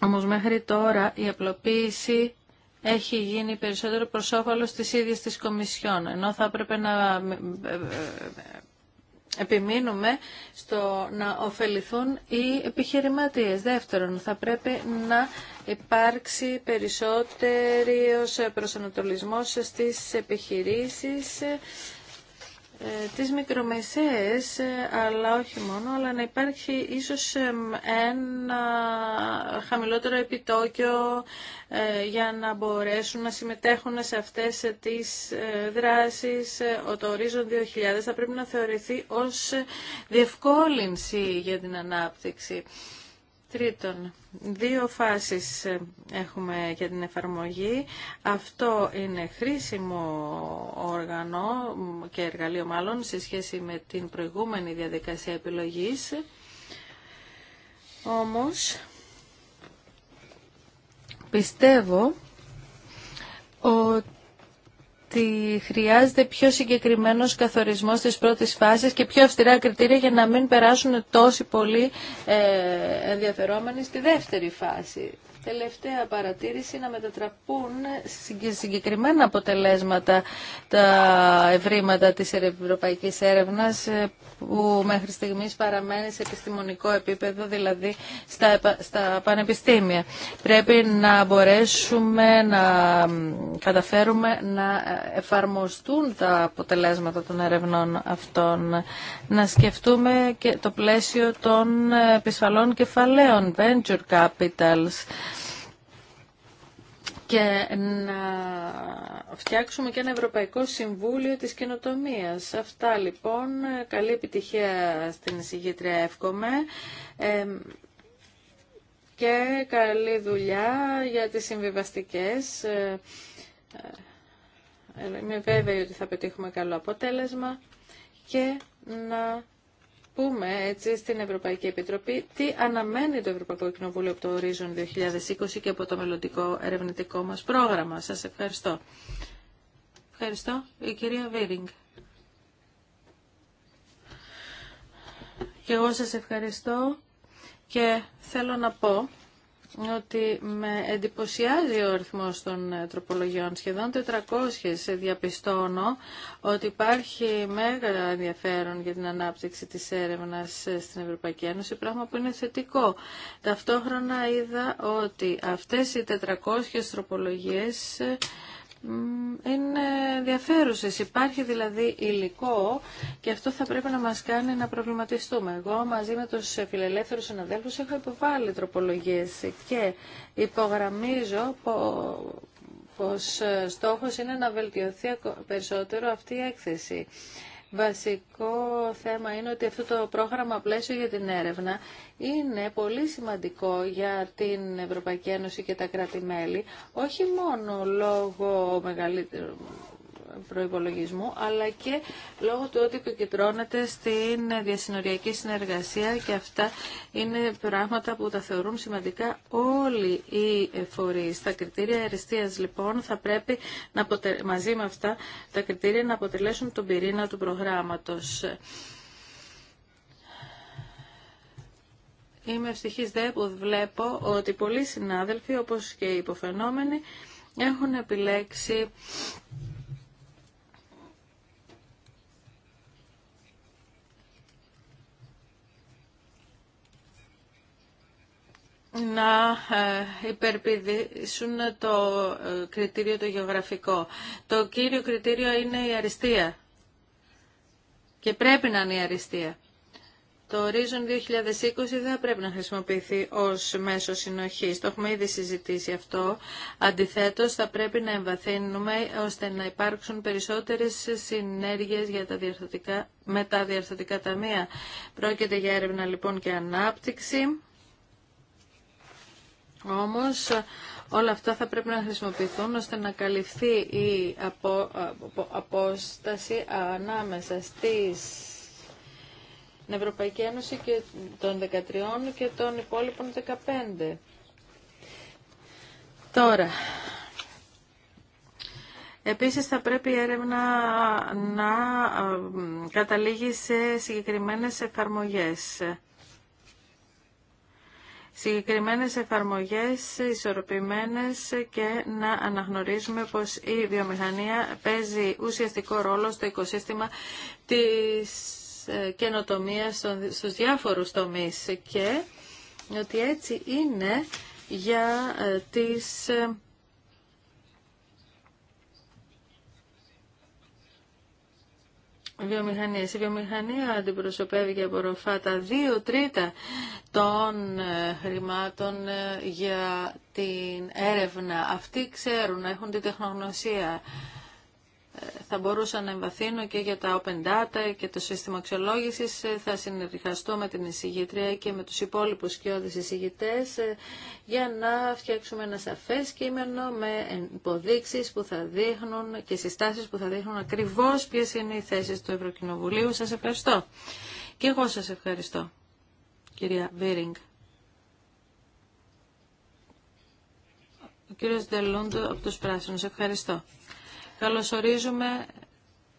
Όμως μέχρι τώρα η απλοποίηση έχει γίνει περισσότερο προς της ίδιας της Κομισιόν, ενώ θα έπρεπε να ε, ε, επιμείνουμε στο να ωφεληθούν οι επιχειρηματίες. Δεύτερον, θα πρέπει να υπάρξει περισσότερος προσανατολισμός στις επιχειρήσεις τις μικρομεσαίες, ε, αλλά όχι μόνο, αλλά να υπάρχει ίσως ένα χαμηλότερο επιτόκιο ε, για να μπορέσουν να συμμετέχουν σε αυτές ε, τις δράσεις. Ο το ορίζον 2000 θα πρέπει να θεωρηθεί ως διευκόλυνση για την ανάπτυξη. Τρίτον, δύο φάσεις ε, έχουμε για την εφαρμογή. Αυτό είναι χρήσιμο όργανο και εργαλείο μάλλον σε σχέση με την προηγούμενη διαδικασία επιλογής. Όμως, πιστεύω ότι ότι χρειάζεται πιο συγκεκριμένος καθορισμός στις πρώτες φάσεις και πιο αυστηρά κριτήρια για να μην περάσουν τόσοι πολλοί ε, ενδιαφερόμενοι στη δεύτερη φάση. Τελευταία παρατήρηση να μετατραπούν σε συγκεκριμένα αποτελέσματα τα ευρήματα της ευρωπαϊκής έρευνας ε, που μέχρι στιγμής παραμένει σε επιστημονικό επίπεδο, δηλαδή στα, στα πανεπιστήμια. Πρέπει να μπορέσουμε να καταφέρουμε να ε, εφαρμοστούν τα αποτελέσματα των ερευνών αυτών. Να σκεφτούμε και το πλαίσιο των ε, επισφαλών κεφαλαίων, venture capitals, και να φτιάξουμε και ένα Ευρωπαϊκό Συμβούλιο της Καινοτομίας. Αυτά λοιπόν, καλή επιτυχία στην εισηγήτρια εύχομαι και καλή δουλειά για τις συμβιβαστικές. Ε, ε, ε, είμαι βέβαιη ότι θα πετύχουμε καλό αποτέλεσμα και να πούμε έτσι στην Ευρωπαϊκή Επιτροπή τι αναμένει το Ευρωπαϊκό Κοινοβούλιο από το Horizon 2020 και από το μελλοντικό ερευνητικό μας πρόγραμμα. Σας ευχαριστώ. Ευχαριστώ. Η κυρία Βίρινγκ. Και εγώ σας ευχαριστώ και θέλω να πω ότι με εντυπωσιάζει ο ρυθμός των ε, τροπολογιών. Σχεδόν 400 ε, διαπιστώνω ότι υπάρχει μέγα ενδιαφέρον για την ανάπτυξη της έρευνας ε, στην Ευρωπαϊκή Ένωση, πράγμα που είναι θετικό. Ταυτόχρονα είδα ότι αυτές οι 400 τροπολογίες είναι ενδιαφέρουσε. Υπάρχει δηλαδή υλικό και αυτό θα πρέπει να μας κάνει να προβληματιστούμε. Εγώ μαζί με του φιλελεύθερου συναδέλφου, έχω υποβάλει τροπολογίες και υπογραμμίζω πως στόχο είναι να βελτιωθεί περισσότερο αυτή η έκθεση βασικό θέμα είναι ότι αυτό το πρόγραμμα πλαίσιο για την έρευνα είναι πολύ σημαντικό για την Ευρωπαϊκή Ένωση και τα κράτη-μέλη, όχι μόνο λόγω μεγαλύτερου προϋπολογισμού, αλλά και λόγω του ότι επικεντρώνεται στην διασυνοριακή συνεργασία και αυτά είναι πράγματα που τα θεωρούν σημαντικά όλοι οι φορείς. Τα κριτήρια αριστείας λοιπόν θα πρέπει να μαζί με αυτά τα κριτήρια να αποτελέσουν τον πυρήνα του προγράμματος. Είμαι ευτυχής δε που βλέπω ότι πολλοί συνάδελφοι όπως και οι υποφαινόμενοι έχουν επιλέξει να ε, υπερπηδήσουν το ε, κριτήριο το γεωγραφικό. Το κύριο κριτήριο είναι η αριστεία και πρέπει να είναι η αριστεία. Το Horizon 2020 δεν πρέπει να χρησιμοποιηθεί ως μέσο συνοχής. Το έχουμε ήδη συζητήσει αυτό. Αντιθέτως, θα πρέπει να εμβαθύνουμε ώστε να υπάρξουν περισσότερες συνέργειες για τα διαρθωτικά, με τα διαρθωτικά ταμεία. Πρόκειται για έρευνα λοιπόν και ανάπτυξη όμως όλα αυτά θα πρέπει να χρησιμοποιηθούν ώστε να καλυφθεί η απόσταση ανάμεσα στις την Ευρωπαϊκή Ένωση και των 13 και των υπόλοιπων 15. Τώρα, Επίσης θα πρέπει η έρευνα να καταλήγει σε συγκεκριμένες εφαρμογές συγκεκριμένες εφαρμογές ισορροπημένες και να αναγνωρίζουμε πως η βιομηχανία παίζει ουσιαστικό ρόλο στο οικοσύστημα της ε, καινοτομίας στους διάφορους τομείς και ότι έτσι είναι για ε, τις ε, Η βιομηχανία αντιπροσωπεύει και απορροφά τα δύο τρίτα των ε, χρημάτων ε, για την έρευνα. Αυτοί ξέρουν, έχουν την τεχνογνωσία θα μπορούσα να εμβαθύνω και για τα open data και το σύστημα αξιολόγηση. Ε, θα συνεργαστώ με την εισηγήτρια και με τους υπόλοιπους σκιώδη εισηγητές ε, για να φτιάξουμε ένα σαφές κείμενο με υποδείξει που θα δείχνουν και συστάσεις που θα δείχνουν ακριβώς ποιε είναι οι θέσεις του Ευρωκοινοβουλίου. Σας ευχαριστώ. Και εγώ σα ευχαριστώ, κυρία Βίρινγκ. Ο κύριος Δελούντο από τους Πράσινους. Ευχαριστώ. Καλωσορίζουμε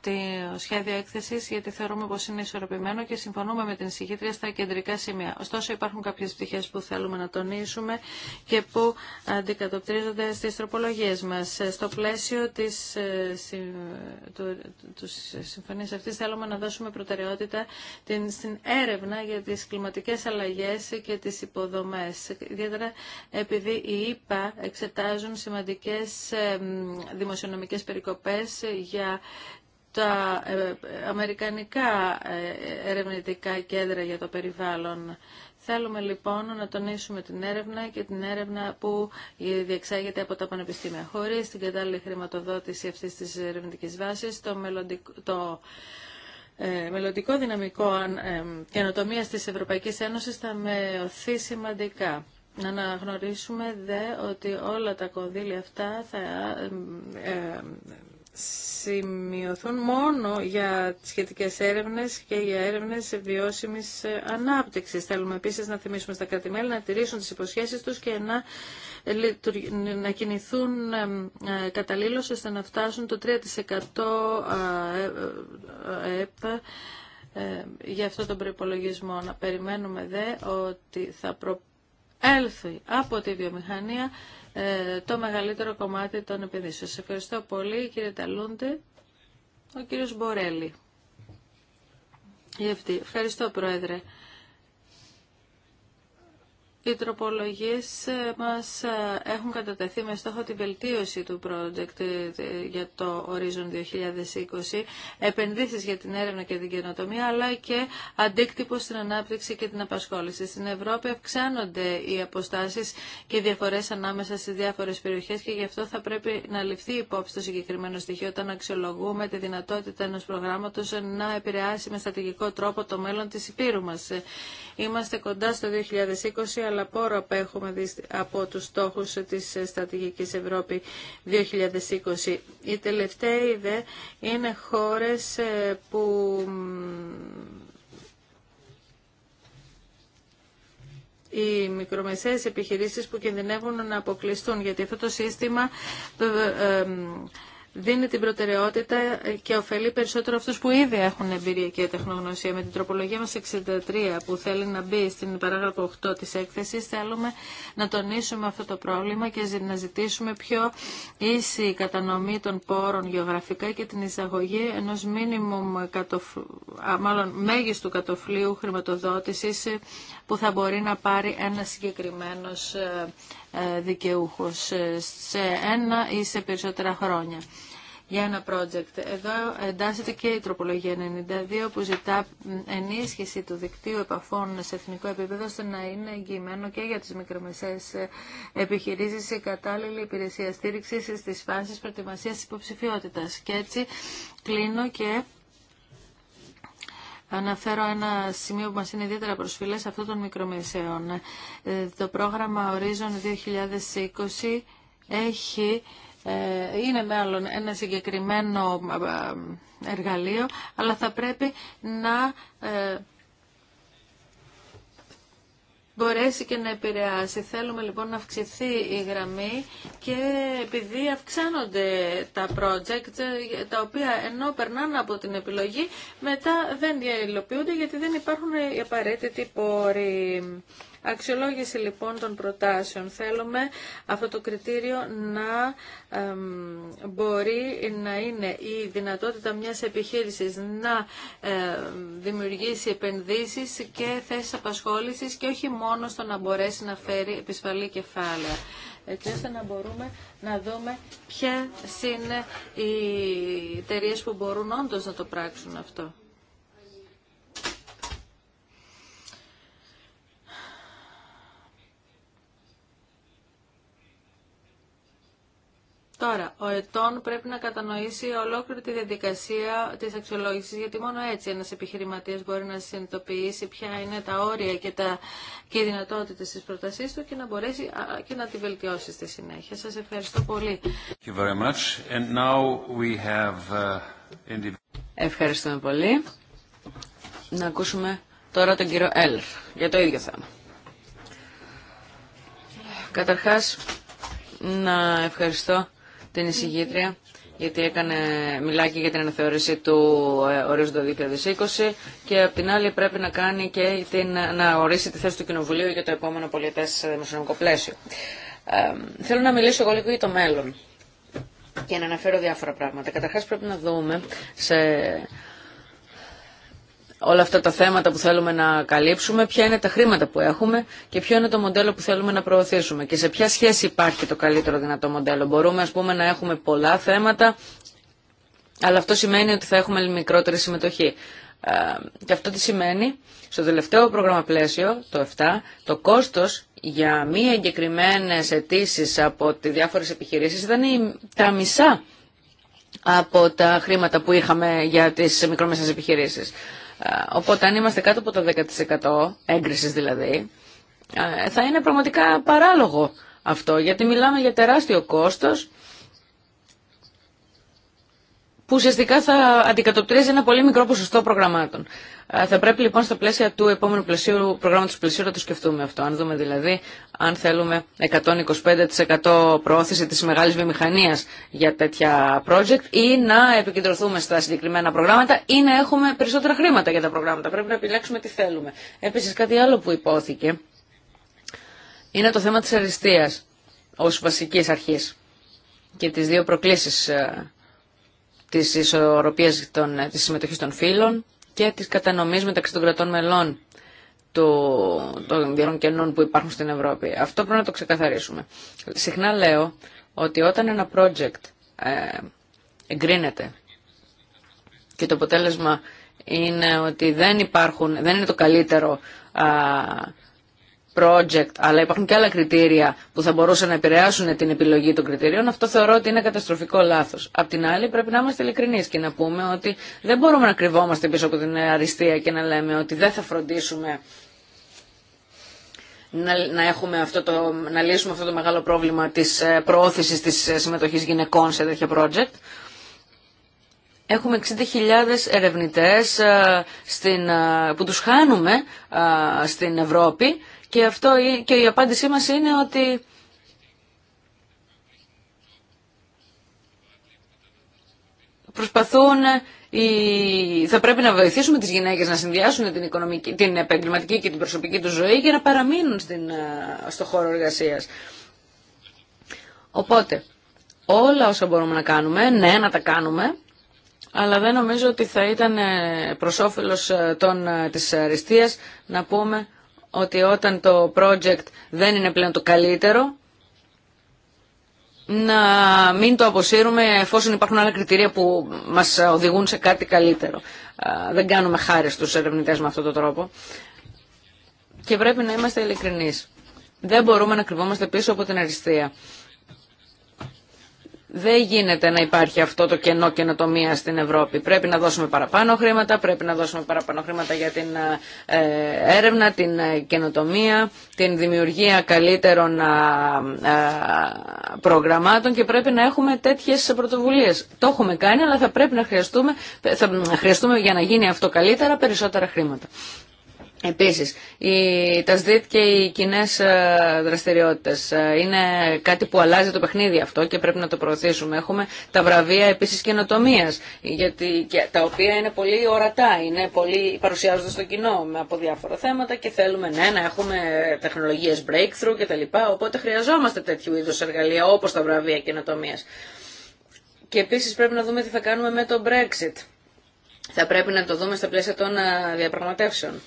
το σχέδιο έκθεση, γιατί θεωρούμε πω είναι ισορροπημένο και συμφωνούμε με την εισηγήτρια στα κεντρικά σημεία. Ωστόσο, υπάρχουν κάποιε πτυχέ που θέλουμε να τονίσουμε και που αντικατοπτρίζονται στι τροπολογίε μα. Στο πλαίσιο τη ε, του, συμφωνία αυτή, θέλουμε να δώσουμε προτεραιότητα την, στην έρευνα για τι κλιματικέ αλλαγέ και τι υποδομέ. Ιδιαίτερα επειδή οι ΙΠΑ εξετάζουν σημαντικέ ε, δημοσιονομικέ περικοπέ για τα ε, αμερικανικά ε, ερευνητικά κέντρα για το περιβάλλον. Θέλουμε λοιπόν να τονίσουμε την έρευνα και την έρευνα που διεξάγεται από τα πανεπιστήμια. Χωρίς την κατάλληλη χρηματοδότηση αυτής της ερευνητικής βάσης, το, μελλοντικό, το ε, μελλοντικό δυναμικό ε, καινοτομίας της Ευρωπαϊκής Ένωσης θα μεωθεί σημαντικά. Να αναγνωρίσουμε δε ότι όλα τα κονδύλια αυτά θα ε, σημειωθούν μόνο για σχετικές έρευνες και για έρευνες βιώσιμης ε, ανάπτυξης. Θέλουμε επίσης να θυμίσουμε στα κρατημέλη να τηρήσουν τις υποσχέσεις τους και να, να κινηθούν ε, καταλήλως ώστε να φτάσουν το 3% ε, ΕΠΤΑ για αυτό τον προπολογισμό. Να περιμένουμε δε ότι θα προέλθει από τη βιομηχανία ε, το μεγαλύτερο κομμάτι των επενδύσεων. Σας ευχαριστώ πολύ κύριε Ταλούντε. Ο κύριος Μπορέλη. Ευχαριστώ πρόεδρε. Οι τροπολογίε ε, μα ε, έχουν κατατεθεί με στόχο τη βελτίωση του project ε, για το Horizon 2020, επενδύσει για την έρευνα και την καινοτομία, αλλά και αντίκτυπο στην ανάπτυξη και την απασχόληση. Στην Ευρώπη αυξάνονται οι αποστάσει και οι διαφορέ ανάμεσα στι διάφορε περιοχέ και γι' αυτό θα πρέπει να ληφθεί υπόψη το συγκεκριμένο στοιχείο όταν αξιολογούμε τη δυνατότητα ενό προγράμματο να επηρεάσει με στρατηγικό τρόπο το μέλλον τη υπήρου μα. Είμαστε κοντά στο 2020, αλλά πόρο απέχουμε από τους στόχους της Στρατηγικής Ευρώπη 2020. Οι τελευταίοι δε είναι χώρες ε, που οι μικρομεσαίες επιχειρήσεις που κινδυνεύουν να αποκλειστούν, γιατί αυτό το σύστημα ε, δίνει την προτεραιότητα και ωφελεί περισσότερο αυτούς που ήδη έχουν εμπειρία και τεχνογνωσία. Με την τροπολογία μας 63 που θέλει να μπει στην παράγραφο 8 της έκθεσης θέλουμε να τονίσουμε αυτό το πρόβλημα και να ζητήσουμε πιο ίση κατανομή των πόρων γεωγραφικά και την εισαγωγή ενός μίνιμουμ μάλλον μέγιστου κατοφλίου χρηματοδότησης που θα μπορεί να πάρει ένα συγκεκριμένος ε, ε, δικαιούχος ε, σε ένα ή σε περισσότερα χρόνια για ένα project. Εδώ εντάσσεται και η τροπολογία 92 που ζητά ενίσχυση του δικτύου επαφών σε εθνικό επίπεδο ώστε να είναι εγγυημένο και για τις μικρομεσαίες ε, επιχειρήσεις η κατάλληλη υπηρεσία στήριξης στις φάσεις προετοιμασίας υποψηφιότητας. Και έτσι κλείνω και αναφέρω ένα σημείο που μας είναι ιδιαίτερα προσφυλές, αυτό των μικρομεσαίων. Ε, το πρόγραμμα Horizon 2020 έχει ε, είναι μάλλον ένα συγκεκριμένο ε, εργαλείο, αλλά θα πρέπει να μπορέσει και να επηρεάσει. Θέλουμε λοιπόν να αυξηθεί η γραμμή και επειδή αυξάνονται τα project ε, τα οποία ενώ περνάνε από την επιλογή μετά δεν διαλυλοποιούνται γιατί δεν υπάρχουν οι απαραίτητοι πόροι. Αξιολόγηση λοιπόν των προτάσεων. Θέλουμε αυτό το κριτήριο να μπορεί να είναι η δυνατότητα μιας επιχείρησης να δημιουργήσει επενδύσεις και θέσεις απασχόλησης και όχι μόνο στο να μπορέσει να φέρει επισφαλή κεφάλαια έτσι ώστε να μπορούμε να δούμε ποιε είναι οι εταιρείε που μπορούν όντως να το πράξουν αυτό. Τώρα, ο ετών πρέπει να κατανοήσει ολόκληρη τη διαδικασία τη αξιολόγηση, γιατί μόνο έτσι ένα επιχειρηματία μπορεί να συνειδητοποιήσει ποια είναι τα όρια και, τα, και οι δυνατότητε τη προτασή του και να μπορέσει και να τη βελτιώσει στη συνέχεια. Σα ευχαριστώ πολύ. Ευχαριστούμε πολύ. Να ακούσουμε τώρα τον κύριο Έλφ για το ίδιο θέμα. Καταρχάς, να ευχαριστώ την εισηγήτρια γιατί έκανε, μιλάκι για την αναθεώρηση του ε, ορίζοντα 2020 και απ' την άλλη πρέπει να, κάνει και την, να ορίσει τη θέση του Κοινοβουλίου για το επόμενο πολιτές δημοσιονομικό πλαίσιο. Ε, θέλω να μιλήσω εγώ λίγο για το μέλλον και να αναφέρω διάφορα πράγματα. Καταρχάς πρέπει να δούμε σε όλα αυτά τα θέματα που θέλουμε να καλύψουμε, ποια είναι τα χρήματα που έχουμε και ποιο είναι το μοντέλο που θέλουμε να προωθήσουμε και σε ποια σχέση υπάρχει το καλύτερο δυνατό μοντέλο. Μπορούμε ας πούμε να έχουμε πολλά θέματα, αλλά αυτό σημαίνει ότι θα έχουμε μικρότερη συμμετοχή. Ε, και αυτό τι σημαίνει, στο τελευταίο πρόγραμμα πλαίσιο, το 7, το κόστος για μη εγκεκριμένε αιτήσει από τι διάφορες επιχειρήσεις ήταν τα μισά από τα χρήματα που είχαμε για τις μικρομεσαίες επιχειρήσεις. Ε, οπότε αν είμαστε κάτω από το 10% έγκρισης δηλαδή, ε, θα είναι πραγματικά παράλογο αυτό, γιατί μιλάμε για τεράστιο κόστος που ουσιαστικά θα αντικατοπτρίζει ένα πολύ μικρό ποσοστό προγραμμάτων. Ε, θα πρέπει λοιπόν στα πλαίσια του επόμενου πλαισίου, προγράμματος πλαισίου να το σκεφτούμε αυτό. Αν δούμε δηλαδή αν θέλουμε 125% προώθηση της μεγάλης βιομηχανίας για τέτοια project ή να επικεντρωθούμε στα συγκεκριμένα προγράμματα ή να έχουμε περισσότερα χρήματα για τα προγράμματα. Πρέπει να επιλέξουμε τι θέλουμε. Επίσης κάτι άλλο που υπόθηκε είναι το θέμα της αριστείας ως βασικής αρχής και τις δύο προκλήσεις ε, της ισορροπίας των, της συμμετοχής των φύλων και της κατανομής μεταξύ των κρατών μελών του, των διαρρών κενών που υπάρχουν στην Ευρώπη. Αυτό πρέπει να το ξεκαθαρίσουμε. Συχνά λέω ότι όταν ένα project ε, εγκρίνεται και το αποτέλεσμα είναι ότι δεν υπάρχουν, δεν είναι το καλύτερο α, project, αλλά υπάρχουν και άλλα κριτήρια που θα μπορούσαν να επηρεάσουν την επιλογή των κριτηρίων, αυτό θεωρώ ότι είναι καταστροφικό λάθο. Απ' την άλλη, πρέπει να είμαστε ειλικρινεί και να πούμε ότι δεν μπορούμε να κρυβόμαστε πίσω από την αριστεία και να λέμε ότι δεν θα φροντίσουμε να, έχουμε αυτό το, να λύσουμε αυτό το μεγάλο πρόβλημα της ε, προώθησης της ε, συμμετοχής γυναικών σε τέτοια project. Έχουμε 60.000 ερευνητές ε, στην, που τους χάνουμε στην Ευρώπη και, αυτό, και η απάντησή μας είναι ότι προσπαθούν θα πρέπει να βοηθήσουμε τις γυναίκες να συνδυάσουν την, οικονομική, την επαγγελματική και την προσωπική του ζωή για να παραμείνουν στην, στο χώρο εργασίας. Οπότε, όλα όσα μπορούμε να κάνουμε, ναι να τα κάνουμε, αλλά δεν νομίζω ότι θα ήταν προς όφελος ε, των, ε, της αριστείας να πούμε ότι όταν το project δεν είναι πλέον το καλύτερο, να μην το αποσύρουμε εφόσον υπάρχουν άλλα κριτήρια που μας οδηγούν σε κάτι καλύτερο. Δεν κάνουμε χάρη στους ερευνητές με αυτόν τον τρόπο. Και πρέπει να είμαστε ειλικρινεί. Δεν μπορούμε να κρυβόμαστε πίσω από την αριστεία. Δεν γίνεται να υπάρχει αυτό το κενό καινοτομία στην Ευρώπη. Πρέπει να δώσουμε παραπάνω χρήματα, πρέπει να δώσουμε παραπάνω χρήματα για την ε, έρευνα, την ε, καινοτομία, την δημιουργία καλύτερων προγραμμάτων και πρέπει να έχουμε τέτοιε πρωτοβουλίε. Το έχουμε κάνει, αλλά θα πρέπει να χρειαστούμε, θα χρειαστούμε για να γίνει αυτό καλύτερα περισσότερα χρήματα. Επίσης, η, τα ΣΔΙΤ και οι κοινέ ε, δραστηριότητε. Ε, είναι κάτι που αλλάζει το παιχνίδι αυτό και πρέπει να το προωθήσουμε. Έχουμε τα βραβεία επίση καινοτομία, τα οποία είναι πολύ ορατά, είναι πολύ, παρουσιάζονται στο κοινό με, από διάφορα θέματα και θέλουμε ναι, να έχουμε τεχνολογίε breakthrough κτλ. Οπότε χρειαζόμαστε τέτοιου είδου εργαλεία όπω τα βραβεία καινοτομία. Και επίση πρέπει να δούμε τι θα κάνουμε με το Brexit. Θα πρέπει να το δούμε στα πλαίσια των ε, διαπραγματεύσεων.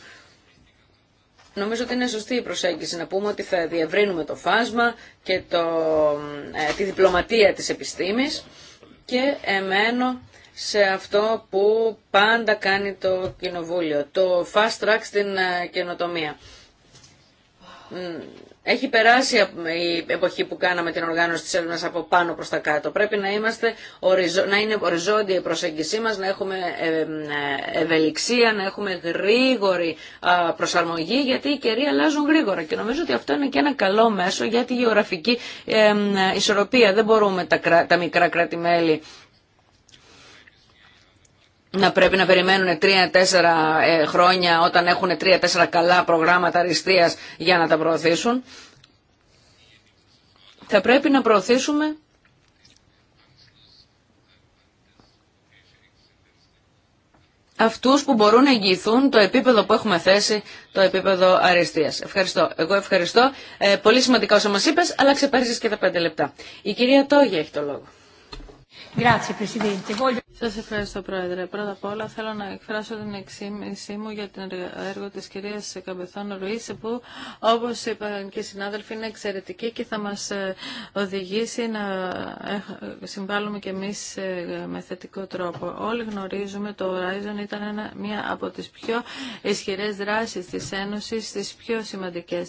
Νομίζω ότι είναι σωστή η προσέγγιση να πούμε ότι θα διευρύνουμε το φάσμα και ε, τη διπλωματία της επιστήμης και εμένω σε αυτό που πάντα κάνει το Κοινοβούλιο, το fast track στην ε, καινοτομία. Έχει περάσει η εποχή που κάναμε την οργάνωση της έρευνας από πάνω προς τα κάτω. Πρέπει να, είμαστε, να είναι οριζόντια η προσέγγισή μας, να έχουμε ε, ε, ευελιξία, να έχουμε γρήγορη προσαρμογή, γιατί οι καιροί αλλάζουν γρήγορα. Και νομίζω ότι αυτό είναι και ένα καλό μέσο για τη γεωγραφική ε, ισορροπία. Δεν μπορούμε τα, μικρά κράτη-μέλη να πρέπει να περιμένουν τρία-τέσσερα ε, χρόνια όταν έχουν τρία-τέσσερα καλά προγράμματα αριστείας για να τα προωθήσουν. Θα πρέπει να προωθήσουμε αυτούς που μπορούν να εγγυηθούν το επίπεδο που έχουμε θέσει, το επίπεδο αριστείας. Ευχαριστώ. Εγώ ευχαριστώ. Ε, πολύ σημαντικά όσα μας είπες, αλλά ξεπέρισες και τα πέντε λεπτά. Η κυρία Τόγια έχει το λόγο. Σα ευχαριστώ Πρόεδρε. Πρώτα απ' όλα θέλω να εκφράσω την εξήμισή μου για την έργο τη κυρία Καμπεθόν Ρουίση που όπω είπαν και οι συνάδελφοι είναι εξαιρετική και θα μα ε, οδηγήσει να ε, συμβάλλουμε κι εμεί ε, με θετικό τρόπο. Όλοι γνωρίζουμε το Horizon ήταν μια από τι πιο ισχυρέ δράσει τη Ένωση, τι πιο σημαντικέ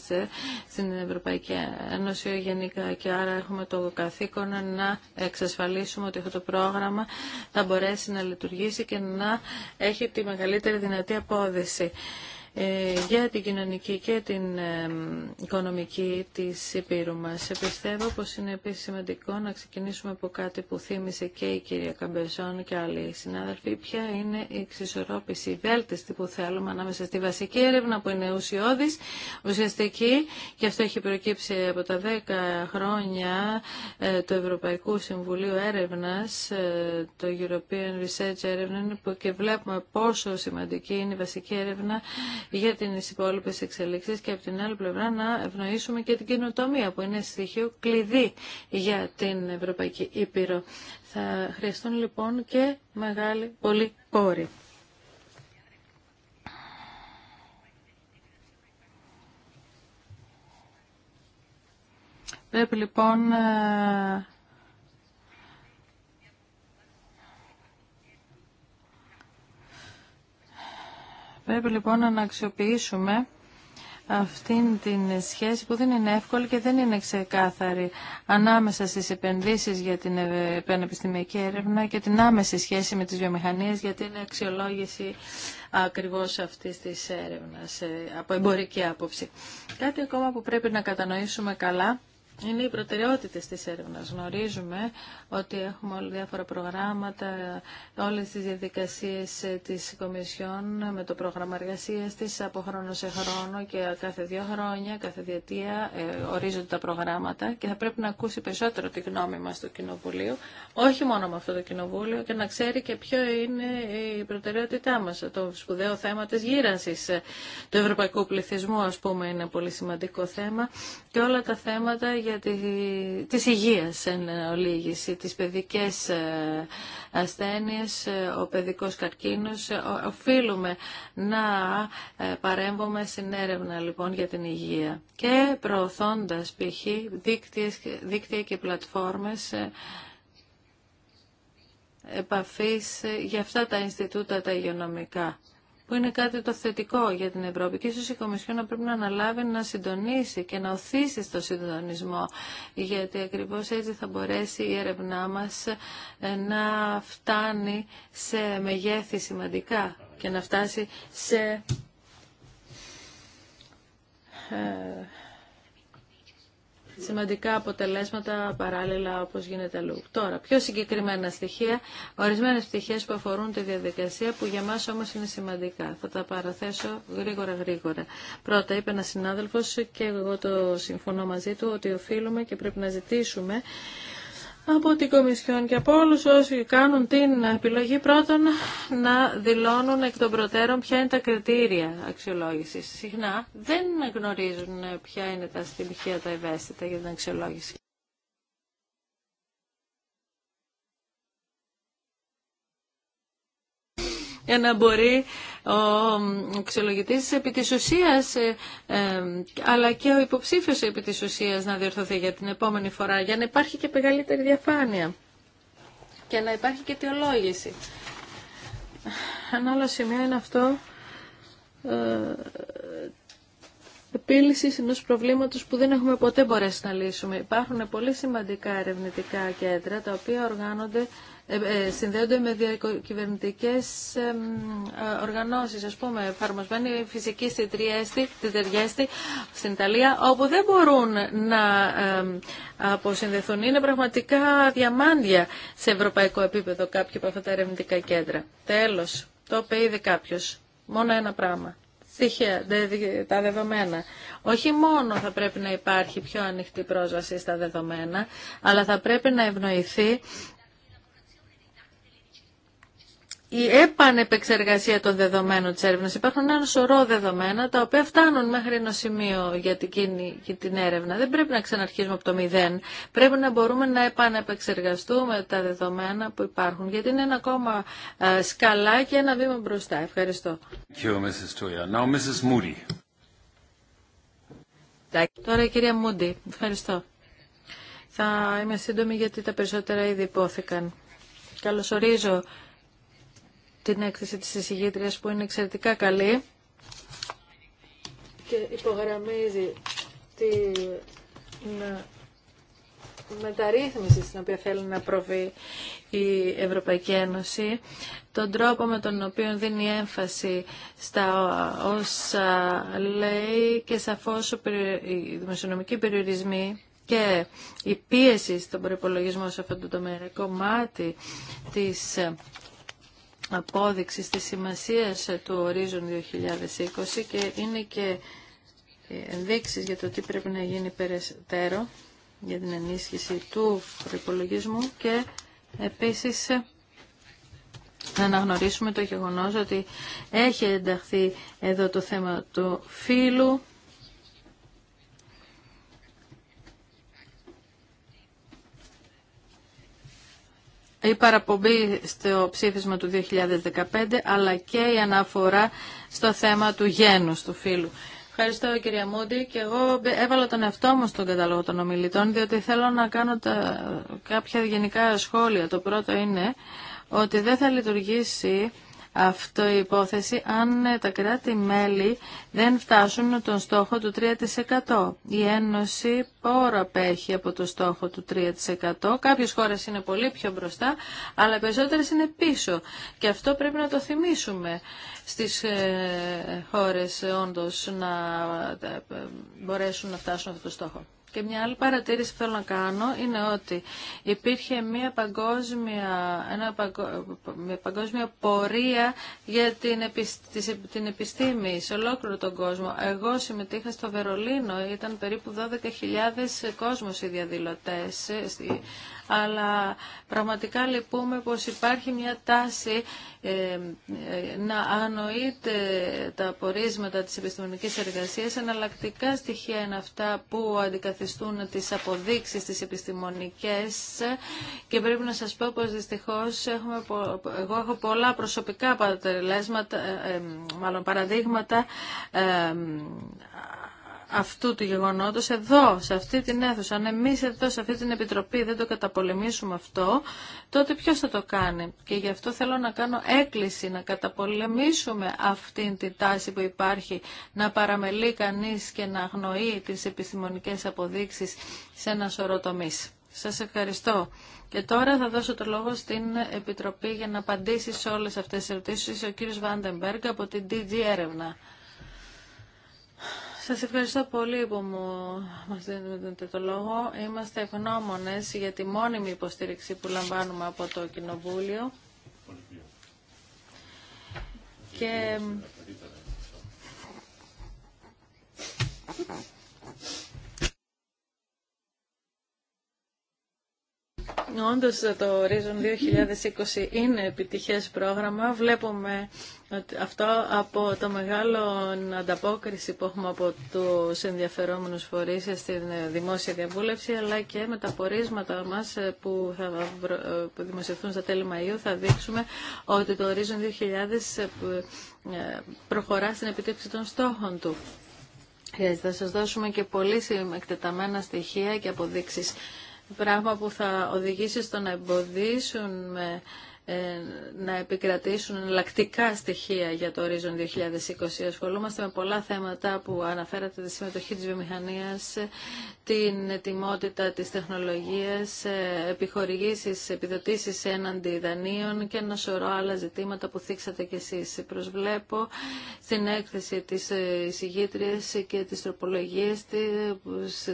στην Ευρωπαϊκή Ένωση γενικά και άρα έχουμε το καθήκον να εξασφαλίσουμε ότι αυτό το πρόγραμμα θα μπορέσει να λειτουργήσει και να έχει τη μεγαλύτερη δυνατή απόδοση. Ε, για την κοινωνική και την ε, οικονομική της Υπήρου μας. Πιστεύω πως είναι επίσης σημαντικό να ξεκινήσουμε από κάτι που θύμισε και η κυρία Καμπεζόν και άλλοι συνάδελφοι. Ποια είναι η εξισορρόπηση, η βέλτιστη που θέλουμε ανάμεσα στη βασική έρευνα που είναι ουσιώδης, ουσιαστική και αυτό έχει προκύψει από τα 10 χρόνια ε, του Ευρωπαϊκού Συμβουλίου Έρευνας, το European Research Έρευνα που και βλέπουμε πόσο σημαντική είναι η βασική έρευνα για τι υπόλοιπε εξελίξεις και από την άλλη πλευρά να ευνοήσουμε και την καινοτομία που είναι στοιχείο κλειδί για την Ευρωπαϊκή Ήπειρο. Θα χρειαστούν λοιπόν και μεγάλη πολλοί πόροι. Πρέπει λοιπόν ε, Πρέπει λοιπόν να αξιοποιήσουμε αυτήν την σχέση που δεν είναι εύκολη και δεν είναι ξεκάθαρη ανάμεσα στις επενδύσεις για την πανεπιστημιακή έρευνα και την άμεση σχέση με τις βιομηχανίες για την αξιολόγηση ακριβώς αυτής της έρευνας ε, από εμπορική άποψη. Κάτι ακόμα που πρέπει να κατανοήσουμε καλά είναι οι προτεραιότητε τη έρευνα. Γνωρίζουμε ότι έχουμε όλα διάφορα προγράμματα, όλε τι διαδικασίε ε, τη Κομισιόν με το πρόγραμμα εργασία τη από χρόνο σε χρόνο και κάθε δύο χρόνια, κάθε διετία ε, ορίζονται τα προγράμματα και θα πρέπει να ακούσει περισσότερο τη γνώμη μα στο Κοινοβουλίου, όχι μόνο με αυτό το Κοινοβούλιο και να ξέρει και ποιο είναι η προτεραιότητά μας. Το σπουδαίο θέμα τη γύρανση ε, του ευρωπαϊκού πληθυσμού, α πούμε, είναι πολύ σημαντικό θέμα και όλα τα θέματα για τη, της υγείας εν ολίγηση, τις παιδικές ε, ασθένειες, ε, ο παιδικός καρκίνος. Ε, οφείλουμε να παρέμβουμε στην έρευνα λοιπόν για την υγεία και προωθώντας π.χ. δίκτυα και πλατφόρμες επαφής για αυτά τα Ινστιτούτα τα υγειονομικά που είναι κάτι το θετικό για την Ευρώπη. Και ίσως η να πρέπει να αναλάβει να συντονίσει και να οθήσει στο συντονισμό, γιατί ακριβώς έτσι θα μπορέσει η έρευνά μας ε, να φτάνει σε μεγέθη σημαντικά και να φτάσει σε ε, σημαντικά αποτελέσματα παράλληλα όπως γίνεται αλλού. Τώρα, πιο συγκεκριμένα στοιχεία, ορισμένες στοιχείες που αφορούν τη διαδικασία που για μας όμως είναι σημαντικά. Θα τα παραθέσω γρήγορα γρήγορα. Πρώτα είπε ένα συνάδελφος και εγώ το συμφωνώ μαζί του ότι οφείλουμε και πρέπει να ζητήσουμε από την Κομισιόν και από όλους όσοι κάνουν την επιλογή πρώτον να δηλώνουν εκ των προτέρων ποια είναι τα κριτήρια αξιολόγησης. Συχνά δεν γνωρίζουν ποια είναι τα στοιχεία τα ευαίσθητα για την αξιολόγηση. για να μπορεί ο ξελογητή επί της ουσίας, ε, ε, αλλά και ο υποψήφιος επί της ουσίας να διορθωθεί για την επόμενη φορά, για να υπάρχει και μεγαλύτερη διαφάνεια και να υπάρχει και αιτιολόγηση. Ένα άλλο σημείο είναι αυτό ε, επίλυση ενό προβλήματο που δεν έχουμε ποτέ μπορέσει να λύσουμε. Υπάρχουν πολύ σημαντικά ερευνητικά κέντρα τα οποία οργάνονται ε, ε, συνδέονται με διακυβερνητικέ ε, οργανώσει, α πούμε, εφαρμοσμένοι φυσικοί στη Τριέστη, στη Τεριέστη, στην Ιταλία, όπου δεν μπορούν να αποσυνδεθούν. Είναι πραγματικά διαμάντια σε ευρωπαϊκό επίπεδο κάποια από αυτά τα ερευνητικά κέντρα. Τέλο, το είπε ήδη κάποιο. Μόνο ένα πράγμα στοιχεία, τα δεδομένα. Όχι μόνο θα πρέπει να υπάρχει πιο ανοιχτή πρόσβαση στα δεδομένα, αλλά θα πρέπει να ευνοηθεί η επανεπεξεργασία των δεδομένων της έρευνας. Υπάρχουν ένα σωρό δεδομένα τα οποία φτάνουν μέχρι ένα σημείο για την έρευνα. Δεν πρέπει να ξαναρχίσουμε από το μηδέν. Πρέπει να μπορούμε να επανεπεξεργαστούμε τα δεδομένα που υπάρχουν. Γιατί είναι ένα ακόμα ε, σκαλά και ένα βήμα μπροστά. Ευχαριστώ. Τώρα η κυρία Μούντι. Ευχαριστώ. Θα είμαι σύντομη γιατί τα περισσότερα ήδη υπόθηκαν. Καλωσορίζω την έκθεση της εισηγήτριας που είναι εξαιρετικά καλή και υπογραμμίζει την μεταρρύθμιση στην οποία θέλει να προβεί η Ευρωπαϊκή Ένωση, τον τρόπο με τον οποίο δίνει έμφαση στα όσα λέει και σαφώς οι δημοσιονομικοί περιορισμοί και η πίεση στον προπολογισμό σε αυτό το τομέα κομμάτι της απόδειξης της σημασίας ε, του ορίζον 2020 και είναι και ε, ενδείξεις για το τι πρέπει να γίνει περαιτέρω για την ενίσχυση του προπολογισμού και επίσης ε, να αναγνωρίσουμε το γεγονός ότι έχει ενταχθεί εδώ το θέμα του φίλου. η παραπομπή στο ψήφισμα του 2015 αλλά και η αναφορά στο θέμα του γένους του φίλου. Ευχαριστώ κυρία Μούντι και εγώ έβαλα τον εαυτό μου στον κατάλογο των ομιλητών διότι θέλω να κάνω τα... κάποια γενικά σχόλια. Το πρώτο είναι ότι δεν θα λειτουργήσει αυτό η υπόθεση αν ε, τα κράτη-μέλη δεν φτάσουν τον στόχο του 3%. Η Ένωση πόρο απέχει από το στόχο του 3%. Κάποιες χώρες είναι πολύ πιο μπροστά, αλλά περισσότερες είναι πίσω. Και αυτό πρέπει να το θυμίσουμε στις ε, χώρες ε, όντως να μπορέσουν να φτάσουν αυτό το στόχο. Και μια άλλη παρατήρηση που θέλω να κάνω είναι ότι υπήρχε μια παγκόσμια, ένα παγκο, παγκόσμια πορεία για την, επιστήμη, την επιστήμη σε ολόκληρο τον κόσμο. Εγώ συμμετείχα στο Βερολίνο, ήταν περίπου 12.000 κόσμος οι διαδηλωτές ε, αλλά πραγματικά λυπούμε πως υπάρχει μια τάση ε, ε, να ανοείται τα απορίσματα της επιστημονικής εργασίας. Εναλλακτικά στοιχεία είναι αυτά που αντικαθιστούν τις αποδείξεις τις επιστημονικές και πρέπει να σας πω πως δυστυχώς έχουμε, εγώ έχω πολλά προσωπικά ε, μάλλον παραδείγματα αυτού του γεγονότος εδώ, σε αυτή την αίθουσα. Αν εμείς εδώ, σε αυτή την Επιτροπή δεν το καταπολεμήσουμε αυτό, τότε ποιος θα το κάνει. Και γι' αυτό θέλω να κάνω έκκληση, να καταπολεμήσουμε αυτή την τάση που υπάρχει, να παραμελεί κανείς και να αγνοεί τις επιστημονικές αποδείξεις σε ένα σωρό τομείς. Σας ευχαριστώ. Και τώρα θα δώσω το λόγο στην Επιτροπή για να απαντήσει σε όλες αυτές τις ερωτήσεις ο κύριος Βάντεμπεργκ από την DG Έρευνα. Σας ευχαριστώ πολύ που μου μας δίνετε το λόγο. Είμαστε ευγνώμονες για τη μόνιμη υποστήριξη που λαμβάνουμε από το Κοινοβούλιο. Και... Όντως το Horizon 2020 είναι επιτυχές πρόγραμμα. Βλέπουμε αυτό από το μεγάλο ανταπόκριση που έχουμε από τους ενδιαφερόμενους φορείς στην δημόσια διαβούλευση αλλά και με τα πορίσματα μας που θα δημοσιευθούν στα τέλη Μαΐου θα δείξουμε ότι το Horizon 2000 ε, ε, προχωρά στην επιτύχηση των στόχων του. Ε, θα σας δώσουμε και πολύ εκτεταμένα στοιχεία και αποδείξεις πράγμα που θα οδηγήσει στο να εμποδίσουν με ε, να επικρατήσουν εναλλακτικά στοιχεία για το Horizon 2020. Ασχολούμαστε με πολλά θέματα που αναφέρατε τη συμμετοχή της βιομηχανίας, την ετοιμότητα της τεχνολογίας, ε, επιχορηγήσεις, επιδοτήσεις έναντι δανείων και ένα σωρό άλλα ζητήματα που θίξατε κι εσείς. Προσβλέπω στην έκθεση της εισηγήτριας και της τροπολογίας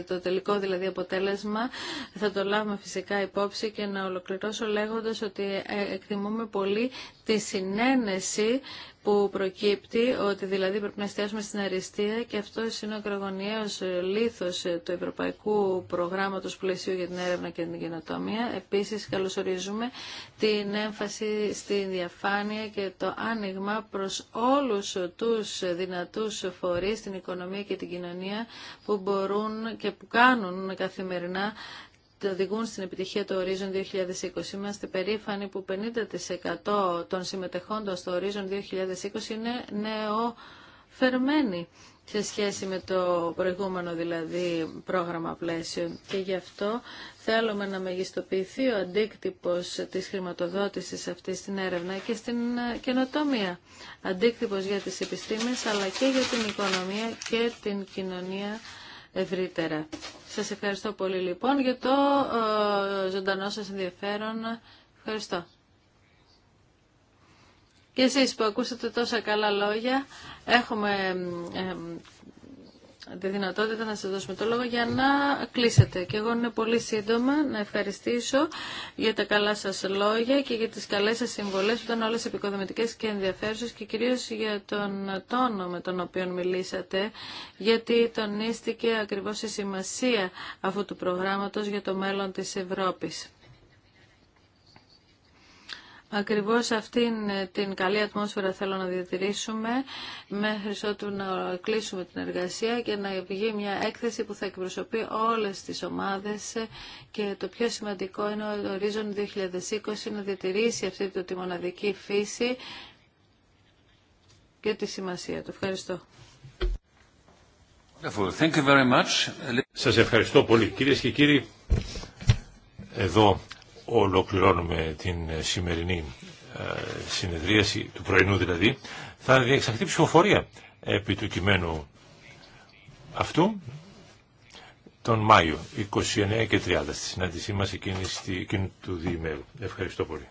το τελικό δηλαδή αποτέλεσμα θα το λάβουμε φυσικά υπόψη και να ολοκληρώσω λέγοντας ότι ε, εκτιμούμε πολύ τη συνένεση που προκύπτει ότι δηλαδή πρέπει να εστιάσουμε στην αριστεία και αυτό είναι ο ακρογωνιαίος λήθος του Ευρωπαϊκού Προγράμματος Πλαισίου για την Έρευνα και την Καινοτομία. Επίσης καλωσορίζουμε την έμφαση στη διαφάνεια και το άνοιγμα προς όλους τους δυνατούς φορείς, την οικονομία και την κοινωνία που μπορούν και που κάνουν καθημερινά οδηγούν στην επιτυχία του Horizon 2020. Είμαστε περήφανοι που 50% των συμμετεχόντων στο Horizon 2020 είναι νεοφερμένοι σε σχέση με το προηγούμενο δηλαδή πρόγραμμα πλαίσιο και γι' αυτό θέλουμε να μεγιστοποιηθεί ο αντίκτυπος της χρηματοδότησης αυτής στην έρευνα και στην καινοτομία. Αντίκτυπος για τις επιστήμες αλλά και για την οικονομία και την κοινωνία ευρύτερα. Σας ευχαριστώ πολύ λοιπόν για το ε, ζωντανό σας ενδιαφέρον. Ευχαριστώ. Και εσείς που ακούσατε τόσα καλά λόγια, έχουμε ε, τη δυνατότητα να σας δώσουμε το λόγο για να κλείσετε. Και εγώ είναι πολύ σύντομα να ευχαριστήσω για τα καλά σας λόγια και για τις καλές σας συμβολές που ήταν όλες επικοδομητικές και ενδιαφέρουσες και κυρίως για τον τόνο με τον οποίο μιλήσατε γιατί τονίστηκε ακριβώς η σημασία αυτού του προγράμματος για το μέλλον της Ευρώπης. Ακριβώς αυτήν ε, την καλή ατμόσφαιρα θέλω να διατηρήσουμε μέχρι ότου να κλείσουμε την εργασία και να βγει μια έκθεση που θα εκπροσωπεί όλες τις ομάδες ε, και το πιο σημαντικό είναι ο Horizon 2020 να διατηρήσει αυτή τη μοναδική φύση και τη σημασία του. Ευχαριστώ. Σας ευχαριστώ πολύ. Κυρίες και κύριοι, εδώ ολοκληρώνουμε την σημερινή ε, συνεδρίαση του πρωινού δηλαδή, θα διεξαχθεί ψηφοφορία επί του κειμένου αυτού τον Μάιο, 29 και 30, στη συνάντησή μας εκείνη, εκείνη του διημέρου. Ευχαριστώ πολύ.